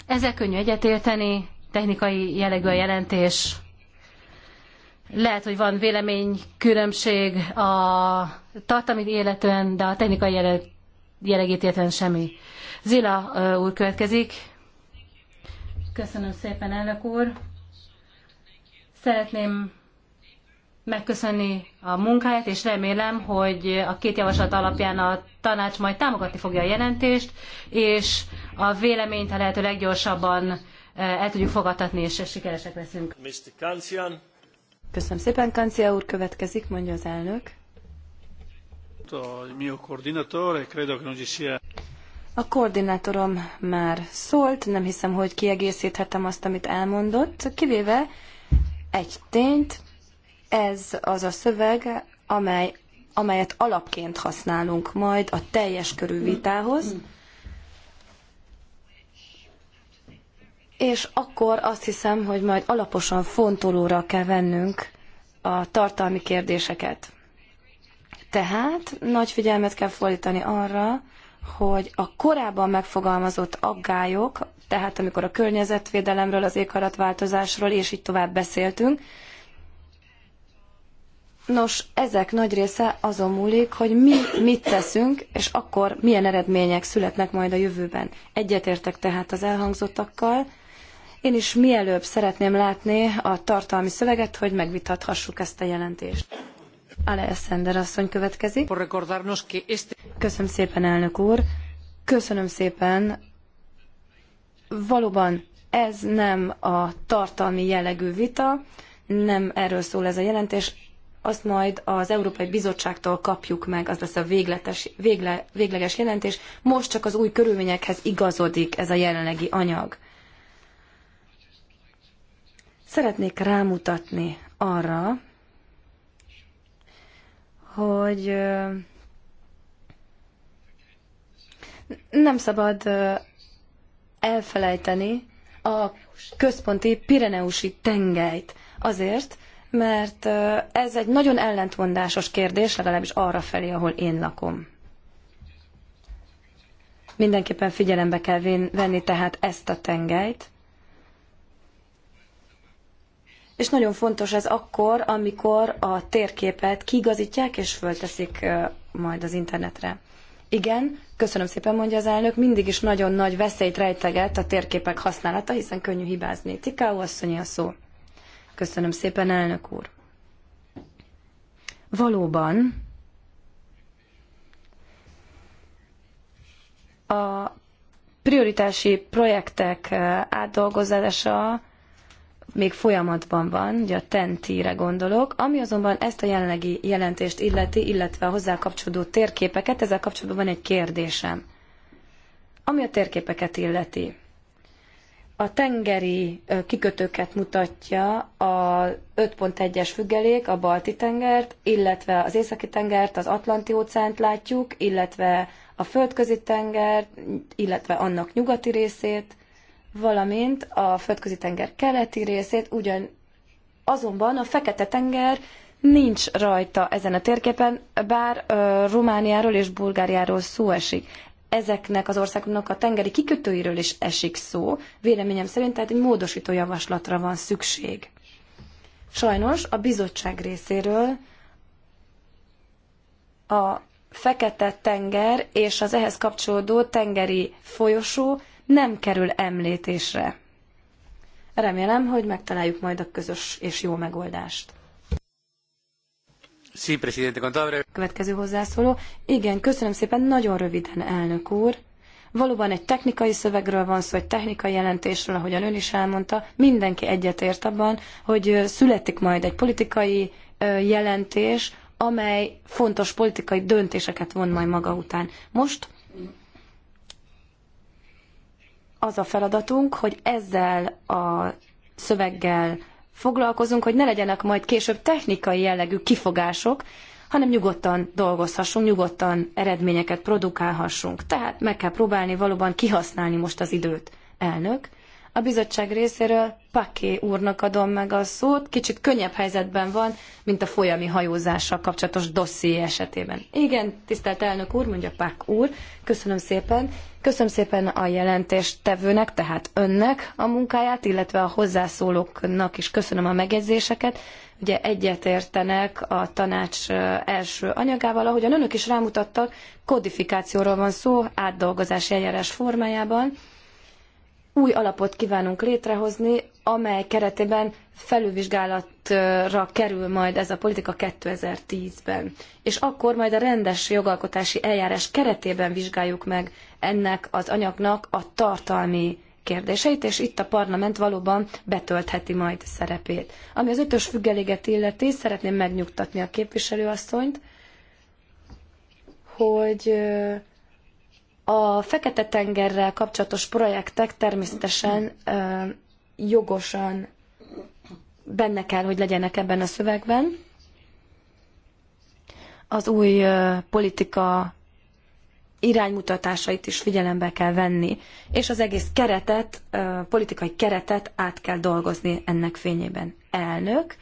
Ezzel könnyű egyetérteni, technikai jellegű a jelentés. Lehet, hogy van véleménykülönbség a tartalmi életően, de a technikai jelegítétlen semmi. Zila úr következik. Köszönöm szépen, elnök úr. Szeretném megköszönni a munkáját, és remélem, hogy a két javaslat alapján a tanács majd támogatni fogja a jelentést, és a véleményt a lehető leggyorsabban el tudjuk fogadtatni, és sikeresek leszünk. Mr. Köszönöm szépen, Kancia úr következik, mondja az elnök credo che non ci sia... A koordinátorom már szólt, nem hiszem, hogy kiegészíthetem azt, amit elmondott, kivéve egy tényt, ez az a szöveg, amely, amelyet alapként használunk majd a teljes körű vitához, és akkor azt hiszem, hogy majd alaposan fontolóra kell vennünk a tartalmi kérdéseket. Tehát nagy figyelmet kell fordítani arra, hogy a korábban megfogalmazott aggályok, tehát amikor a környezetvédelemről, az éghajlatváltozásról és így tovább beszéltünk, Nos, ezek nagy része azon múlik, hogy mi mit teszünk, és akkor milyen eredmények születnek majd a jövőben. Egyetértek tehát az elhangzottakkal. Én is mielőbb szeretném látni a tartalmi szöveget, hogy megvitathassuk ezt a jelentést. Alexander asszony következik. Köszönöm szépen, elnök úr. Köszönöm szépen. Valóban ez nem a tartalmi jellegű vita, nem erről szól ez a jelentés, azt majd az Európai Bizottságtól kapjuk meg, az lesz a végletes, végle, végleges jelentés. Most csak az új körülményekhez igazodik ez a jelenlegi anyag. Szeretnék rámutatni arra, hogy nem szabad elfelejteni a központi Pireneusi tengelyt. Azért, mert ez egy nagyon ellentmondásos kérdés, legalábbis arra felé, ahol én lakom. Mindenképpen figyelembe kell venni tehát ezt a tengelyt, és nagyon fontos ez akkor, amikor a térképet kigazítják és fölteszik majd az internetre. Igen, köszönöm szépen, mondja az elnök, mindig is nagyon nagy veszélyt rejteget a térképek használata, hiszen könnyű hibázni. Tikáó asszonyi a szó. Köszönöm szépen, elnök úr. Valóban a prioritási projektek átdolgozása még folyamatban van, ugye a tentire gondolok, ami azonban ezt a jelenlegi jelentést illeti, illetve a hozzá kapcsolódó térképeket, ezzel kapcsolatban van egy kérdésem. Ami a térképeket illeti, a tengeri kikötőket mutatja a 5.1-es függelék, a balti tengert, illetve az északi tengert, az atlanti óceánt látjuk, illetve a földközi tengert, illetve annak nyugati részét, valamint a földközi tenger keleti részét, ugyan azonban a fekete tenger nincs rajta ezen a térképen, bár uh, Romániáról és Bulgáriáról szó esik. Ezeknek az országoknak a tengeri kikötőiről is esik szó, véleményem szerint, tehát egy módosító javaslatra van szükség. Sajnos a bizottság részéről a Fekete-tenger és az ehhez kapcsolódó tengeri folyosó nem kerül említésre. Remélem, hogy megtaláljuk majd a közös és jó megoldást. Sí, presidente, Következő hozzászóló. Igen, köszönöm szépen, nagyon röviden, elnök úr. Valóban egy technikai szövegről van szó, egy technikai jelentésről, ahogyan ön is elmondta. Mindenki egyetért abban, hogy születik majd egy politikai jelentés, amely fontos politikai döntéseket von majd maga után. Most az a feladatunk, hogy ezzel a szöveggel foglalkozunk, hogy ne legyenek majd később technikai jellegű kifogások, hanem nyugodtan dolgozhassunk, nyugodtan eredményeket produkálhassunk. Tehát meg kell próbálni valóban kihasználni most az időt. Elnök, a bizottság részéről Paké úrnak adom meg a szót, kicsit könnyebb helyzetben van, mint a folyami hajózással kapcsolatos dosszié esetében. Igen, tisztelt elnök úr, mondja Pak úr, köszönöm szépen. Köszönöm szépen a jelentéstevőnek, tehát önnek a munkáját, illetve a hozzászólóknak is köszönöm a megjegyzéseket. Ugye egyetértenek a tanács első anyagával, ahogyan önök is rámutattak, kodifikációról van szó, átdolgozási eljárás formájában új alapot kívánunk létrehozni, amely keretében felülvizsgálatra kerül majd ez a politika 2010-ben. És akkor majd a rendes jogalkotási eljárás keretében vizsgáljuk meg ennek az anyagnak a tartalmi kérdéseit, és itt a parlament valóban betöltheti majd szerepét. Ami az ötös függeléget illeti, szeretném megnyugtatni a képviselőasszonyt, hogy a Fekete-tengerrel kapcsolatos projektek természetesen jogosan benne kell, hogy legyenek ebben a szövegben. Az új politika iránymutatásait is figyelembe kell venni, és az egész keretet, politikai keretet át kell dolgozni ennek fényében. Elnök,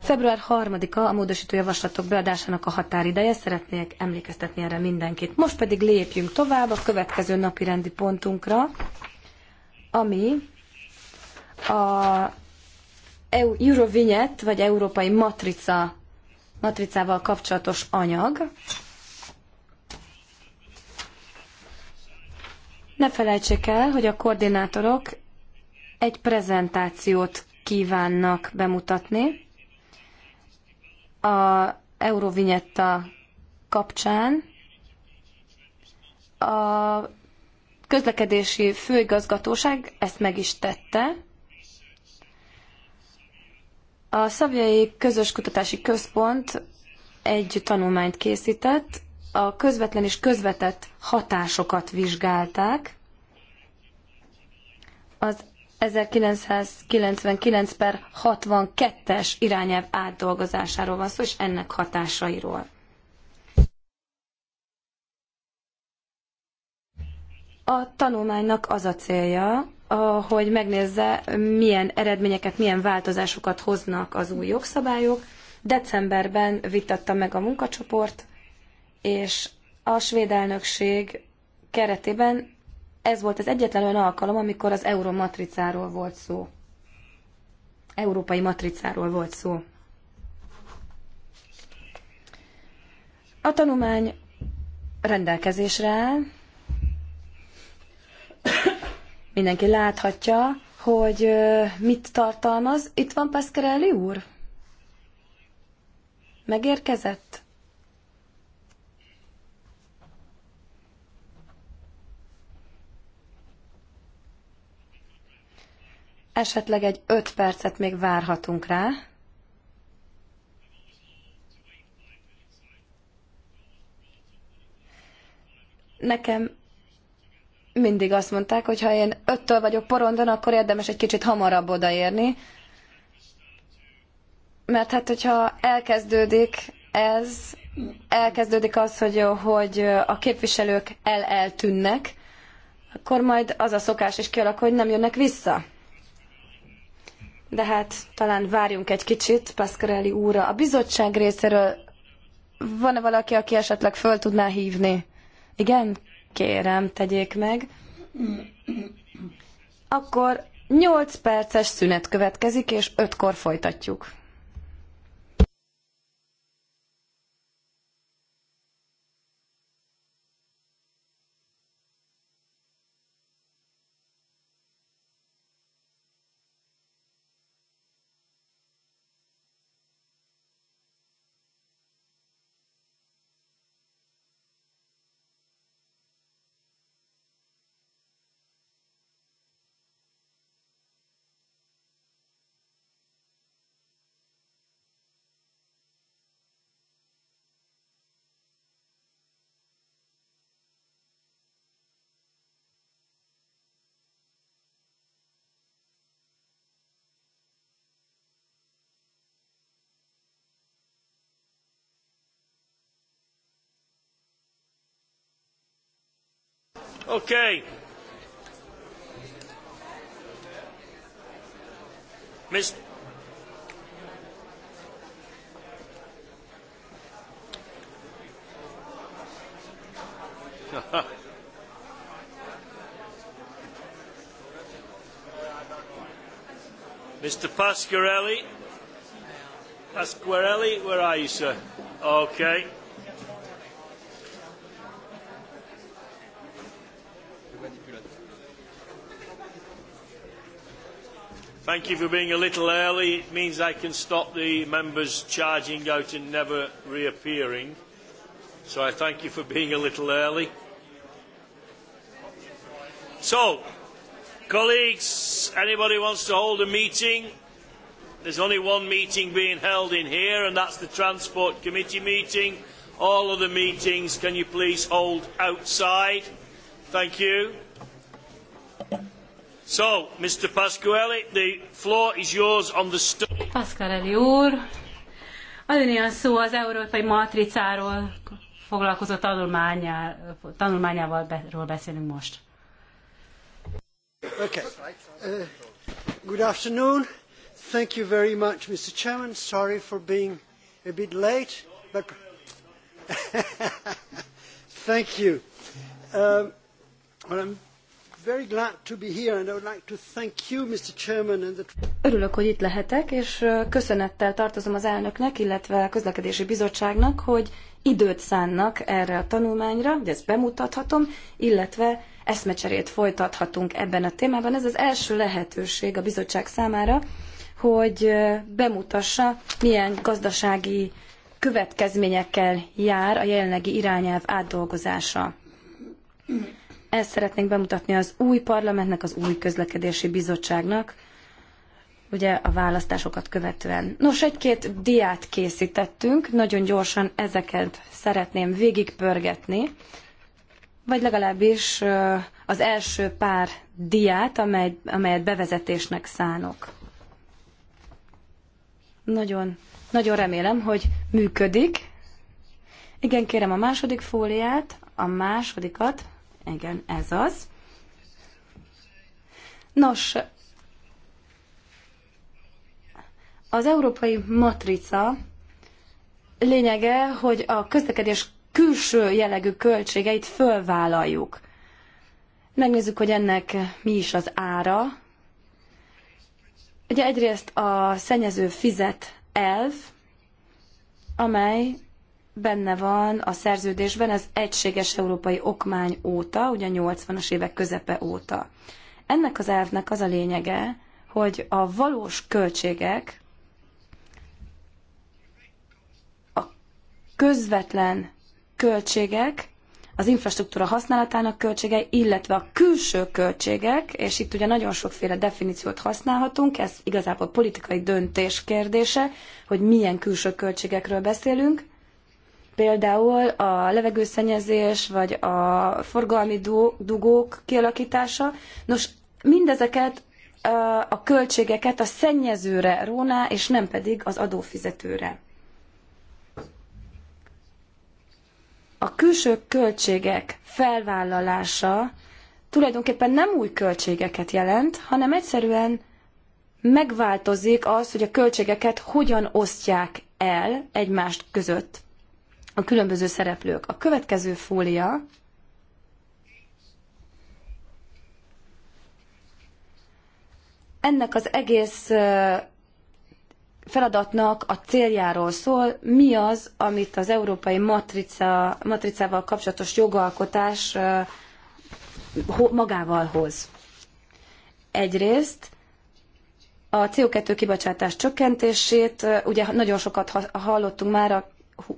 Február 3-a a módosító javaslatok beadásának a határideje, szeretnék emlékeztetni erre mindenkit. Most pedig lépjünk tovább a következő napi rendi pontunkra, ami a Eurovinyet, vagy Európai Matrica, matricával kapcsolatos anyag. Ne felejtsék el, hogy a koordinátorok egy prezentációt kívánnak bemutatni a Eurovinyetta kapcsán a közlekedési főigazgatóság ezt meg is tette. A Szavjai Közös Kutatási Központ egy tanulmányt készített, a közvetlen és közvetett hatásokat vizsgálták. Az 1999 per 62-es irányelv átdolgozásáról van szó, és ennek hatásairól. A tanulmánynak az a célja, hogy megnézze, milyen eredményeket, milyen változásokat hoznak az új jogszabályok. Decemberben vitatta meg a munkacsoport, és a svéd elnökség keretében ez volt az egyetlen olyan alkalom, amikor az euró matricáról volt szó. Európai matricáról volt szó. A tanulmány rendelkezésre áll. Mindenki láthatja, hogy mit tartalmaz. Itt van Pascarelli úr? Megérkezett? esetleg egy öt percet még várhatunk rá. Nekem mindig azt mondták, hogy ha én öttől vagyok porondon, akkor érdemes egy kicsit hamarabb odaérni. Mert hát, hogyha elkezdődik ez, elkezdődik az, hogy, hogy a képviselők el-eltűnnek, akkor majd az a szokás is kialakul, hogy nem jönnek vissza de hát talán várjunk egy kicsit Pascarelli úrra. A bizottság részéről van-e valaki, aki esetleg föl tudná hívni? Igen? Kérem, tegyék meg. Akkor 8 perces szünet következik, és 5-kor folytatjuk. Okay. Miss Mr. Pasquarelli. Pasquarelli, where are you, sir? Okay. Thank you for being a little early. It means I can stop the members charging out and never reappearing. So I thank you for being a little early. So, colleagues, anybody wants to hold a meeting? There's only one meeting being held in here, and that's the Transport Committee meeting. All other meetings, can you please hold outside? Thank you. So, Mr. Pasquale, the floor is yours on the Pasquale úr, Adni a szó az európai matricáról foglalkozó tanulmányával, tanulmányával beszélünk most. Okay. Uh, good afternoon. Thank you very much, Mr. Chairman. Sorry for being a bit late, but thank you. Um, well, I'm Örülök, hogy itt lehetek, és köszönettel tartozom az elnöknek, illetve a közlekedési bizottságnak, hogy időt szánnak erre a tanulmányra, hogy ezt bemutathatom, illetve eszmecserét folytathatunk ebben a témában. Ez az első lehetőség a bizottság számára, hogy bemutassa, milyen gazdasági következményekkel jár a jelenlegi irányelv átdolgozása. Ezt szeretnénk bemutatni az új parlamentnek, az új közlekedési bizottságnak, ugye a választásokat követően. Nos, egy-két diát készítettünk, nagyon gyorsan ezeket szeretném végigpörgetni, vagy legalábbis az első pár diát, amely, amelyet bevezetésnek szánok. Nagyon, nagyon remélem, hogy működik. Igen, kérem a második fóliát, a másodikat. Igen, ez az. Nos, az európai matrica lényege, hogy a közlekedés külső jellegű költségeit fölvállaljuk. Megnézzük, hogy ennek mi is az ára. Ugye egyrészt a szennyező fizet elv, amely benne van a szerződésben az egységes európai okmány óta, ugye 80-as évek közepe óta. Ennek az elvnek az a lényege, hogy a valós költségek a közvetlen költségek, az infrastruktúra használatának költségei, illetve a külső költségek, és itt ugye nagyon sokféle definíciót használhatunk, ez igazából politikai döntés kérdése, hogy milyen külső költségekről beszélünk, például a levegőszennyezés vagy a forgalmi dugók kialakítása. Nos, mindezeket a költségeket a szennyezőre róná, és nem pedig az adófizetőre. A külső költségek felvállalása tulajdonképpen nem új költségeket jelent, hanem egyszerűen megváltozik az, hogy a költségeket hogyan osztják el egymást között a különböző szereplők. A következő fólia ennek az egész feladatnak a céljáról szól, mi az, amit az európai matrica, matricával kapcsolatos jogalkotás magával hoz. Egyrészt a CO2 kibocsátás csökkentését, ugye nagyon sokat hallottunk már a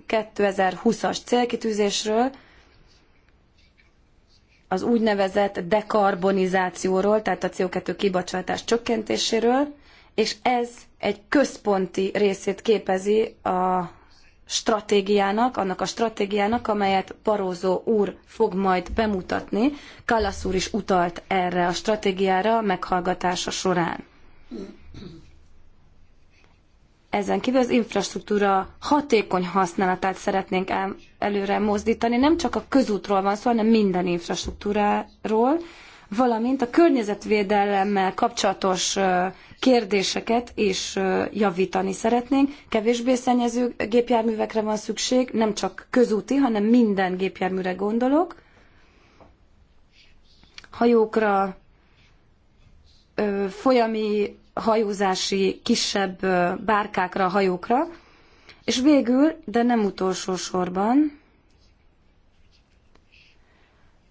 2020-as célkitűzésről, az úgynevezett dekarbonizációról, tehát a CO2 kibocsátás csökkentéséről, és ez egy központi részét képezi a stratégiának, annak a stratégiának, amelyet Parózó úr fog majd bemutatni. Kallasz úr is utalt erre a stratégiára meghallgatása során. Ezen kívül az infrastruktúra hatékony használatát szeretnénk el, előre mozdítani. Nem csak a közútról van szó, hanem minden infrastruktúráról, valamint a környezetvédelemmel kapcsolatos kérdéseket is javítani szeretnénk. Kevésbé szennyező gépjárművekre van szükség, nem csak közúti, hanem minden gépjárműre gondolok. Hajókra, folyami hajózási kisebb bárkákra, hajókra, és végül, de nem utolsó sorban,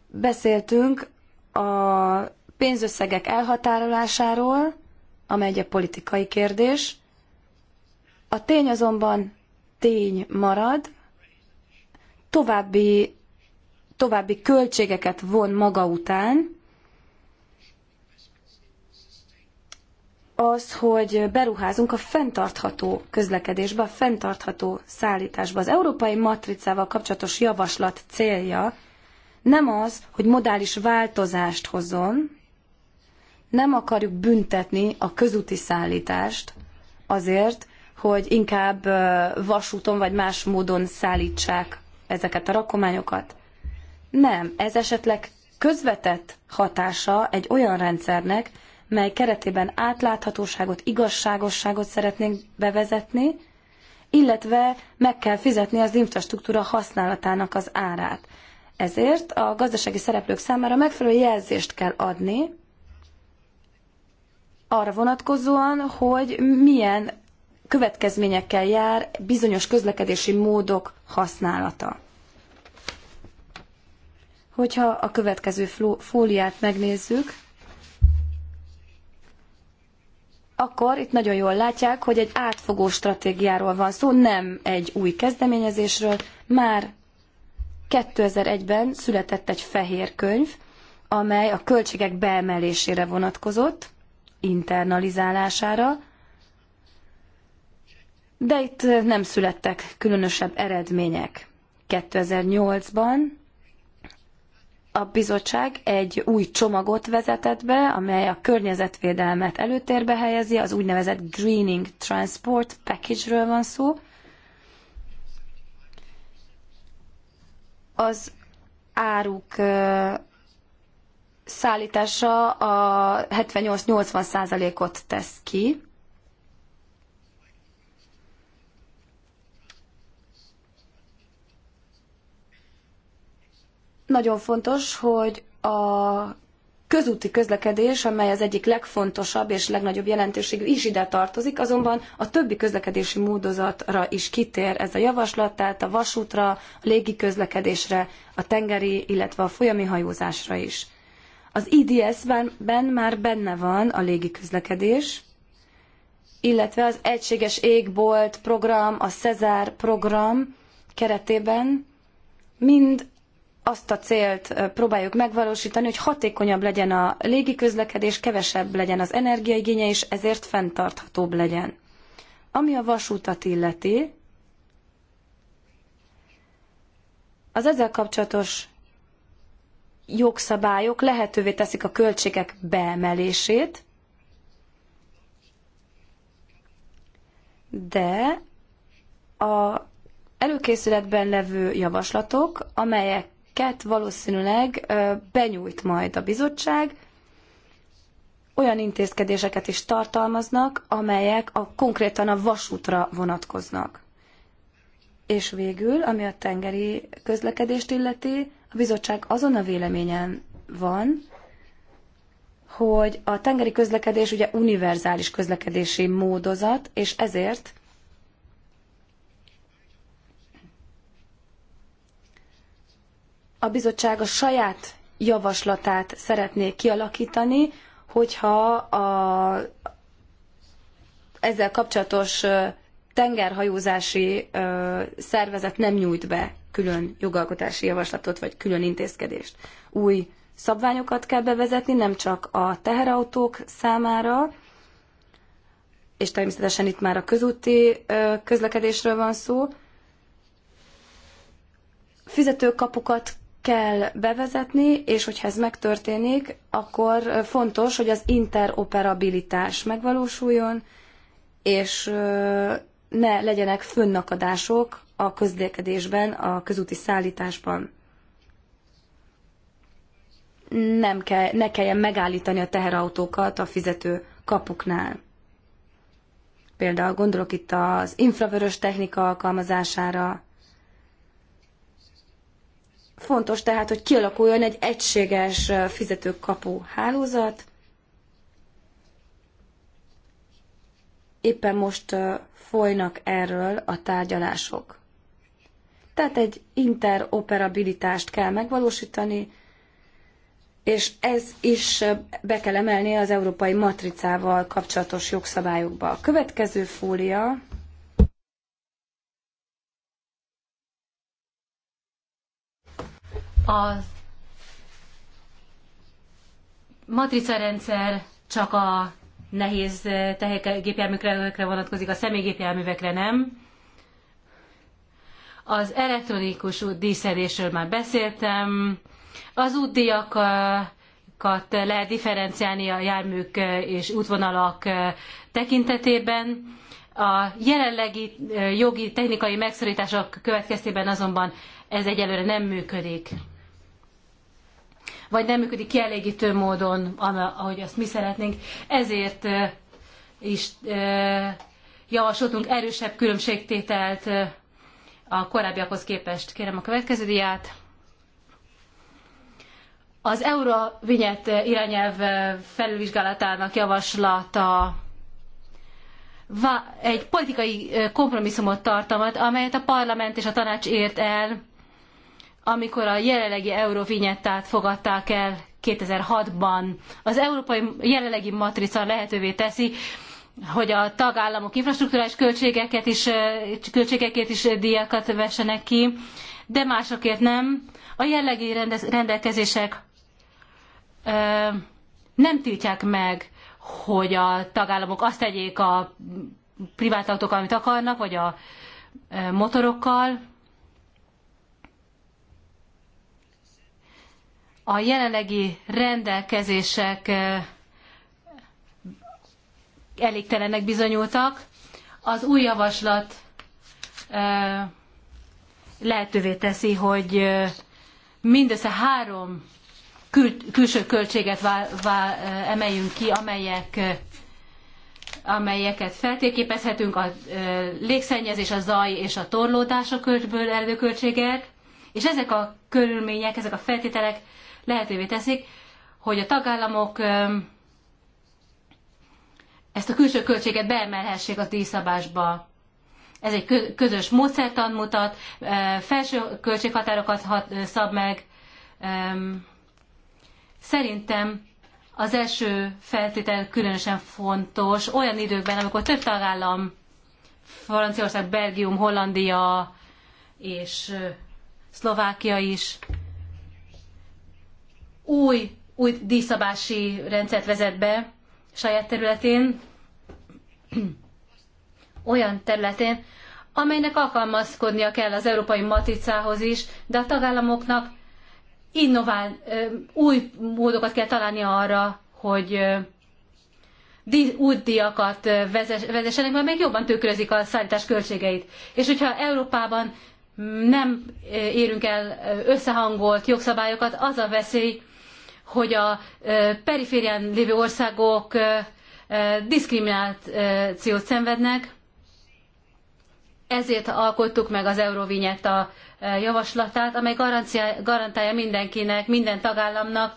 beszéltünk a pénzösszegek elhatárolásáról, amely egy politikai kérdés. A tény azonban tény marad, további, további költségeket von maga után, az, hogy beruházunk a fenntartható közlekedésbe, a fenntartható szállításba. Az európai matricával kapcsolatos javaslat célja nem az, hogy modális változást hozzon, nem akarjuk büntetni a közúti szállítást azért, hogy inkább vasúton vagy más módon szállítsák ezeket a rakományokat. Nem, ez esetleg közvetett hatása egy olyan rendszernek, mely keretében átláthatóságot, igazságosságot szeretnénk bevezetni, illetve meg kell fizetni az infrastruktúra használatának az árát. Ezért a gazdasági szereplők számára megfelelő jelzést kell adni arra vonatkozóan, hogy milyen következményekkel jár bizonyos közlekedési módok használata. Hogyha a következő fóliát megnézzük, akkor itt nagyon jól látják, hogy egy átfogó stratégiáról van szó, nem egy új kezdeményezésről. Már 2001-ben született egy fehér könyv, amely a költségek beemelésére vonatkozott, internalizálására, de itt nem születtek különösebb eredmények. 2008-ban a bizottság egy új csomagot vezetett be, amely a környezetvédelmet előtérbe helyezi, az úgynevezett Greening Transport Package-ről van szó. Az áruk szállítása a 78-80 százalékot tesz ki. Nagyon fontos, hogy a közúti közlekedés, amely az egyik legfontosabb és legnagyobb jelentőségű is ide tartozik, azonban a többi közlekedési módozatra is kitér ez a javaslat, tehát a vasútra, a légi közlekedésre, a tengeri, illetve a folyami hajózásra is. Az IDS-ben már benne van a légi közlekedés, illetve az Egységes Égbolt program, a Cezár program keretében mind azt a célt próbáljuk megvalósítani, hogy hatékonyabb legyen a légiközlekedés, kevesebb legyen az energiaigénye, és ezért fenntarthatóbb legyen. Ami a vasútat illeti, az ezzel kapcsolatos jogszabályok lehetővé teszik a költségek beemelését, de a előkészületben levő javaslatok, amelyek amiket valószínűleg benyújt majd a bizottság, olyan intézkedéseket is tartalmaznak, amelyek a, konkrétan a vasútra vonatkoznak. És végül, ami a tengeri közlekedést illeti, a bizottság azon a véleményen van, hogy a tengeri közlekedés ugye univerzális közlekedési módozat, és ezért a bizottság a saját javaslatát szeretné kialakítani, hogyha a, ezzel kapcsolatos tengerhajózási szervezet nem nyújt be külön jogalkotási javaslatot, vagy külön intézkedést. Új szabványokat kell bevezetni, nem csak a teherautók számára, és természetesen itt már a közúti közlekedésről van szó. Fizetőkapukat kell bevezetni, és hogyha ez megtörténik, akkor fontos, hogy az interoperabilitás megvalósuljon, és ne legyenek fönnakadások a közlekedésben, a közúti szállításban. Nem kell, ne kelljen megállítani a teherautókat a fizető kapuknál. Például gondolok itt az infravörös technika alkalmazására, Fontos tehát, hogy kialakuljon egy egységes fizetőkapu hálózat. Éppen most folynak erről a tárgyalások. Tehát egy interoperabilitást kell megvalósítani, és ez is be kell emelni az európai matricával kapcsolatos jogszabályokba. A következő fólia A matricarendszer csak a nehéz gépjárművekre vonatkozik, a személygépjárművekre nem. Az elektronikus útdíszedésről már beszéltem. Az útdíjakat lehet differenciálni a járműk és útvonalak tekintetében. A jelenlegi jogi technikai megszorítások következtében azonban ez egyelőre nem működik vagy nem működik kielégítő módon, ahogy azt mi szeretnénk. Ezért is javasoltunk erősebb különbségtételt a korábbiakhoz képest. Kérem a következő diát. Az Eurovinyet irányelv felülvizsgálatának javaslata egy politikai kompromisszumot tartalmaz, amelyet a parlament és a tanács ért el amikor a jelenlegi euróvinyettát fogadták el 2006-ban. Az európai jelenlegi matrica lehetővé teszi, hogy a tagállamok infrastrukturális költségeket is, költségekért is díjakat vessenek ki, de másokért nem. A jellegi rendelkezések nem tiltják meg, hogy a tagállamok azt tegyék a privát autókkal, amit akarnak, vagy a motorokkal, a jelenlegi rendelkezések eh, elégtelenek bizonyultak. Az új javaslat eh, lehetővé teszi, hogy eh, mindössze három kül- külső költséget vá- vá- emeljünk ki, amelyek amelyeket feltérképezhetünk, a légszennyezés, a zaj és a torlódás a eredő költségek, és ezek a körülmények, ezek a feltételek lehetővé teszik, hogy a tagállamok ezt a külső költséget beemelhessék a díjszabásba. Ez egy közös módszertan mutat, felső költséghatárokat szab meg. Szerintem az első feltétel különösen fontos olyan időkben, amikor több tagállam, Franciaország, Belgium, Hollandia és Szlovákia is új, új díszabási rendszert vezet be saját területén, olyan területén, amelynek alkalmazkodnia kell az európai matricához is, de a tagállamoknak innovál, új módokat kell találni arra, hogy új útdíjakat vezessenek, mert még jobban tükrözik a szállítás költségeit. És hogyha Európában nem érünk el összehangolt jogszabályokat, az a veszély, hogy a periférián lévő országok diszkriminációt szenvednek, ezért alkottuk meg az a javaslatát, amely garantálja mindenkinek, minden tagállamnak,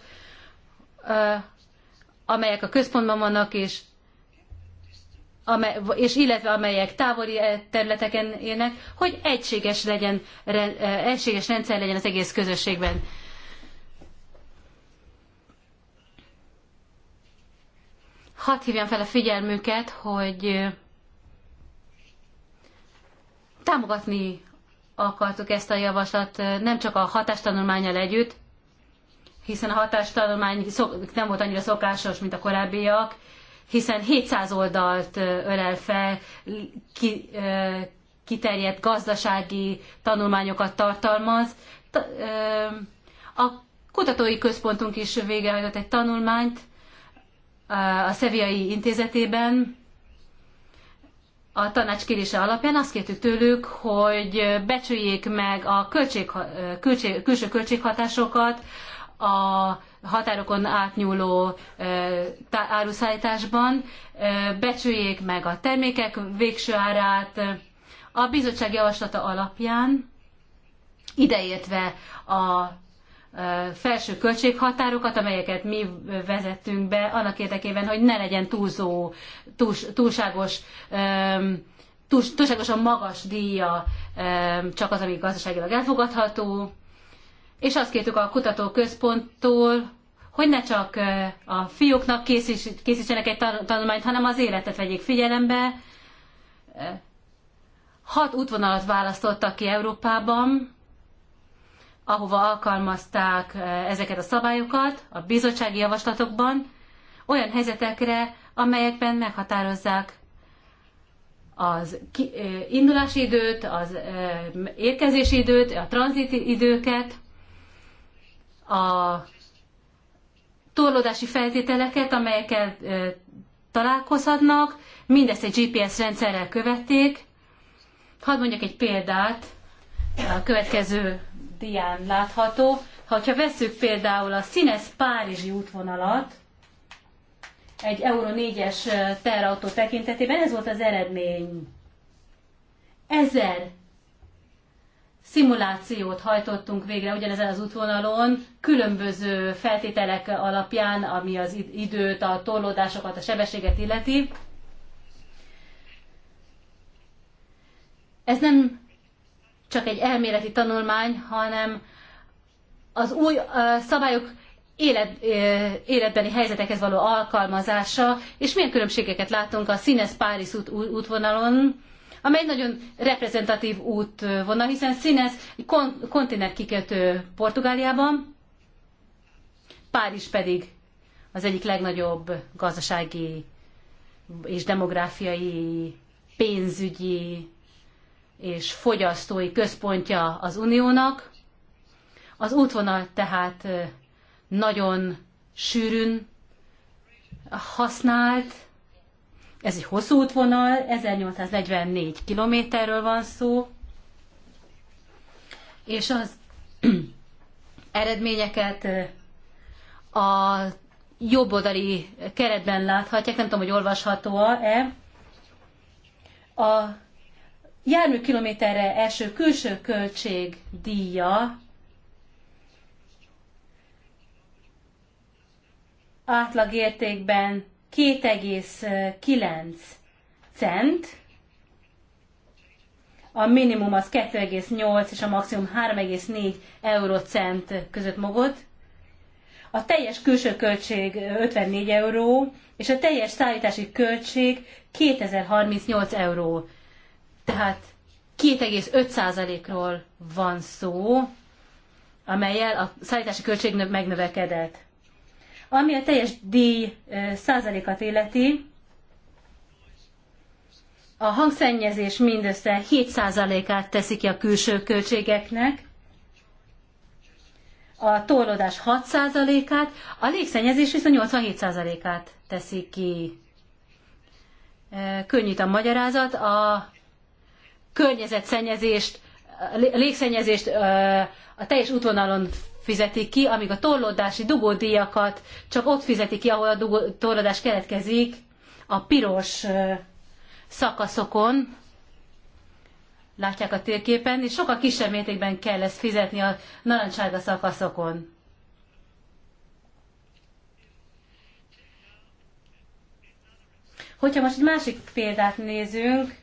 amelyek a központban vannak, és és illetve amelyek távoli területeken élnek, hogy egységes legyen, egységes rendszer legyen az egész közösségben. hadd hívjam fel a figyelmüket, hogy támogatni akartuk ezt a javaslat nem csak a hatástanulmányal együtt, hiszen a hatástanulmány nem volt annyira szokásos, mint a korábbiak, hiszen 700 oldalt ölel fel, ki, kiterjedt gazdasági tanulmányokat tartalmaz. A kutatói központunk is végrehajtott egy tanulmányt, a Szeviai Intézetében a tanács kérése alapján azt kértük tőlük, hogy becsüljék meg a költség, költség, külső költséghatásokat a határokon átnyúló áruszállításban, becsüljék meg a termékek végső árát a bizottság javaslata alapján, ideértve a felső költséghatárokat, amelyeket mi vezettünk be annak érdekében, hogy ne legyen túlzó, túlságos, túlságosan magas díja csak az, ami gazdaságilag elfogadható. És azt kértük a kutatóközponttól, hogy ne csak a fiúknak készítsenek egy tanulmányt, hanem az életet vegyék figyelembe. Hat útvonalat választottak ki Európában, ahova alkalmazták eh, ezeket a szabályokat a bizottsági javaslatokban, olyan helyzetekre, amelyekben meghatározzák az eh, indulási időt, az eh, érkezési időt, a tranzit időket, a torlódási feltételeket, amelyekkel találkozhatnak, mindezt egy GPS rendszerrel követték. Hadd mondjak egy példát a következő dián látható. Ha vesszük például a színes Párizsi útvonalat, egy Euro 4-es terautó tekintetében ez volt az eredmény. Ezer szimulációt hajtottunk végre ugyanezen az útvonalon, különböző feltételek alapján, ami az időt, a torlódásokat, a sebességet illeti. Ez nem csak egy elméleti tanulmány, hanem az új szabályok élet, életbeni helyzetekhez való alkalmazása, és milyen különbségeket látunk a színes Párizs út, útvonalon, amely nagyon reprezentatív útvonal, hiszen színes kon, kontinent kikötő Portugáliában, Párizs pedig az egyik legnagyobb gazdasági és demográfiai, pénzügyi és fogyasztói központja az uniónak. Az útvonal tehát nagyon sűrűn használt, ez egy hosszú útvonal, 1844 kilométerről van szó, és az eredményeket a jobb oldali keretben láthatják, nem tudom, hogy olvasható-e. A járműkilométerre első külső költség díja átlagértékben 2,9 cent, a minimum az 2,8 és a maximum 3,4 eurocent között mogott. A teljes külső költség 54 euró, és a teljes szállítási költség 2038 euró tehát 2,5%-ról van szó, amelyel a szállítási költség megnövekedett. Ami a teljes díj százalékat illeti, a hangszennyezés mindössze 7%-át teszi ki a külső költségeknek, a torlódás 6%-át, a légszennyezés viszont 87%-át teszi ki. Könnyít a magyarázat, a környezetszennyezést, légszennyezést a teljes útvonalon fizetik ki, amíg a torlódási dugódíjakat csak ott fizetik ki, ahol a dugó, torlódás keletkezik, a piros szakaszokon, látják a térképen, és sokkal kisebb mértékben kell ezt fizetni a narancsárga szakaszokon. Hogyha most egy másik példát nézünk,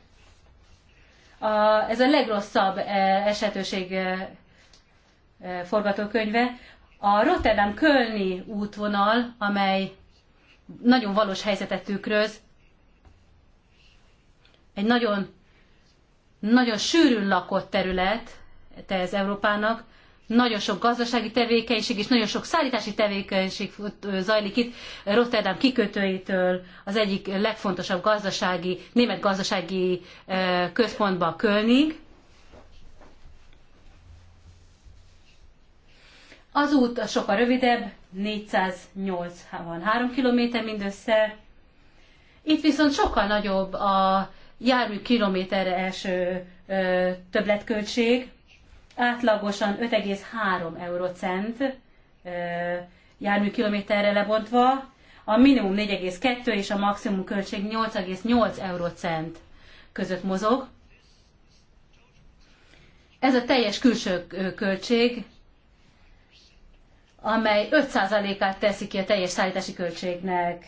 a, ez a legrosszabb e, esetőség e, e, forgatókönyve. A Rotterdam-Kölni útvonal, amely nagyon valós helyzetet tükröz, egy nagyon, nagyon sűrűn lakott terület, te ez Európának, nagyon sok gazdasági tevékenység és nagyon sok szállítási tevékenység zajlik itt. Rotterdam kikötőitől az egyik legfontosabb gazdasági, német gazdasági eh, központba Kölnig. Az út sokkal rövidebb, 483 km mindössze. Itt viszont sokkal nagyobb a jármű kilométerre első eh, többletköltség, átlagosan 5,3 eurocent járműkilométerre lebontva, a minimum 4,2 és a maximum költség 8,8 eurocent között mozog. Ez a teljes külső költség, amely 5%-át teszi ki a teljes szállítási költségnek.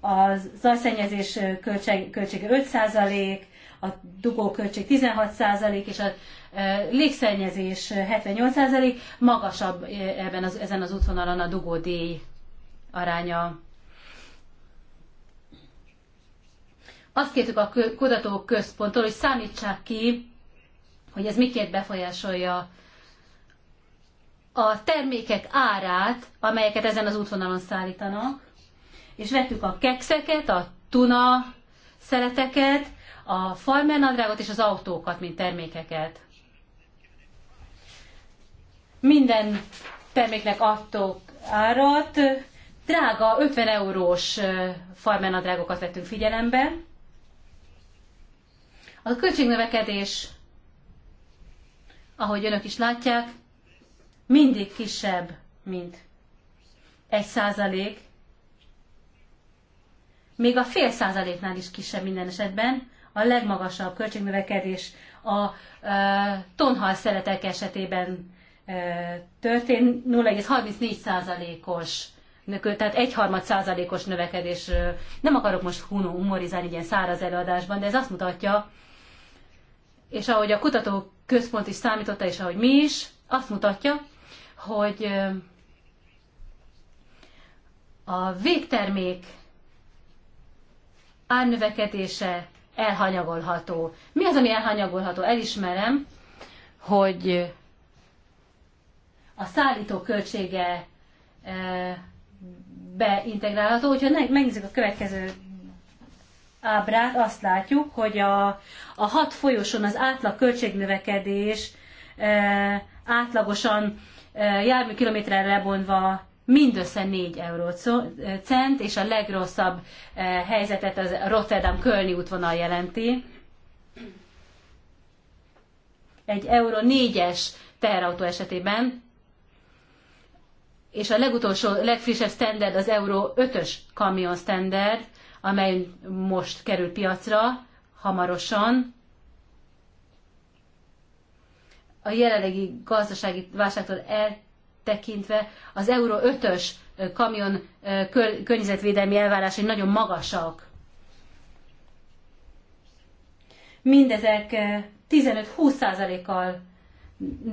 A zajszennyezés költsége 5%, a dugóköltség 16% és a e, légszennyezés 78%, magasabb e, ebben az, ezen az útvonalon a dugódíj aránya. Azt kértük a kutatóközponttól, hogy számítsák ki, hogy ez miként befolyásolja a termékek árát, amelyeket ezen az útvonalon szállítanak, és vettük a kekszeket, a tuna szeleteket, a farmernadrágot és az autókat, mint termékeket. Minden terméknek adtok árat. Drága, 50 eurós farmernadrágokat vettünk figyelembe. A költségnövekedés, ahogy önök is látják, mindig kisebb, mint egy százalék, még a fél százaléknál is kisebb minden esetben, a legmagasabb költségnövekedés a tonhal szeletek esetében történt 0,34%-os tehát egyharmad százalékos növekedés. Nem akarok most humorizálni ilyen száraz előadásban, de ez azt mutatja, és ahogy a kutató központ is számította, és ahogy mi is, azt mutatja, hogy a végtermék árnövekedése elhanyagolható. Mi az, ami elhanyagolható? Elismerem, hogy a szállító költsége e, beintegrálható. Hogyha megnézzük a következő ábrát, azt látjuk, hogy a, a hat folyoson az átlag költségnövekedés e, átlagosan e, jármű kilométerre lebontva mindössze 4 euró cent, és a legrosszabb helyzetet az Rotterdam-Kölni útvonal jelenti. Egy euró négyes teherautó esetében, és a legutolsó, legfrissebb standard az euró 5-ös kamion standard, amely most kerül piacra, hamarosan. A jelenlegi gazdasági válságtól el tekintve az Euro 5-ös kamion környezetvédelmi elvárásai nagyon magasak. Mindezek 15-20%-kal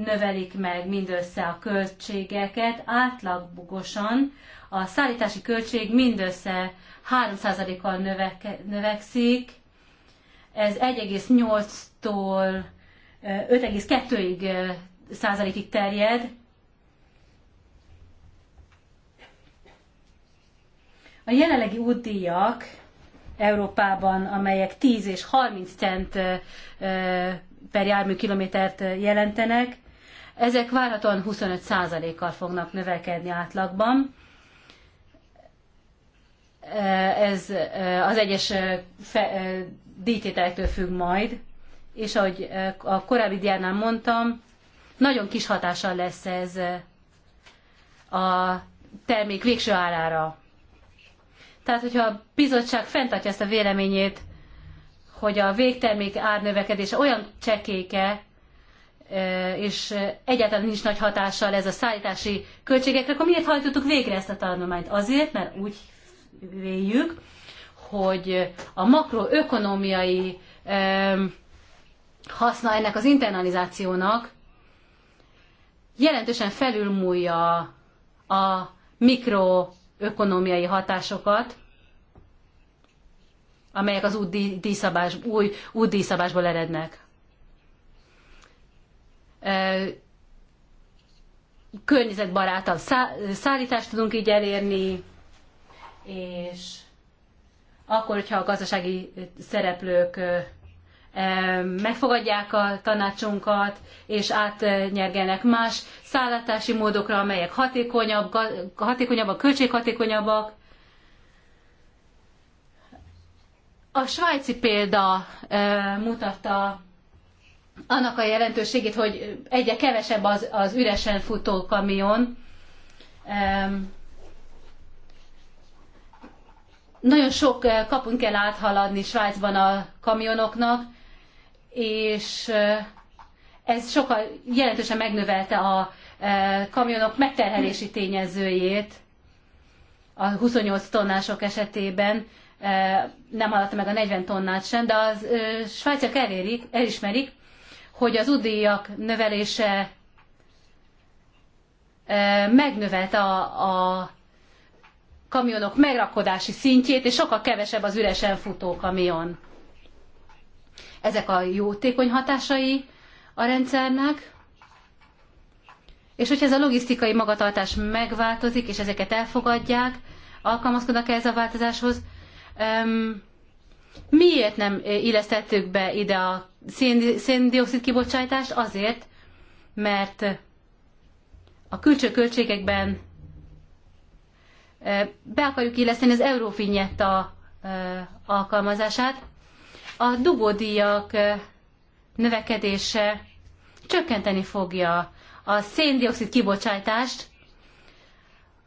növelik meg mindössze a költségeket, átlagosan a szállítási költség mindössze 3%-kal növekszik, ez 1,8-tól 5,2-ig százalékig terjed, A jelenlegi útdíjak Európában, amelyek 10 és 30 cent per járműkilométert jelentenek, ezek várhatóan 25%-kal fognak növekedni átlagban. Ez az egyes fe, díjtételektől függ majd, és ahogy a korábbi diánál mondtam, nagyon kis hatással lesz ez a termék végső árára. Tehát, hogyha a bizottság fenntartja ezt a véleményét, hogy a végtermék árnövekedése olyan csekéke, és egyáltalán nincs nagy hatással ez a szállítási költségekre, akkor miért hajtottuk végre ezt a tanulmányt? Azért, mert úgy véljük, hogy a makroökonomiai haszna ennek az internalizációnak jelentősen felülmúlja a mikro ökonomiai hatásokat, amelyek az új új útdíjszabásból erednek. Környezetbarátabb szállítást tudunk így elérni, és akkor, hogyha a gazdasági szereplők megfogadják a tanácsunkat, és átnyergelnek más szállatási módokra, amelyek hatékonyabb, hatékonyabbak, költséghatékonyabbak. A svájci példa mutatta annak a jelentőségét, hogy egyre kevesebb az, az üresen futó kamion. Nagyon sok kapun kell áthaladni Svájcban a kamionoknak, és ez sokkal jelentősen megnövelte a kamionok megterhelési tényezőjét a 28 tonnások esetében, nem haladta meg a 40 tonnát sem, de a svájciak elérik, elismerik, hogy az udíjak növelése megnövelte a, a kamionok megrakodási szintjét, és sokkal kevesebb az üresen futó kamion ezek a jótékony hatásai a rendszernek, és hogyha ez a logisztikai magatartás megváltozik, és ezeket elfogadják, alkalmazkodnak -e ez a változáshoz, miért nem illesztettük be ide a széndiokszid kibocsátást? Azért, mert a külső költségekben be akarjuk illeszteni az a alkalmazását, a dugódíjak eh, növekedése csökkenteni fogja a széndiokszid kibocsátást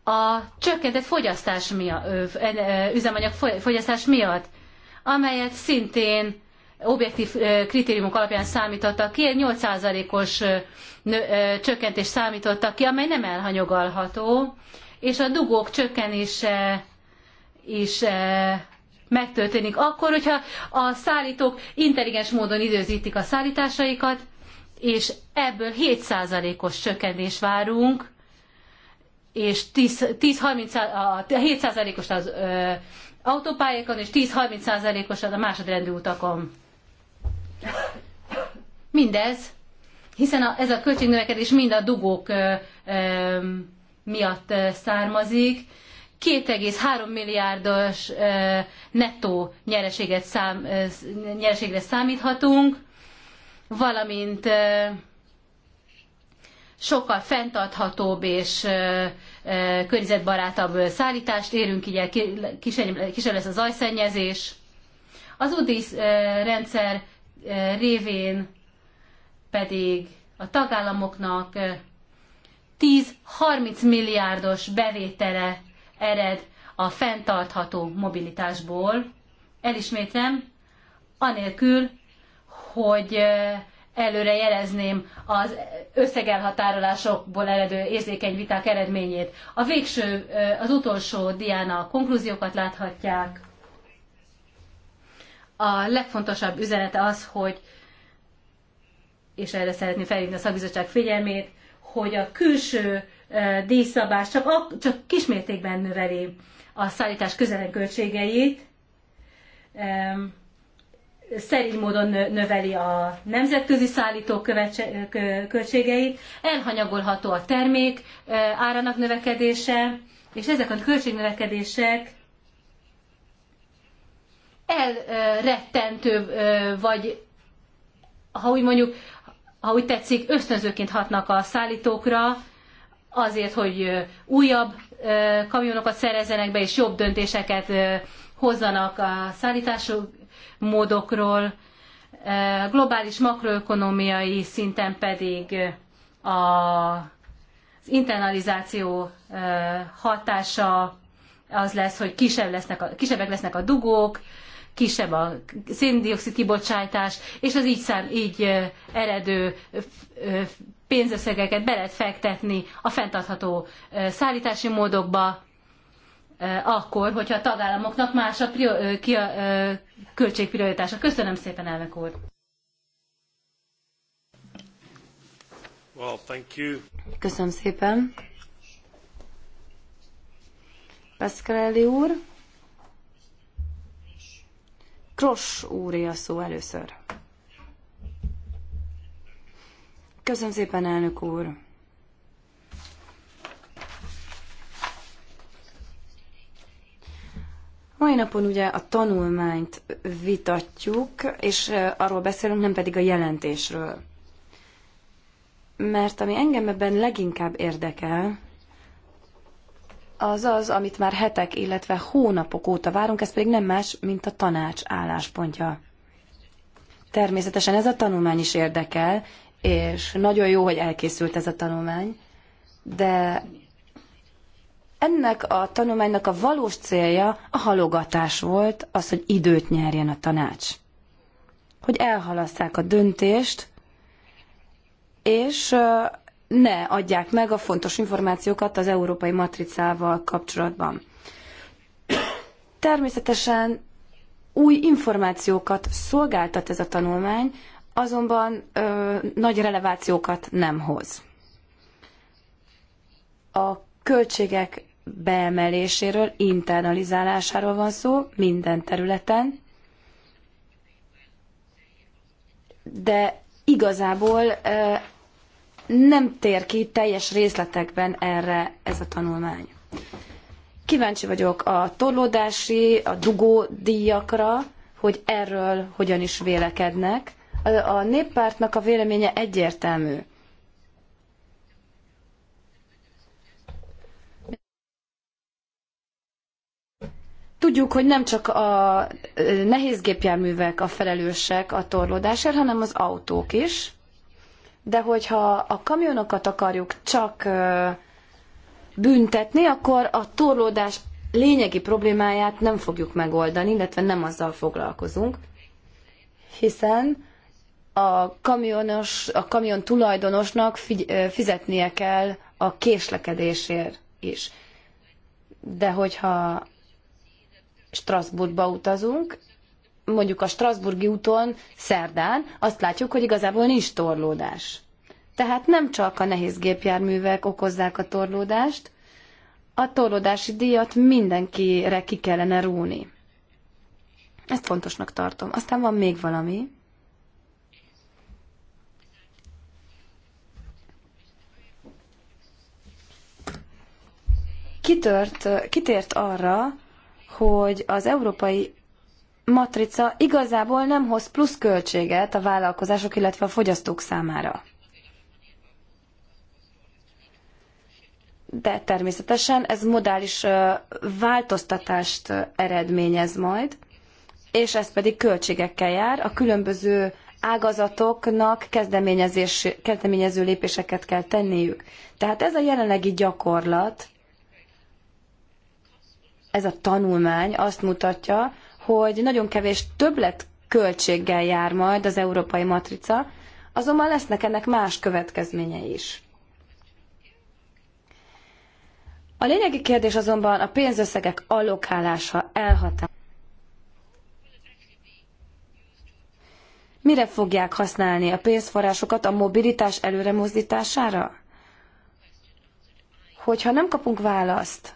a csökkentett fogyasztás miatt, e- e- üzemanyag fogyasztás miatt, amelyet szintén objektív eh, kritériumok alapján számítottak ki, egy 8%-os eh, csökkentést számítottak ki, amely nem elhanyogalható és a dugók csökkenése is megtörténik akkor, hogyha a szállítók intelligens módon időzítik a szállításaikat, és ebből 7%-os csökkenés várunk, és 10-10 30%- a 7%-os az ö, autópályákon, és 10-30%-os az a másodrendű utakon. Mindez, hiszen a, ez a költségnövekedés mind a dugók ö, ö, miatt származik, 2,3 milliárdos nettó nyereséget szám, nyereségre számíthatunk, valamint sokkal fenntarthatóbb és környezetbarátabb szállítást érünk, így kisebb lesz a zajszennyezés. Az UDIS rendszer révén pedig a tagállamoknak 10-30 milliárdos bevétele ered a fenntartható mobilitásból, elismétlem, anélkül, hogy előre jelezném az összegelhatárolásokból eredő érzékeny viták eredményét. A végső, az utolsó dián a konklúziókat láthatják. A legfontosabb üzenete az, hogy, és erre szeretném felhívni a szakbizottság figyelmét, hogy a külső díjszabás csak, csak kismértékben növeli a szállítás közelen költségeit, szerény módon növeli a nemzetközi szállítók költségeit, elhanyagolható a termék árának növekedése, és ezek a költségnövekedések elrettentő, vagy ha úgy mondjuk, ha úgy tetszik, ösztönzőként hatnak a szállítókra, azért, hogy újabb kamionokat szerezzenek be, és jobb döntéseket hozzanak a szállítási módokról. Globális makroökonomiai szinten pedig az internalizáció hatása az lesz, hogy kisebb lesznek a, kisebbek lesznek a dugók, kisebb a széndiokszid kibocsátás, és az így, szám, így eredő pénzösszegeket be lehet fektetni a fenntartható szállítási módokba, akkor, hogyha a tagállamoknak más a, prior, ki a költségprioritása. Köszönöm szépen, elnök úr! Köszönöm szépen. Pascarelli úr. Kross úr a szó először. Köszönöm szépen, elnök úr! Mai napon ugye a tanulmányt vitatjuk, és arról beszélünk, nem pedig a jelentésről. Mert ami engem ebben leginkább érdekel, az az, amit már hetek, illetve hónapok óta várunk, ez pedig nem más, mint a tanács álláspontja. Természetesen ez a tanulmány is érdekel, és nagyon jó, hogy elkészült ez a tanulmány, de ennek a tanulmánynak a valós célja a halogatás volt, az, hogy időt nyerjen a tanács. Hogy elhalasszák a döntést, és ne adják meg a fontos információkat az európai matricával kapcsolatban. Természetesen új információkat szolgáltat ez a tanulmány, azonban ö, nagy relevációkat nem hoz. A költségek beemeléséről, internalizálásáról van szó minden területen, de igazából ö, nem tér ki teljes részletekben erre ez a tanulmány. Kíváncsi vagyok a torlódási, a dugódíjakra, hogy erről hogyan is vélekednek, a néppártnak a véleménye egyértelmű. Tudjuk, hogy nem csak a nehézgépjárművek a felelősek a torlódásért, hanem az autók is. De hogyha a kamionokat akarjuk csak büntetni, akkor a torlódás lényegi problémáját nem fogjuk megoldani, illetve nem azzal foglalkozunk, hiszen a, kamionos, a kamion tulajdonosnak figy- fizetnie kell a késlekedésért is. De hogyha Strasbourgba utazunk, mondjuk a Strasburgi úton szerdán, azt látjuk, hogy igazából nincs torlódás. Tehát nem csak a nehéz gépjárművek okozzák a torlódást, a torlódási díjat mindenkire ki kellene rúni. Ezt fontosnak tartom. Aztán van még valami. kitört, kitért arra, hogy az európai matrica igazából nem hoz plusz költséget a vállalkozások, illetve a fogyasztók számára. De természetesen ez modális változtatást eredményez majd, és ez pedig költségekkel jár. A különböző ágazatoknak kezdeményezés, kezdeményező lépéseket kell tenniük. Tehát ez a jelenlegi gyakorlat ez a tanulmány azt mutatja, hogy nagyon kevés többlet költséggel jár majd az európai matrica, azonban lesznek ennek más következményei is. A lényegi kérdés azonban a pénzösszegek allokálása elhatár. Mire fogják használni a pénzforrásokat a mobilitás előremozdítására? Hogyha nem kapunk választ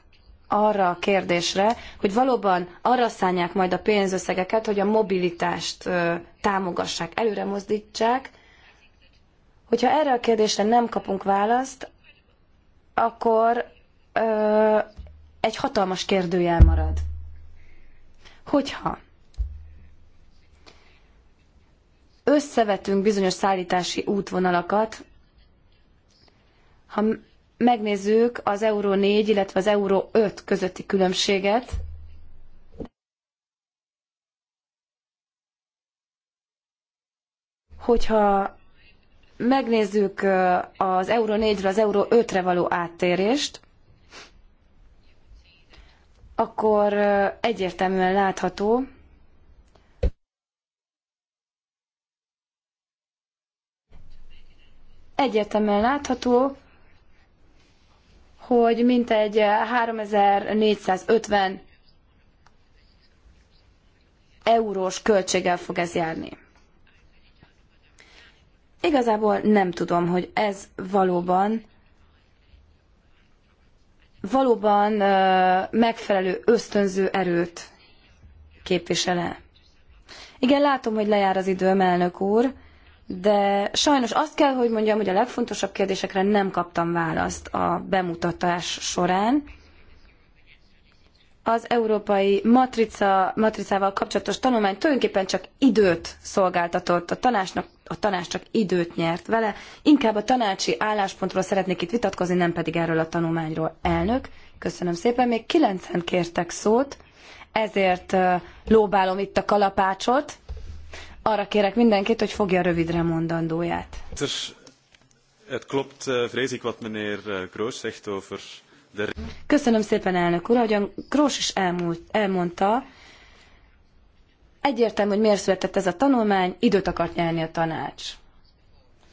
arra a kérdésre, hogy valóban arra szánják majd a pénzösszegeket, hogy a mobilitást támogassák, előre mozdítsák. Hogyha erre a kérdésre nem kapunk választ, akkor ö, egy hatalmas kérdőjel marad. Hogyha összevetünk bizonyos szállítási útvonalakat, ha megnézzük az Euró 4, illetve az Euró 5 közötti különbséget, hogyha megnézzük az Euró 4-ről az Euró 5-re való áttérést, akkor egyértelműen látható, egyértelműen látható, hogy mintegy 3450 eurós költséggel fog ez járni. Igazából nem tudom, hogy ez valóban valóban megfelelő ösztönző erőt képvisele. Igen, látom, hogy lejár az időm, elnök úr de sajnos azt kell, hogy mondjam, hogy a legfontosabb kérdésekre nem kaptam választ a bemutatás során. Az európai matrica, matricával kapcsolatos tanulmány tulajdonképpen csak időt szolgáltatott a tanácsnak, a tanács csak időt nyert vele. Inkább a tanácsi álláspontról szeretnék itt vitatkozni, nem pedig erről a tanulmányról. Elnök, köszönöm szépen, még kilencen kértek szót, ezért lóbálom itt a kalapácsot arra kérek mindenkit, hogy fogja rövidre mondandóját. Het klopt, eh, vrees ik, wat meneer eh, Kroos zegt over de... Köszönöm szépen, elnök úr. Ahogyan Kroos is elmúlt, elmondta, egyértelmű, hogy miért született ez a tanulmány, időt akart nyerni a tanács.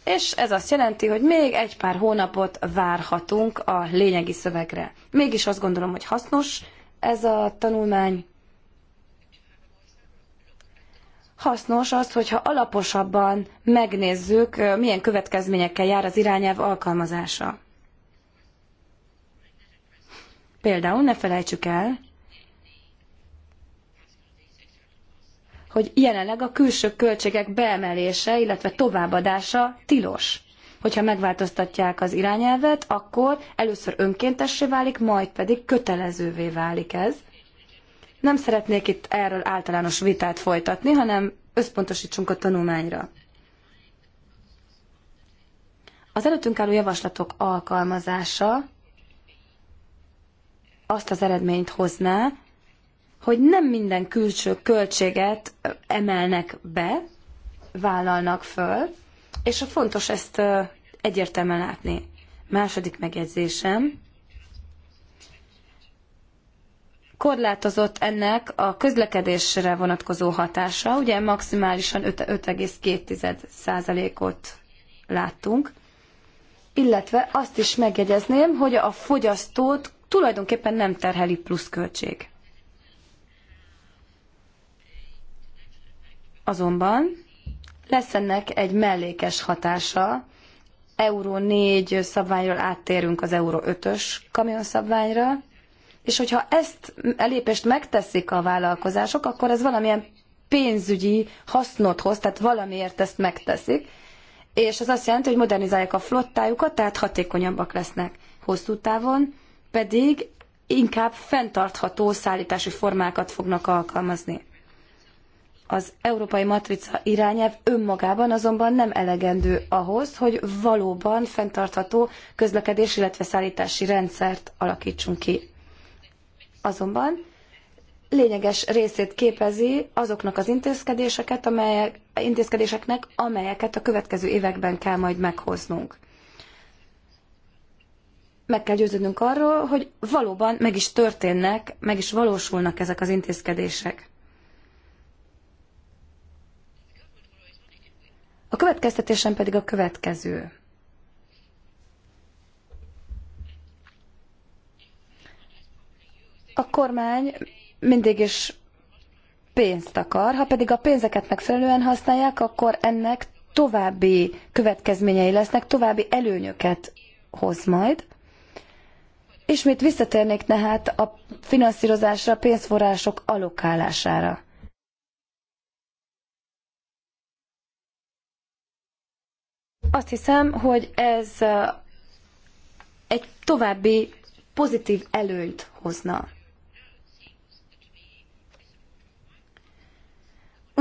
És ez azt jelenti, hogy még egy pár hónapot várhatunk a lényegi szövegre. Mégis azt gondolom, hogy hasznos ez a tanulmány, hasznos az, hogyha alaposabban megnézzük, milyen következményekkel jár az irányelv alkalmazása. Például ne felejtsük el, hogy jelenleg a külső költségek beemelése, illetve továbbadása tilos. Hogyha megváltoztatják az irányelvet, akkor először önkéntessé válik, majd pedig kötelezővé válik ez. Nem szeretnék itt erről általános vitát folytatni, hanem összpontosítsunk a tanulmányra. Az előttünk álló javaslatok alkalmazása azt az eredményt hozná, hogy nem minden külső költséget emelnek be, vállalnak föl, és a fontos ezt egyértelműen látni. Második megjegyzésem, korlátozott ennek a közlekedésre vonatkozó hatása, ugye maximálisan 5,2%-ot láttunk, illetve azt is megjegyezném, hogy a fogyasztót tulajdonképpen nem terheli pluszköltség. Azonban lesz ennek egy mellékes hatása, Euró 4 szabványról áttérünk az Euró 5-ös kamionszabványra, és hogyha ezt elépést megteszik a vállalkozások, akkor ez valamilyen pénzügyi hasznot hoz, tehát valamiért ezt megteszik, és ez azt jelenti, hogy modernizálják a flottájukat, tehát hatékonyabbak lesznek hosszú távon, pedig inkább fenntartható szállítási formákat fognak alkalmazni. Az európai matrica irányelv önmagában azonban nem elegendő ahhoz, hogy valóban fenntartható közlekedés, illetve szállítási rendszert alakítsunk ki azonban lényeges részét képezi azoknak az intézkedéseket, amelyek, intézkedéseknek, amelyeket a következő években kell majd meghoznunk. Meg kell győződnünk arról, hogy valóban meg is történnek, meg is valósulnak ezek az intézkedések. A következtetésem pedig a következő. a kormány mindig is pénzt akar, ha pedig a pénzeket megfelelően használják, akkor ennek további következményei lesznek, további előnyöket hoz majd. Ismét visszatérnék tehát a finanszírozásra, a pénzforrások alokálására. Azt hiszem, hogy ez uh, egy további pozitív előnyt hozna.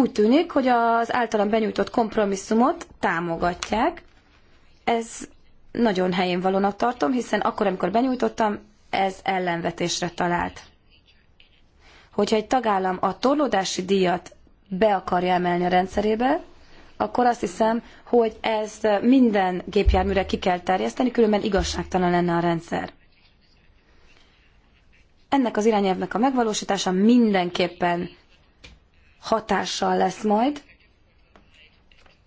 Úgy tűnik, hogy az általam benyújtott kompromisszumot támogatják. Ez nagyon helyén valónak tartom, hiszen akkor, amikor benyújtottam, ez ellenvetésre talált. Hogyha egy tagállam a torlódási díjat be akarja emelni a rendszerébe, akkor azt hiszem, hogy ez minden gépjárműre ki kell terjeszteni, különben igazságtalan lenne a rendszer. Ennek az irányelvnek a megvalósítása mindenképpen hatással lesz majd,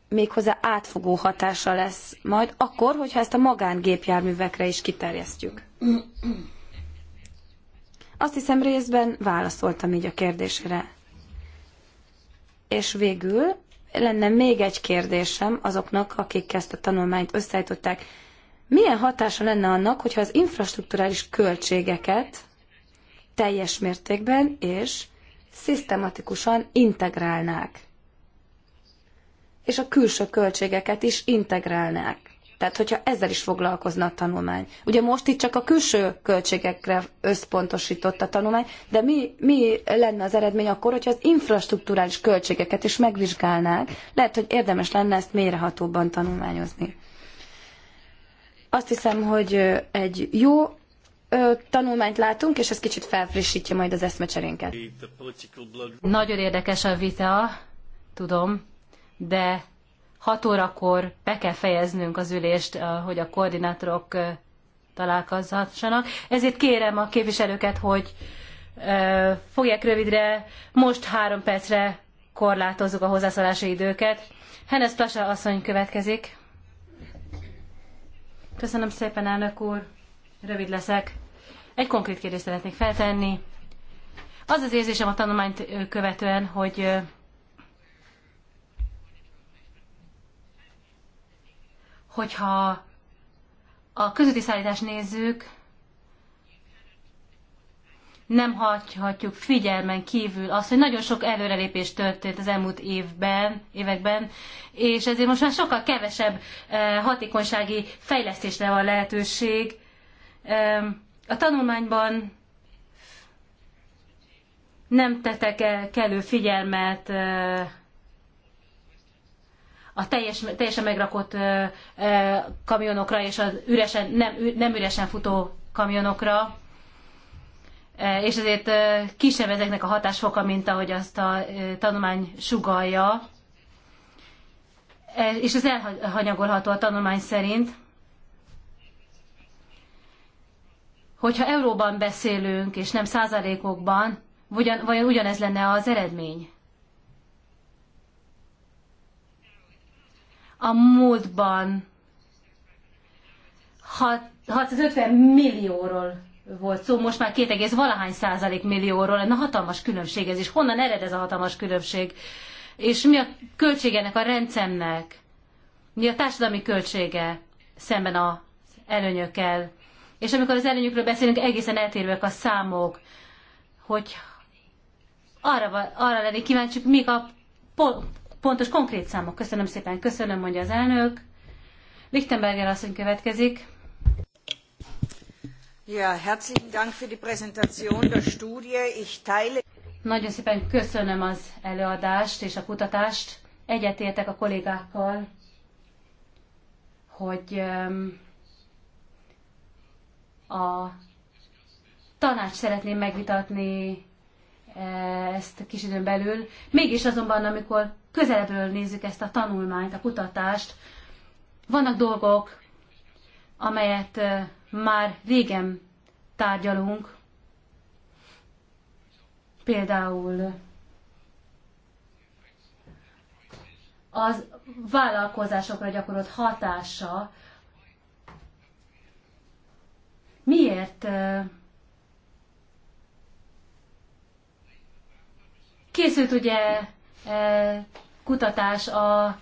méghozzá átfogó hatással lesz majd, akkor, hogyha ezt a magángépjárművekre is kiterjesztjük. Azt hiszem részben válaszoltam így a kérdésre. És végül lenne még egy kérdésem azoknak, akik ezt a tanulmányt összeállították. Milyen hatása lenne annak, hogyha az infrastruktúrális költségeket teljes mértékben és szisztematikusan integrálnák. És a külső költségeket is integrálnák. Tehát, hogyha ezzel is foglalkozna a tanulmány. Ugye most itt csak a külső költségekre összpontosított a tanulmány, de mi, mi lenne az eredmény akkor, hogyha az infrastruktúrális költségeket is megvizsgálnák? Lehet, hogy érdemes lenne ezt mélyrehatóbban tanulmányozni. Azt hiszem, hogy egy jó tanulmányt látunk, és ez kicsit felfrissítje majd az eszmecserénket. Nagyon érdekes a vita, tudom, de 6 órakor be kell fejeznünk az ülést, eh, hogy a koordinátorok eh, találkozhassanak. Ezért kérem a képviselőket, hogy eh, fogják rövidre, most három percre korlátozzuk a hozzászólási időket. Hennes Plasa asszony következik. Köszönöm szépen, elnök úr. Rövid leszek. Egy konkrét kérdést szeretnék feltenni. Az az érzésem a tanulmányt követően, hogy hogyha a közúti szállítást nézzük, nem hagyhatjuk figyelmen kívül azt, hogy nagyon sok előrelépés történt az elmúlt évben, években, és ezért most már sokkal kevesebb hatékonysági fejlesztésre van lehetőség. A tanulmányban nem tettek -e kellő figyelmet a teljes, teljesen megrakott kamionokra és az üresen, nem, nem üresen futó kamionokra, és ezért kisebb ezeknek a hatásfoka, mint ahogy azt a tanulmány sugalja, e, és ez elhanyagolható a tanulmány szerint. Hogyha euróban beszélünk, és nem százalékokban, ugyan, vajon ugyanez lenne az eredmény? A múltban 650 millióról volt szó, most már 2, valahány százalék millióról lenne hatalmas különbség ez is. Honnan ered ez a hatalmas különbség? És mi a költségenek a rendszernek? Mi a társadalmi költsége szemben az előnyökkel? És amikor az előnyükről beszélünk, egészen eltérőek a számok, hogy arra, arra lennék kíváncsi, mik a po pontos, konkrét számok. Köszönöm szépen, köszönöm, mondja az elnök. Lichtenberger asszony következik. Ja, herzlichen Dank für die Präsentation der Studie. Ich teile nagyon szépen köszönöm az előadást és a kutatást. Egyetértek a kollégákkal, hogy a tanács szeretném megvitatni e, ezt kis időn belül. Mégis azonban, amikor közelebbről nézzük ezt a tanulmányt, a kutatást, vannak dolgok, amelyet e, már régen tárgyalunk, például az vállalkozásokra gyakorolt hatása Miért készült ugye kutatás a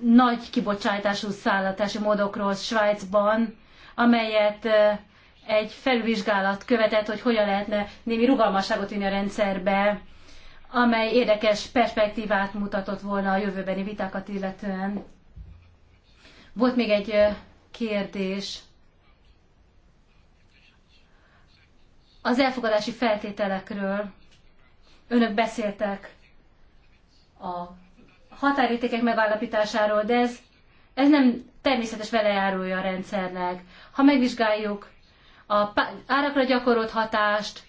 nagy kibocsátású szállatási módokról Svájcban, amelyet egy felvizsgálat követett, hogy hogyan lehetne némi rugalmasságot vinni a rendszerbe, amely érdekes perspektívát mutatott volna a jövőbeni vitákat illetően. Volt még egy kérdés Az elfogadási feltételekről önök beszéltek a határértékek megállapításáról, de ez, ez nem természetes velejárója a rendszernek. Ha megvizsgáljuk a árakra gyakorolt hatást,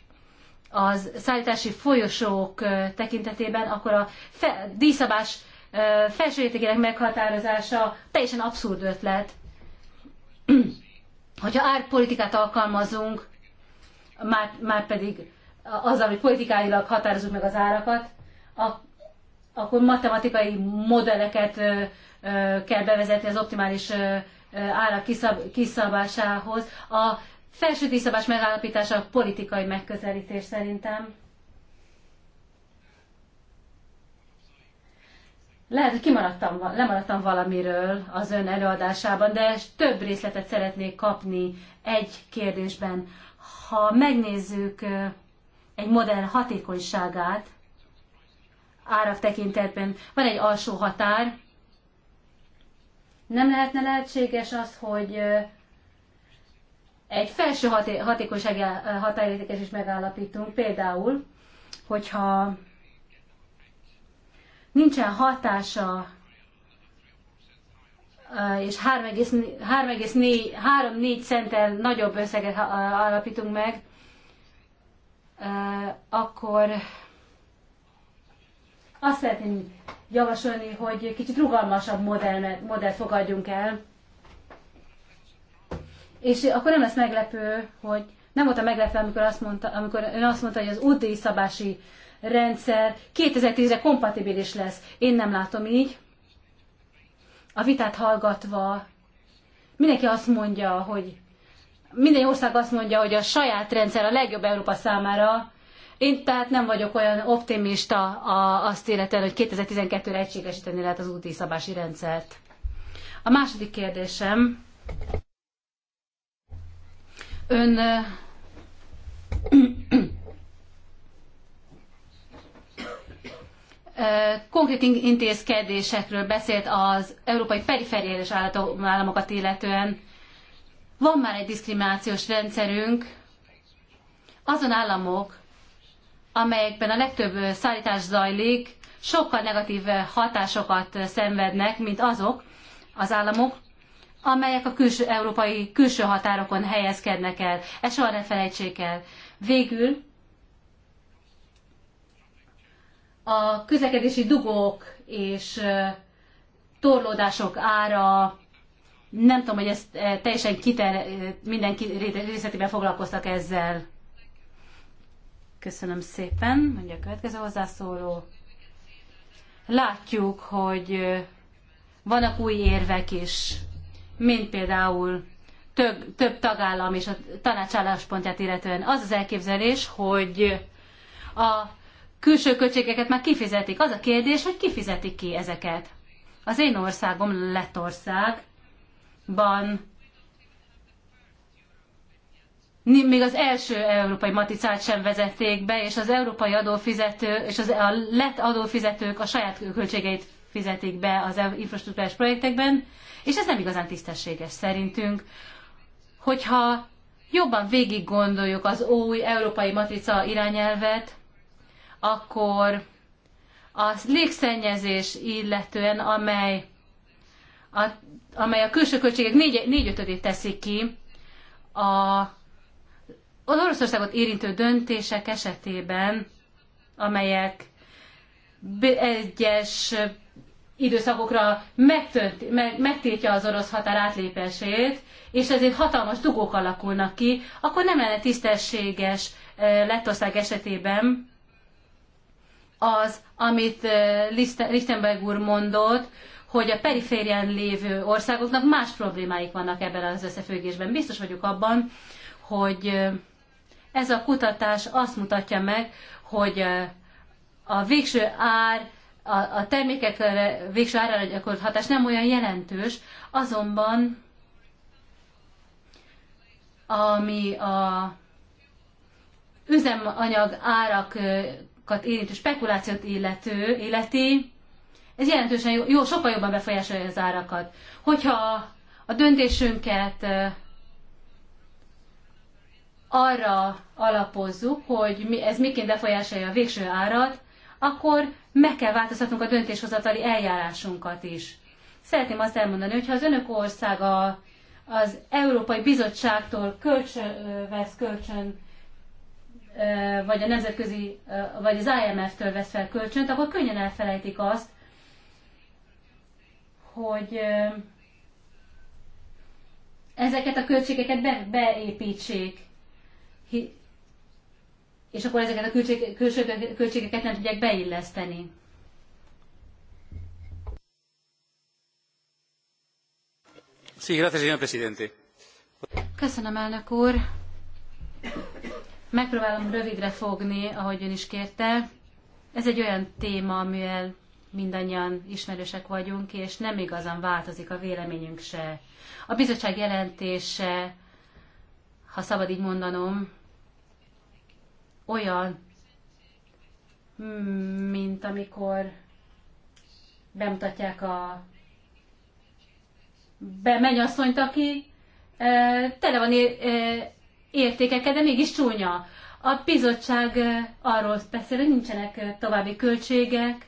az szállítási folyosók tekintetében, akkor a fe, díszabás felső értékének meghatározása teljesen abszurd ötlet. Hogyha árpolitikát alkalmazunk, már, már pedig az, ami politikailag határozunk meg az árakat, a, akkor matematikai modelleket ö, ö, kell bevezetni az optimális ö, árak kiszab, kiszabásához. A felső díjszabás megállapítása a politikai megközelítés szerintem. Lehet, hogy kimaradtam, lemaradtam valamiről az ön előadásában, de több részletet szeretnék kapni egy kérdésben. Ha megnézzük egy modell hatékonyságát, árak tekintetben van egy alsó határ, nem lehetne lehetséges az, hogy egy felső haté- hatékonysági határértéket is megállapítunk, például, hogyha nincsen hatása Eh, és 3,4 centtel nagyobb összeget eh, alapítunk meg, eh, akkor azt szeretném javasolni, hogy kicsit rugalmasabb modell, modellt fogadjunk el. És akkor nem lesz meglepő, hogy nem voltam meglepve, amikor, azt mondta, amikor ön azt mondta, hogy az útdíjszabási rendszer 2010-re kompatibilis lesz. Én nem látom így a vitát hallgatva mindenki azt mondja, hogy minden ország azt mondja, hogy a saját rendszer a legjobb Európa számára. Én tehát nem vagyok olyan optimista a, azt életen, hogy 2012-re egységesíteni lehet az úti szabási rendszert. A második kérdésem. Ön konkrét intézkedésekről beszélt az európai perifériális államokat illetően. Van már egy diszkriminációs rendszerünk, azon államok, amelyekben a legtöbb szállítás zajlik, sokkal negatív hatásokat szenvednek, mint azok az államok, amelyek a külső, európai külső határokon helyezkednek el. Ezt soha ne felejtsék el. Végül a közlekedési dugók és torlódások ára, nem tudom, hogy ezt teljesen kiter, mindenki részletében foglalkoztak ezzel. Köszönöm szépen, mondja a következő hozzászóló. Látjuk, hogy vannak új érvek is, mint például több, több tagállam és a tanács álláspontját illetően az az elképzelés, hogy a külső költségeket már kifizetik. Az a kérdés, hogy kifizetik ki ezeket. Az én országom Lettországban még az első európai maticát sem vezették be, és az európai adófizető, és az, a lett adófizetők a saját költségeit fizetik be az e- infrastruktúrás projektekben, és ez nem igazán tisztességes szerintünk, hogyha jobban végig gondoljuk az új európai matrica irányelvet, akkor a légszennyezés illetően, amely a, amely a külső költségek négy, négyötödét teszi ki, a, az Oroszországot érintő döntések esetében, amelyek egyes időszakokra megtört, meg, megtiltja az orosz határ átlépését, és ezért hatalmas dugók alakulnak ki, akkor nem lenne tisztességes eh, Lettország esetében, az, amit Lichtenberg úr mondott, hogy a periférián lévő országoknak más problémáik vannak ebben az összefüggésben. Biztos vagyok abban, hogy ez a kutatás azt mutatja meg, hogy a végső ár, a, termékek végső árára gyakorolt hatás nem olyan jelentős, azonban ami a üzemanyag árak érintő spekulációt illető, életi, ez jelentősen jó, jó, sokkal jobban befolyásolja az árakat. Hogyha a döntésünket arra alapozzuk, hogy mi, ez miként befolyásolja a végső árat, akkor meg kell változtatnunk a döntéshozatali eljárásunkat is. Szeretném azt elmondani, hogy ha az önök országa az Európai Bizottságtól kölcsön, vesz kölcsön vagy a nemzetközi, vagy az IMF-től vesz fel kölcsönt, akkor könnyen elfelejtik azt, hogy ezeket a költségeket be, beépítsék, és akkor ezeket a költség, költségeket nem tudják beilleszteni. Sí, gracias, señor presidente. Köszönöm, elnök úr. Megpróbálom rövidre fogni, ahogy ön is kérte. Ez egy olyan téma, amivel mindannyian ismerősek vagyunk, és nem igazán változik a véleményünk se. A bizottság jelentése, ha szabad így mondanom, olyan, mint amikor bemutatják a bemegy mennyasszonyt, aki eh, tele van eh, értékeket, de mégis csúnya. A bizottság arról beszél, hogy nincsenek további költségek,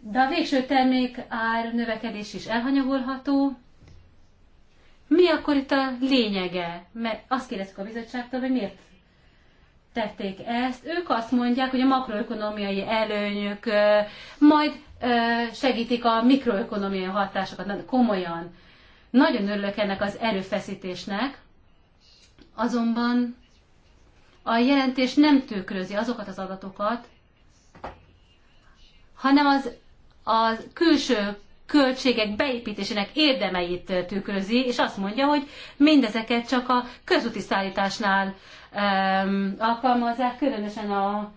de a végső termék ár növekedés is elhanyagolható. Mi akkor itt a lényege? Mert azt kérdezik a bizottságtól, hogy miért tették ezt. Ők azt mondják, hogy a makroökonomiai előnyök majd segítik a mikroökonomiai hatásokat. komolyan. Nagyon örülök ennek az erőfeszítésnek, Azonban a jelentés nem tükrözi azokat az adatokat, hanem az, az külső költségek beépítésének érdemeit tükrözi, és azt mondja, hogy mindezeket csak a közúti szállításnál um, alkalmazzák, különösen a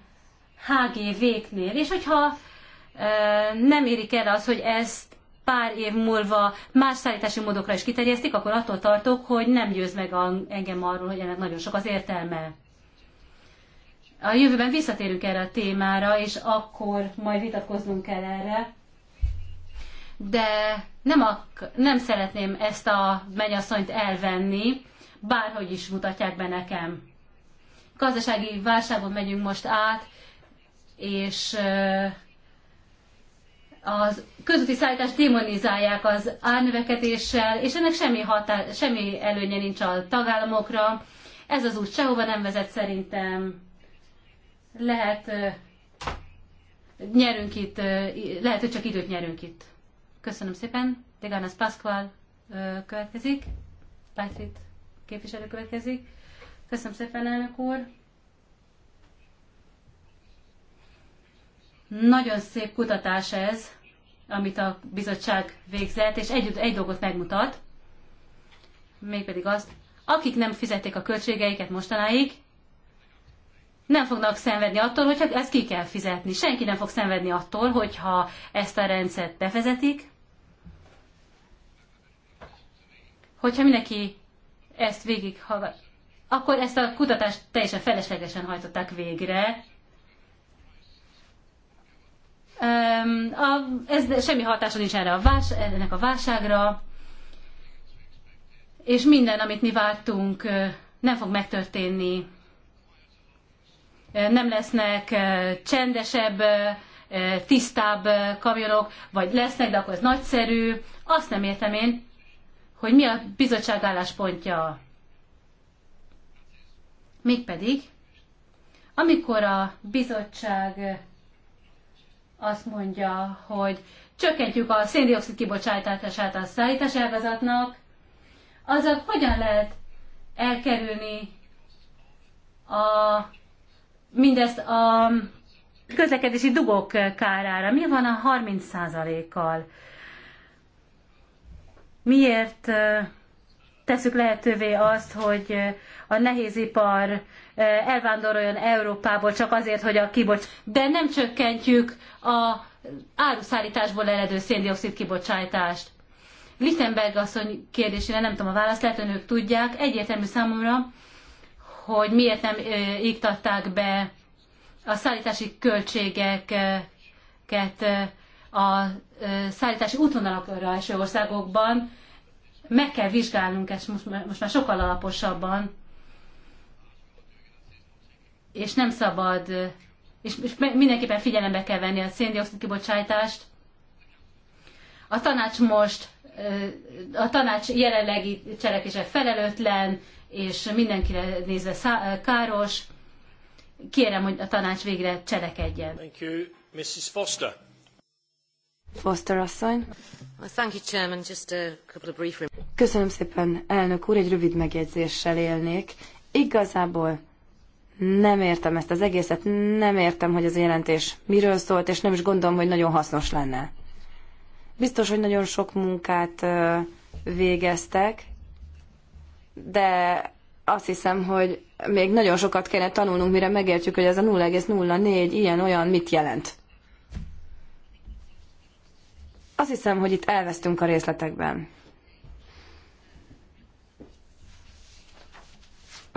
HGV-knél. És hogyha um, nem érik el az, hogy ezt pár év múlva más szállítási módokra is kiterjesztik, akkor attól tartok, hogy nem győz meg engem arról, hogy ennek nagyon sok az értelme. A jövőben visszatérünk erre a témára, és akkor majd vitatkoznunk kell erre. De nem, ak- nem szeretném ezt a mennyasszonyt elvenni, bárhogy is mutatják be nekem. Gazdasági válságon megyünk most át, és a közúti szállítást demonizálják az árnövekedéssel, és ennek semmi, hatá- semmi előnye nincs a tagállamokra. Ez az út sehova nem vezet szerintem. Lehet, nyerünk itt, lehet, hogy csak időt nyerünk itt. Köszönöm szépen. Deganas Pasqual következik. Pátrit képviselő következik. Köszönöm szépen, elnök úr. Nagyon szép kutatás ez, amit a bizottság végzett, és egy, egy dolgot megmutat, mégpedig azt, akik nem fizették a költségeiket mostanáig, nem fognak szenvedni attól, hogyha ezt ki kell fizetni. Senki nem fog szenvedni attól, hogyha ezt a rendszert bevezetik. Hogyha mindenki ezt végig akkor ezt a kutatást teljesen feleslegesen hajtották végre, a, ez semmi hatása nincs erre a vás, ennek a válságra, és minden, amit mi vártunk, nem fog megtörténni. Nem lesznek csendesebb, tisztább kamionok, vagy lesznek, de akkor ez nagyszerű. Azt nem értem én, hogy mi a bizottság álláspontja. Mégpedig, amikor a bizottság azt mondja, hogy csökkentjük a széndiokszid kibocsátását a szállítás ágazatnak, azzal hogyan lehet elkerülni a, mindezt a közlekedési dugók kárára? Mi van a 30%-kal? Miért tesszük lehetővé azt, hogy a nehézipar elvándoroljon Európából csak azért, hogy a kibocs... De nem csökkentjük a áruszállításból eredő széndiokszid kibocsátást. Lichtenberg asszony kérdésére nem tudom a választ, lehet, hogy ők tudják. Egyértelmű számomra, hogy miért nem iktatták be a szállítási költségeket a szállítási útvonalakra eső országokban. Meg kell vizsgálnunk ezt most, most már sokkal alaposabban, és nem szabad, és, és mindenképpen figyelembe kell venni a széndiokszid kibocsátást. A tanács most, a tanács jelenlegi cselekése felelőtlen, és mindenkire nézve szá, káros. Kérem, hogy a tanács végre cselekedjen. Thank you, Mrs. Foster. Foster asszony. Thank you, Chairman. Just a couple of brief... Köszönöm szépen, elnök úr, egy rövid megjegyzéssel élnék. Igazából nem értem ezt az egészet, nem értem, hogy az jelentés miről szólt, és nem is gondolom, hogy nagyon hasznos lenne. Biztos, hogy nagyon sok munkát végeztek, de azt hiszem, hogy még nagyon sokat kéne tanulnunk, mire megértjük, hogy ez a 0,04 ilyen-olyan mit jelent. Azt hiszem, hogy itt elvesztünk a részletekben.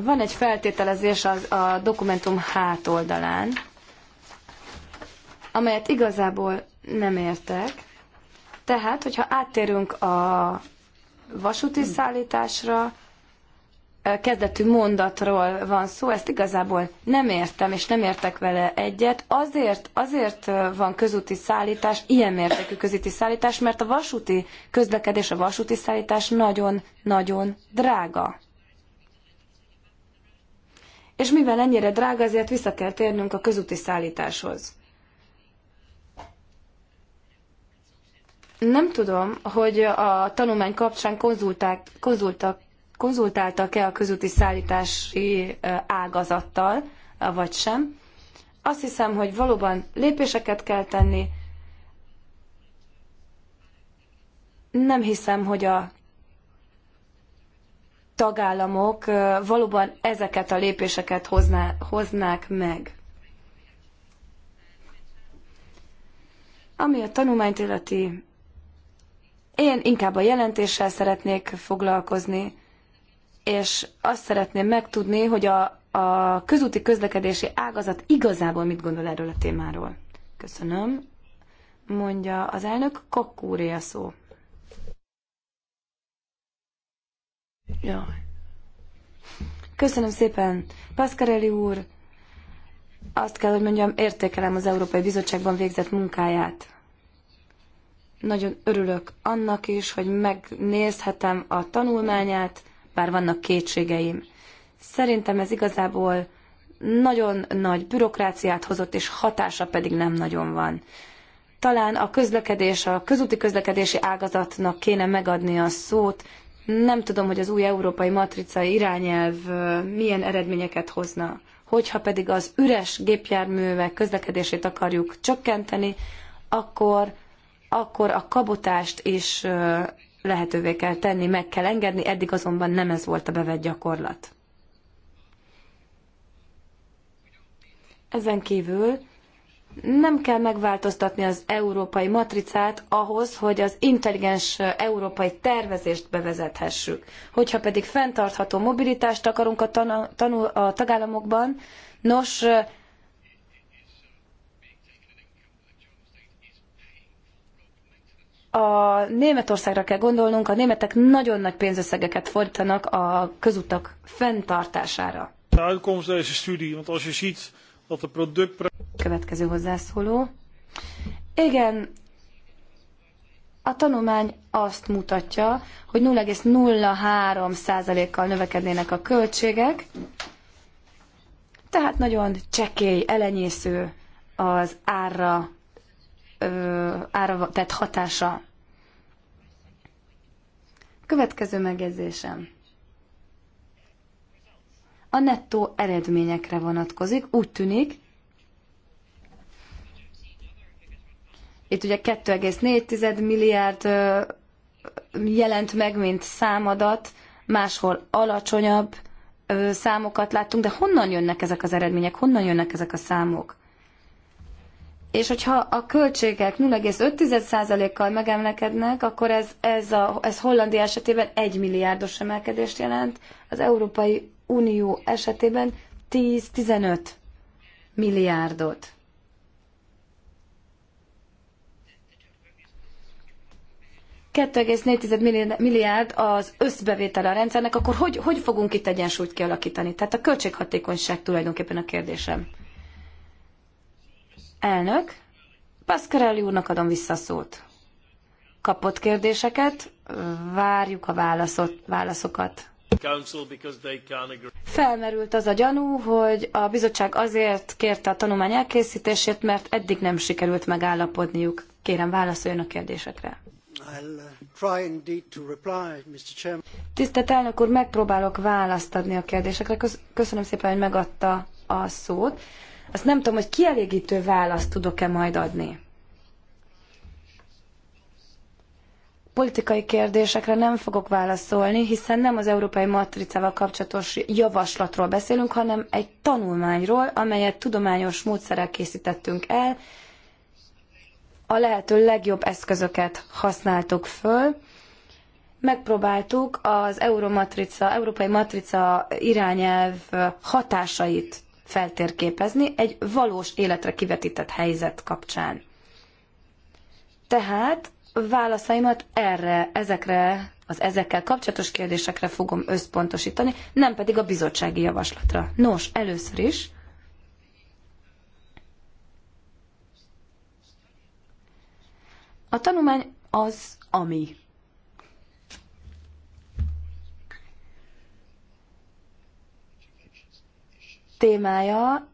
Van egy feltételezés az, a dokumentum hátoldalán, amelyet igazából nem értek. Tehát, hogyha áttérünk a vasúti szállításra, kezdetű mondatról van szó, ezt igazából nem értem, és nem értek vele egyet. Azért, azért van közúti szállítás, ilyen mértékű közúti szállítás, mert a vasúti közlekedés, a vasúti szállítás nagyon-nagyon drága és mivel ennyire drága, ezért vissza kell térnünk a közúti szállításhoz. Nem tudom, hogy a tanulmány kapcsán konzultált, konzultak, konzultáltak-e a közúti szállítási ágazattal, vagy sem. Azt hiszem, hogy valóban lépéseket kell tenni. Nem hiszem, hogy a tagállamok valóban ezeket a lépéseket hozná, hoznák meg. Ami a tanulmányt illeti, én inkább a jelentéssel szeretnék foglalkozni, és azt szeretném megtudni, hogy a, a közúti közlekedési ágazat igazából mit gondol erről a témáról. Köszönöm, mondja az elnök, kokkúré a szó. Ja. Köszönöm szépen. Pascarelli úr, azt kell, hogy mondjam, értékelem az Európai Bizottságban végzett munkáját. Nagyon örülök annak is, hogy megnézhetem a tanulmányát, bár vannak kétségeim. Szerintem ez igazából nagyon nagy bürokráciát hozott, és hatása pedig nem nagyon van. Talán a közlekedés, a közúti közlekedési ágazatnak kéne megadni a szót, nem tudom, hogy az új európai matrica irányelv milyen eredményeket hozna. Hogyha pedig az üres gépjárművek közlekedését akarjuk csökkenteni, akkor, akkor a kabotást is lehetővé kell tenni, meg kell engedni, eddig azonban nem ez volt a bevett gyakorlat. Ezen kívül nem kell megváltoztatni az európai matricát ahhoz, hogy az intelligens európai tervezést bevezethessük. Hogyha pedig fenntartható mobilitást akarunk a, tanul, a tagállamokban, nos, a Németországra kell gondolnunk, a németek nagyon nagy pénzösszegeket fordítanak a közutak fenntartására. De uitkomst Következő hozzászóló. Igen, a tanulmány azt mutatja, hogy 0,03%-kal növekednének a költségek, tehát nagyon csekély, elenyésző az ára, ö, ára tett hatása. Következő megjegyzésem. A nettó eredményekre vonatkozik. Úgy tűnik, Itt ugye 2,4 milliárd jelent meg, mint számadat, máshol alacsonyabb számokat láttunk, de honnan jönnek ezek az eredmények, honnan jönnek ezek a számok? És hogyha a költségek 0,5%-kal megemelkednek, akkor ez, ez, a, ez Hollandia esetében 1 milliárdos emelkedést jelent, az Európai Unió esetében 10-15 milliárdot. 2,4 milliárd az összbevétele a rendszernek, akkor hogy, hogy fogunk itt egyensúlyt kialakítani? Tehát a költséghatékonyság tulajdonképpen a kérdésem. Elnök, Pascarelli úrnak adom vissza a szót. Kapott kérdéseket, várjuk a válaszot, válaszokat. Felmerült az a gyanú, hogy a bizottság azért kérte a tanulmány elkészítését, mert eddig nem sikerült megállapodniuk. Kérem, válaszoljon a kérdésekre. Uh, Tisztelt elnök úr, megpróbálok választ adni a kérdésekre. Köszönöm szépen, hogy megadta a szót. Azt nem tudom, hogy kielégítő választ tudok-e majd adni. Politikai kérdésekre nem fogok válaszolni, hiszen nem az európai matricával kapcsolatos javaslatról beszélünk, hanem egy tanulmányról, amelyet tudományos módszerrel készítettünk el, a lehető legjobb eszközöket használtuk föl. Megpróbáltuk az Euromatrica, Európai Matrica irányelv hatásait feltérképezni egy valós életre kivetített helyzet kapcsán. Tehát válaszaimat erre, ezekre az ezekkel kapcsolatos kérdésekre fogom összpontosítani, nem pedig a bizottsági javaslatra. Nos, először is A tanulmány az, ami. Témája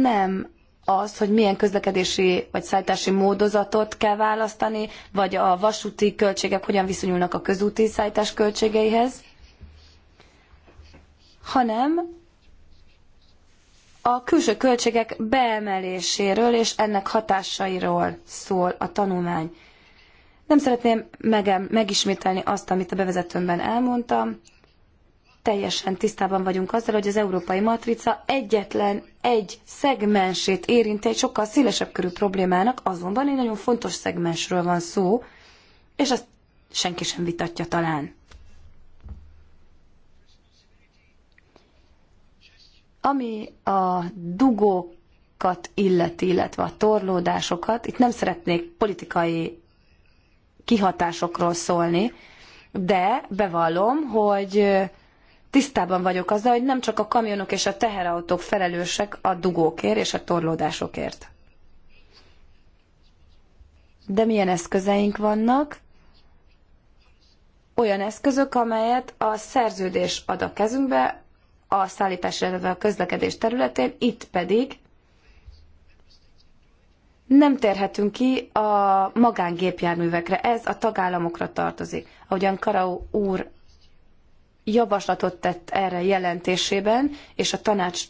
nem az, hogy milyen közlekedési vagy szállítási módozatot kell választani, vagy a vasúti költségek hogyan viszonyulnak a közúti szállítás költségeihez, hanem a külső költségek beemeléséről és ennek hatásairól szól a tanulmány. Nem szeretném megem, megismételni azt, amit a bevezetőmben elmondtam. Teljesen tisztában vagyunk azzal, hogy az európai matrica egyetlen egy szegmensét érinti egy sokkal szélesebb körű problémának, azonban egy nagyon fontos szegmensről van szó, és azt senki sem vitatja talán. Ami a dugókat illeti, illetve a torlódásokat, itt nem szeretnék politikai kihatásokról szólni, de bevallom, hogy tisztában vagyok azzal, hogy nem csak a kamionok és a teherautók felelősek a dugókért és a torlódásokért. De milyen eszközeink vannak? Olyan eszközök, amelyet a szerződés ad a kezünkbe, a szállításra illetve a közlekedés területén, itt pedig nem térhetünk ki a magángépjárművekre. Ez a tagállamokra tartozik. Ahogyan Karau úr javaslatot tett erre jelentésében, és a tanács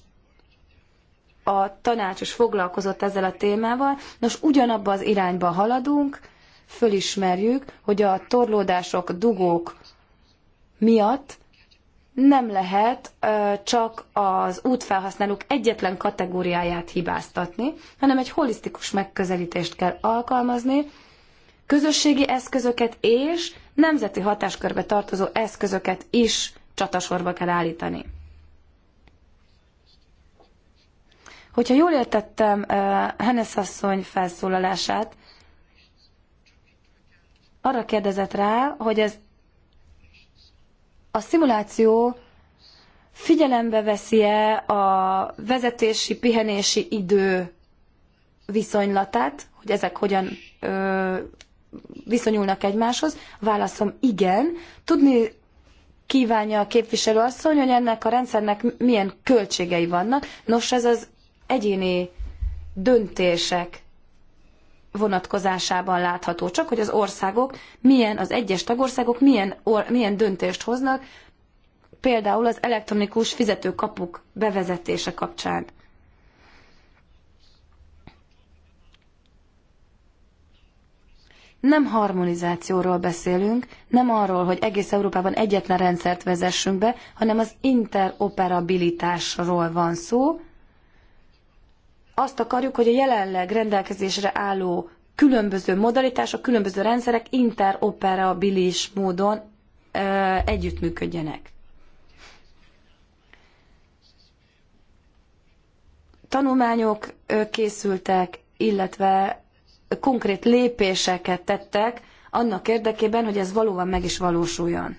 a tanács is foglalkozott ezzel a témával. Nos, ugyanabba az irányba haladunk, fölismerjük, hogy a torlódások, dugók miatt nem lehet csak az útfelhasználók egyetlen kategóriáját hibáztatni, hanem egy holisztikus megközelítést kell alkalmazni, közösségi eszközöket és nemzeti hatáskörbe tartozó eszközöket is csatasorba kell állítani. Hogyha jól értettem uh, Hennes asszony felszólalását, arra kérdezett rá, hogy az a szimuláció figyelembe veszi-e a vezetési, pihenési idő viszonylatát, hogy ezek hogyan ö, viszonyulnak egymáshoz? Válaszom igen. Tudni kívánja a képviselő asszony, hogy ennek a rendszernek milyen költségei vannak. Nos, ez az egyéni döntések vonatkozásában látható, csak hogy az országok milyen, az egyes tagországok milyen, or, milyen döntést hoznak, például az elektronikus fizetőkapuk bevezetése kapcsán. nem harmonizációról beszélünk, nem arról, hogy egész Európában egyetlen rendszert vezessünk be, hanem az interoperabilitásról van szó, azt akarjuk, hogy a jelenleg rendelkezésre álló különböző modalitások, különböző rendszerek interoperabilis módon ö, együttműködjenek. Tanulmányok ö, készültek, illetve konkrét lépéseket tettek annak érdekében, hogy ez valóban meg is valósuljon.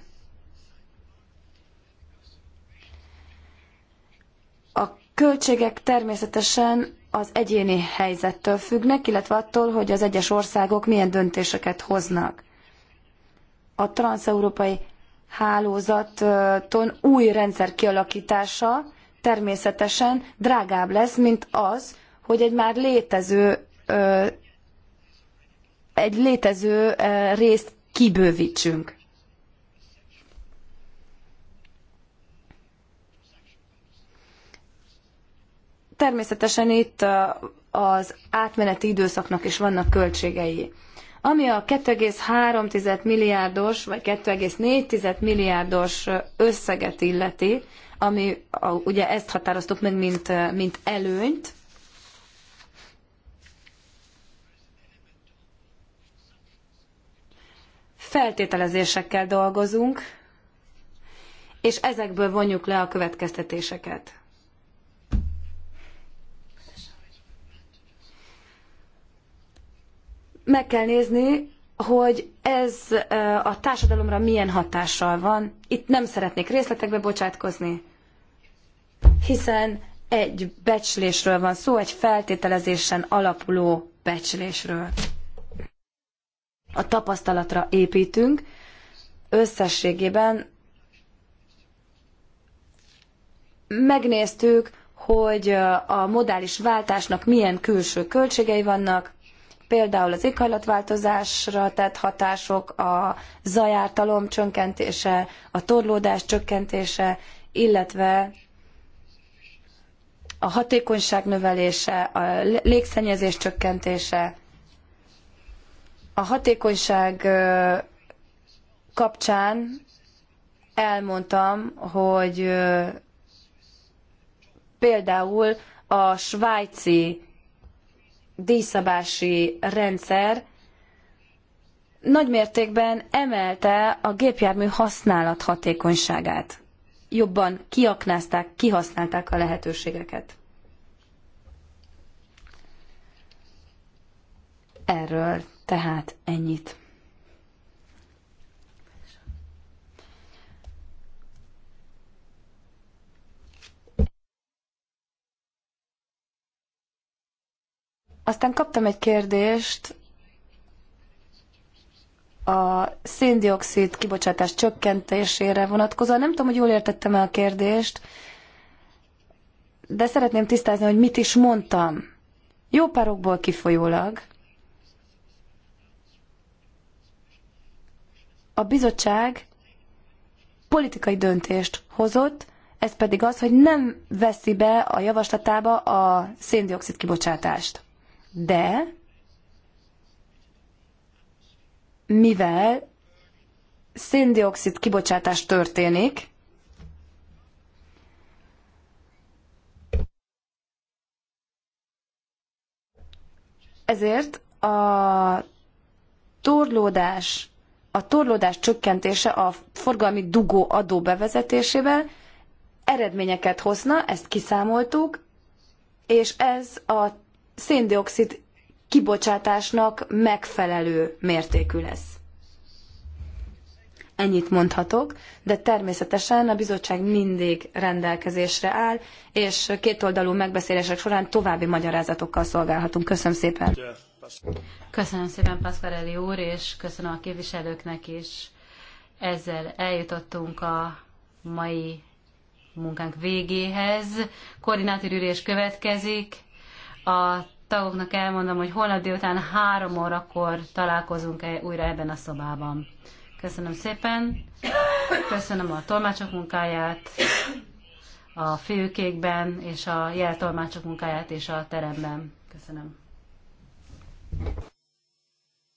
A költségek természetesen az egyéni helyzettől függnek, illetve attól, hogy az egyes országok milyen döntéseket hoznak. A transeurópai hálózaton új rendszer kialakítása természetesen drágább lesz, mint az, hogy egy már létező egy létező részt kibővítsünk. Természetesen itt az átmeneti időszaknak is vannak költségei. Ami a 2,3 milliárdos, vagy 2,4 milliárdos összeget illeti, ami ugye ezt határoztuk meg, mint, mint előnyt, feltételezésekkel dolgozunk, és ezekből vonjuk le a következtetéseket. meg kell nézni, hogy ez a társadalomra milyen hatással van. Itt nem szeretnék részletekbe bocsátkozni, hiszen egy becslésről van szó, egy feltételezésen alapuló becslésről. A tapasztalatra építünk, összességében megnéztük, hogy a modális váltásnak milyen külső költségei vannak, például az éghajlatváltozásra tett hatások, a zajártalom csökkentése, a torlódás csökkentése, illetve a hatékonyság növelése, a légszennyezés csökkentése. A hatékonyság kapcsán elmondtam, hogy például a svájci díjszabási rendszer nagymértékben emelte a gépjármű használat hatékonyságát. Jobban kiaknázták, kihasználták a lehetőségeket. Erről tehát ennyit. Aztán kaptam egy kérdést a széndiokszid kibocsátás csökkentésére vonatkozóan. Nem tudom, hogy jól értettem-e a kérdést, de szeretném tisztázni, hogy mit is mondtam. Jó párokból kifolyólag a bizottság politikai döntést hozott, ez pedig az, hogy nem veszi be a javaslatába a széndiokszid kibocsátást de mivel széndiokszid kibocsátás történik, ezért a torlódás, a torlódás csökkentése a forgalmi dugó adó bevezetésével eredményeket hozna, ezt kiszámoltuk, és ez a széndiokszid kibocsátásnak megfelelő mértékű lesz. Ennyit mondhatok, de természetesen a bizottság mindig rendelkezésre áll, és kétoldalú megbeszélések során további magyarázatokkal szolgálhatunk. Köszönöm szépen! Köszönöm szépen Pasquarelli úr, és köszönöm a képviselőknek is. Ezzel eljutottunk a mai munkánk végéhez. Koordinátor ülés következik. A tagoknak elmondom, hogy holnap délután három órakor találkozunk újra ebben a szobában. Köszönöm szépen, köszönöm a tolmácsok munkáját, a fiúkékben és a jeltolmácsok munkáját és a teremben. Köszönöm.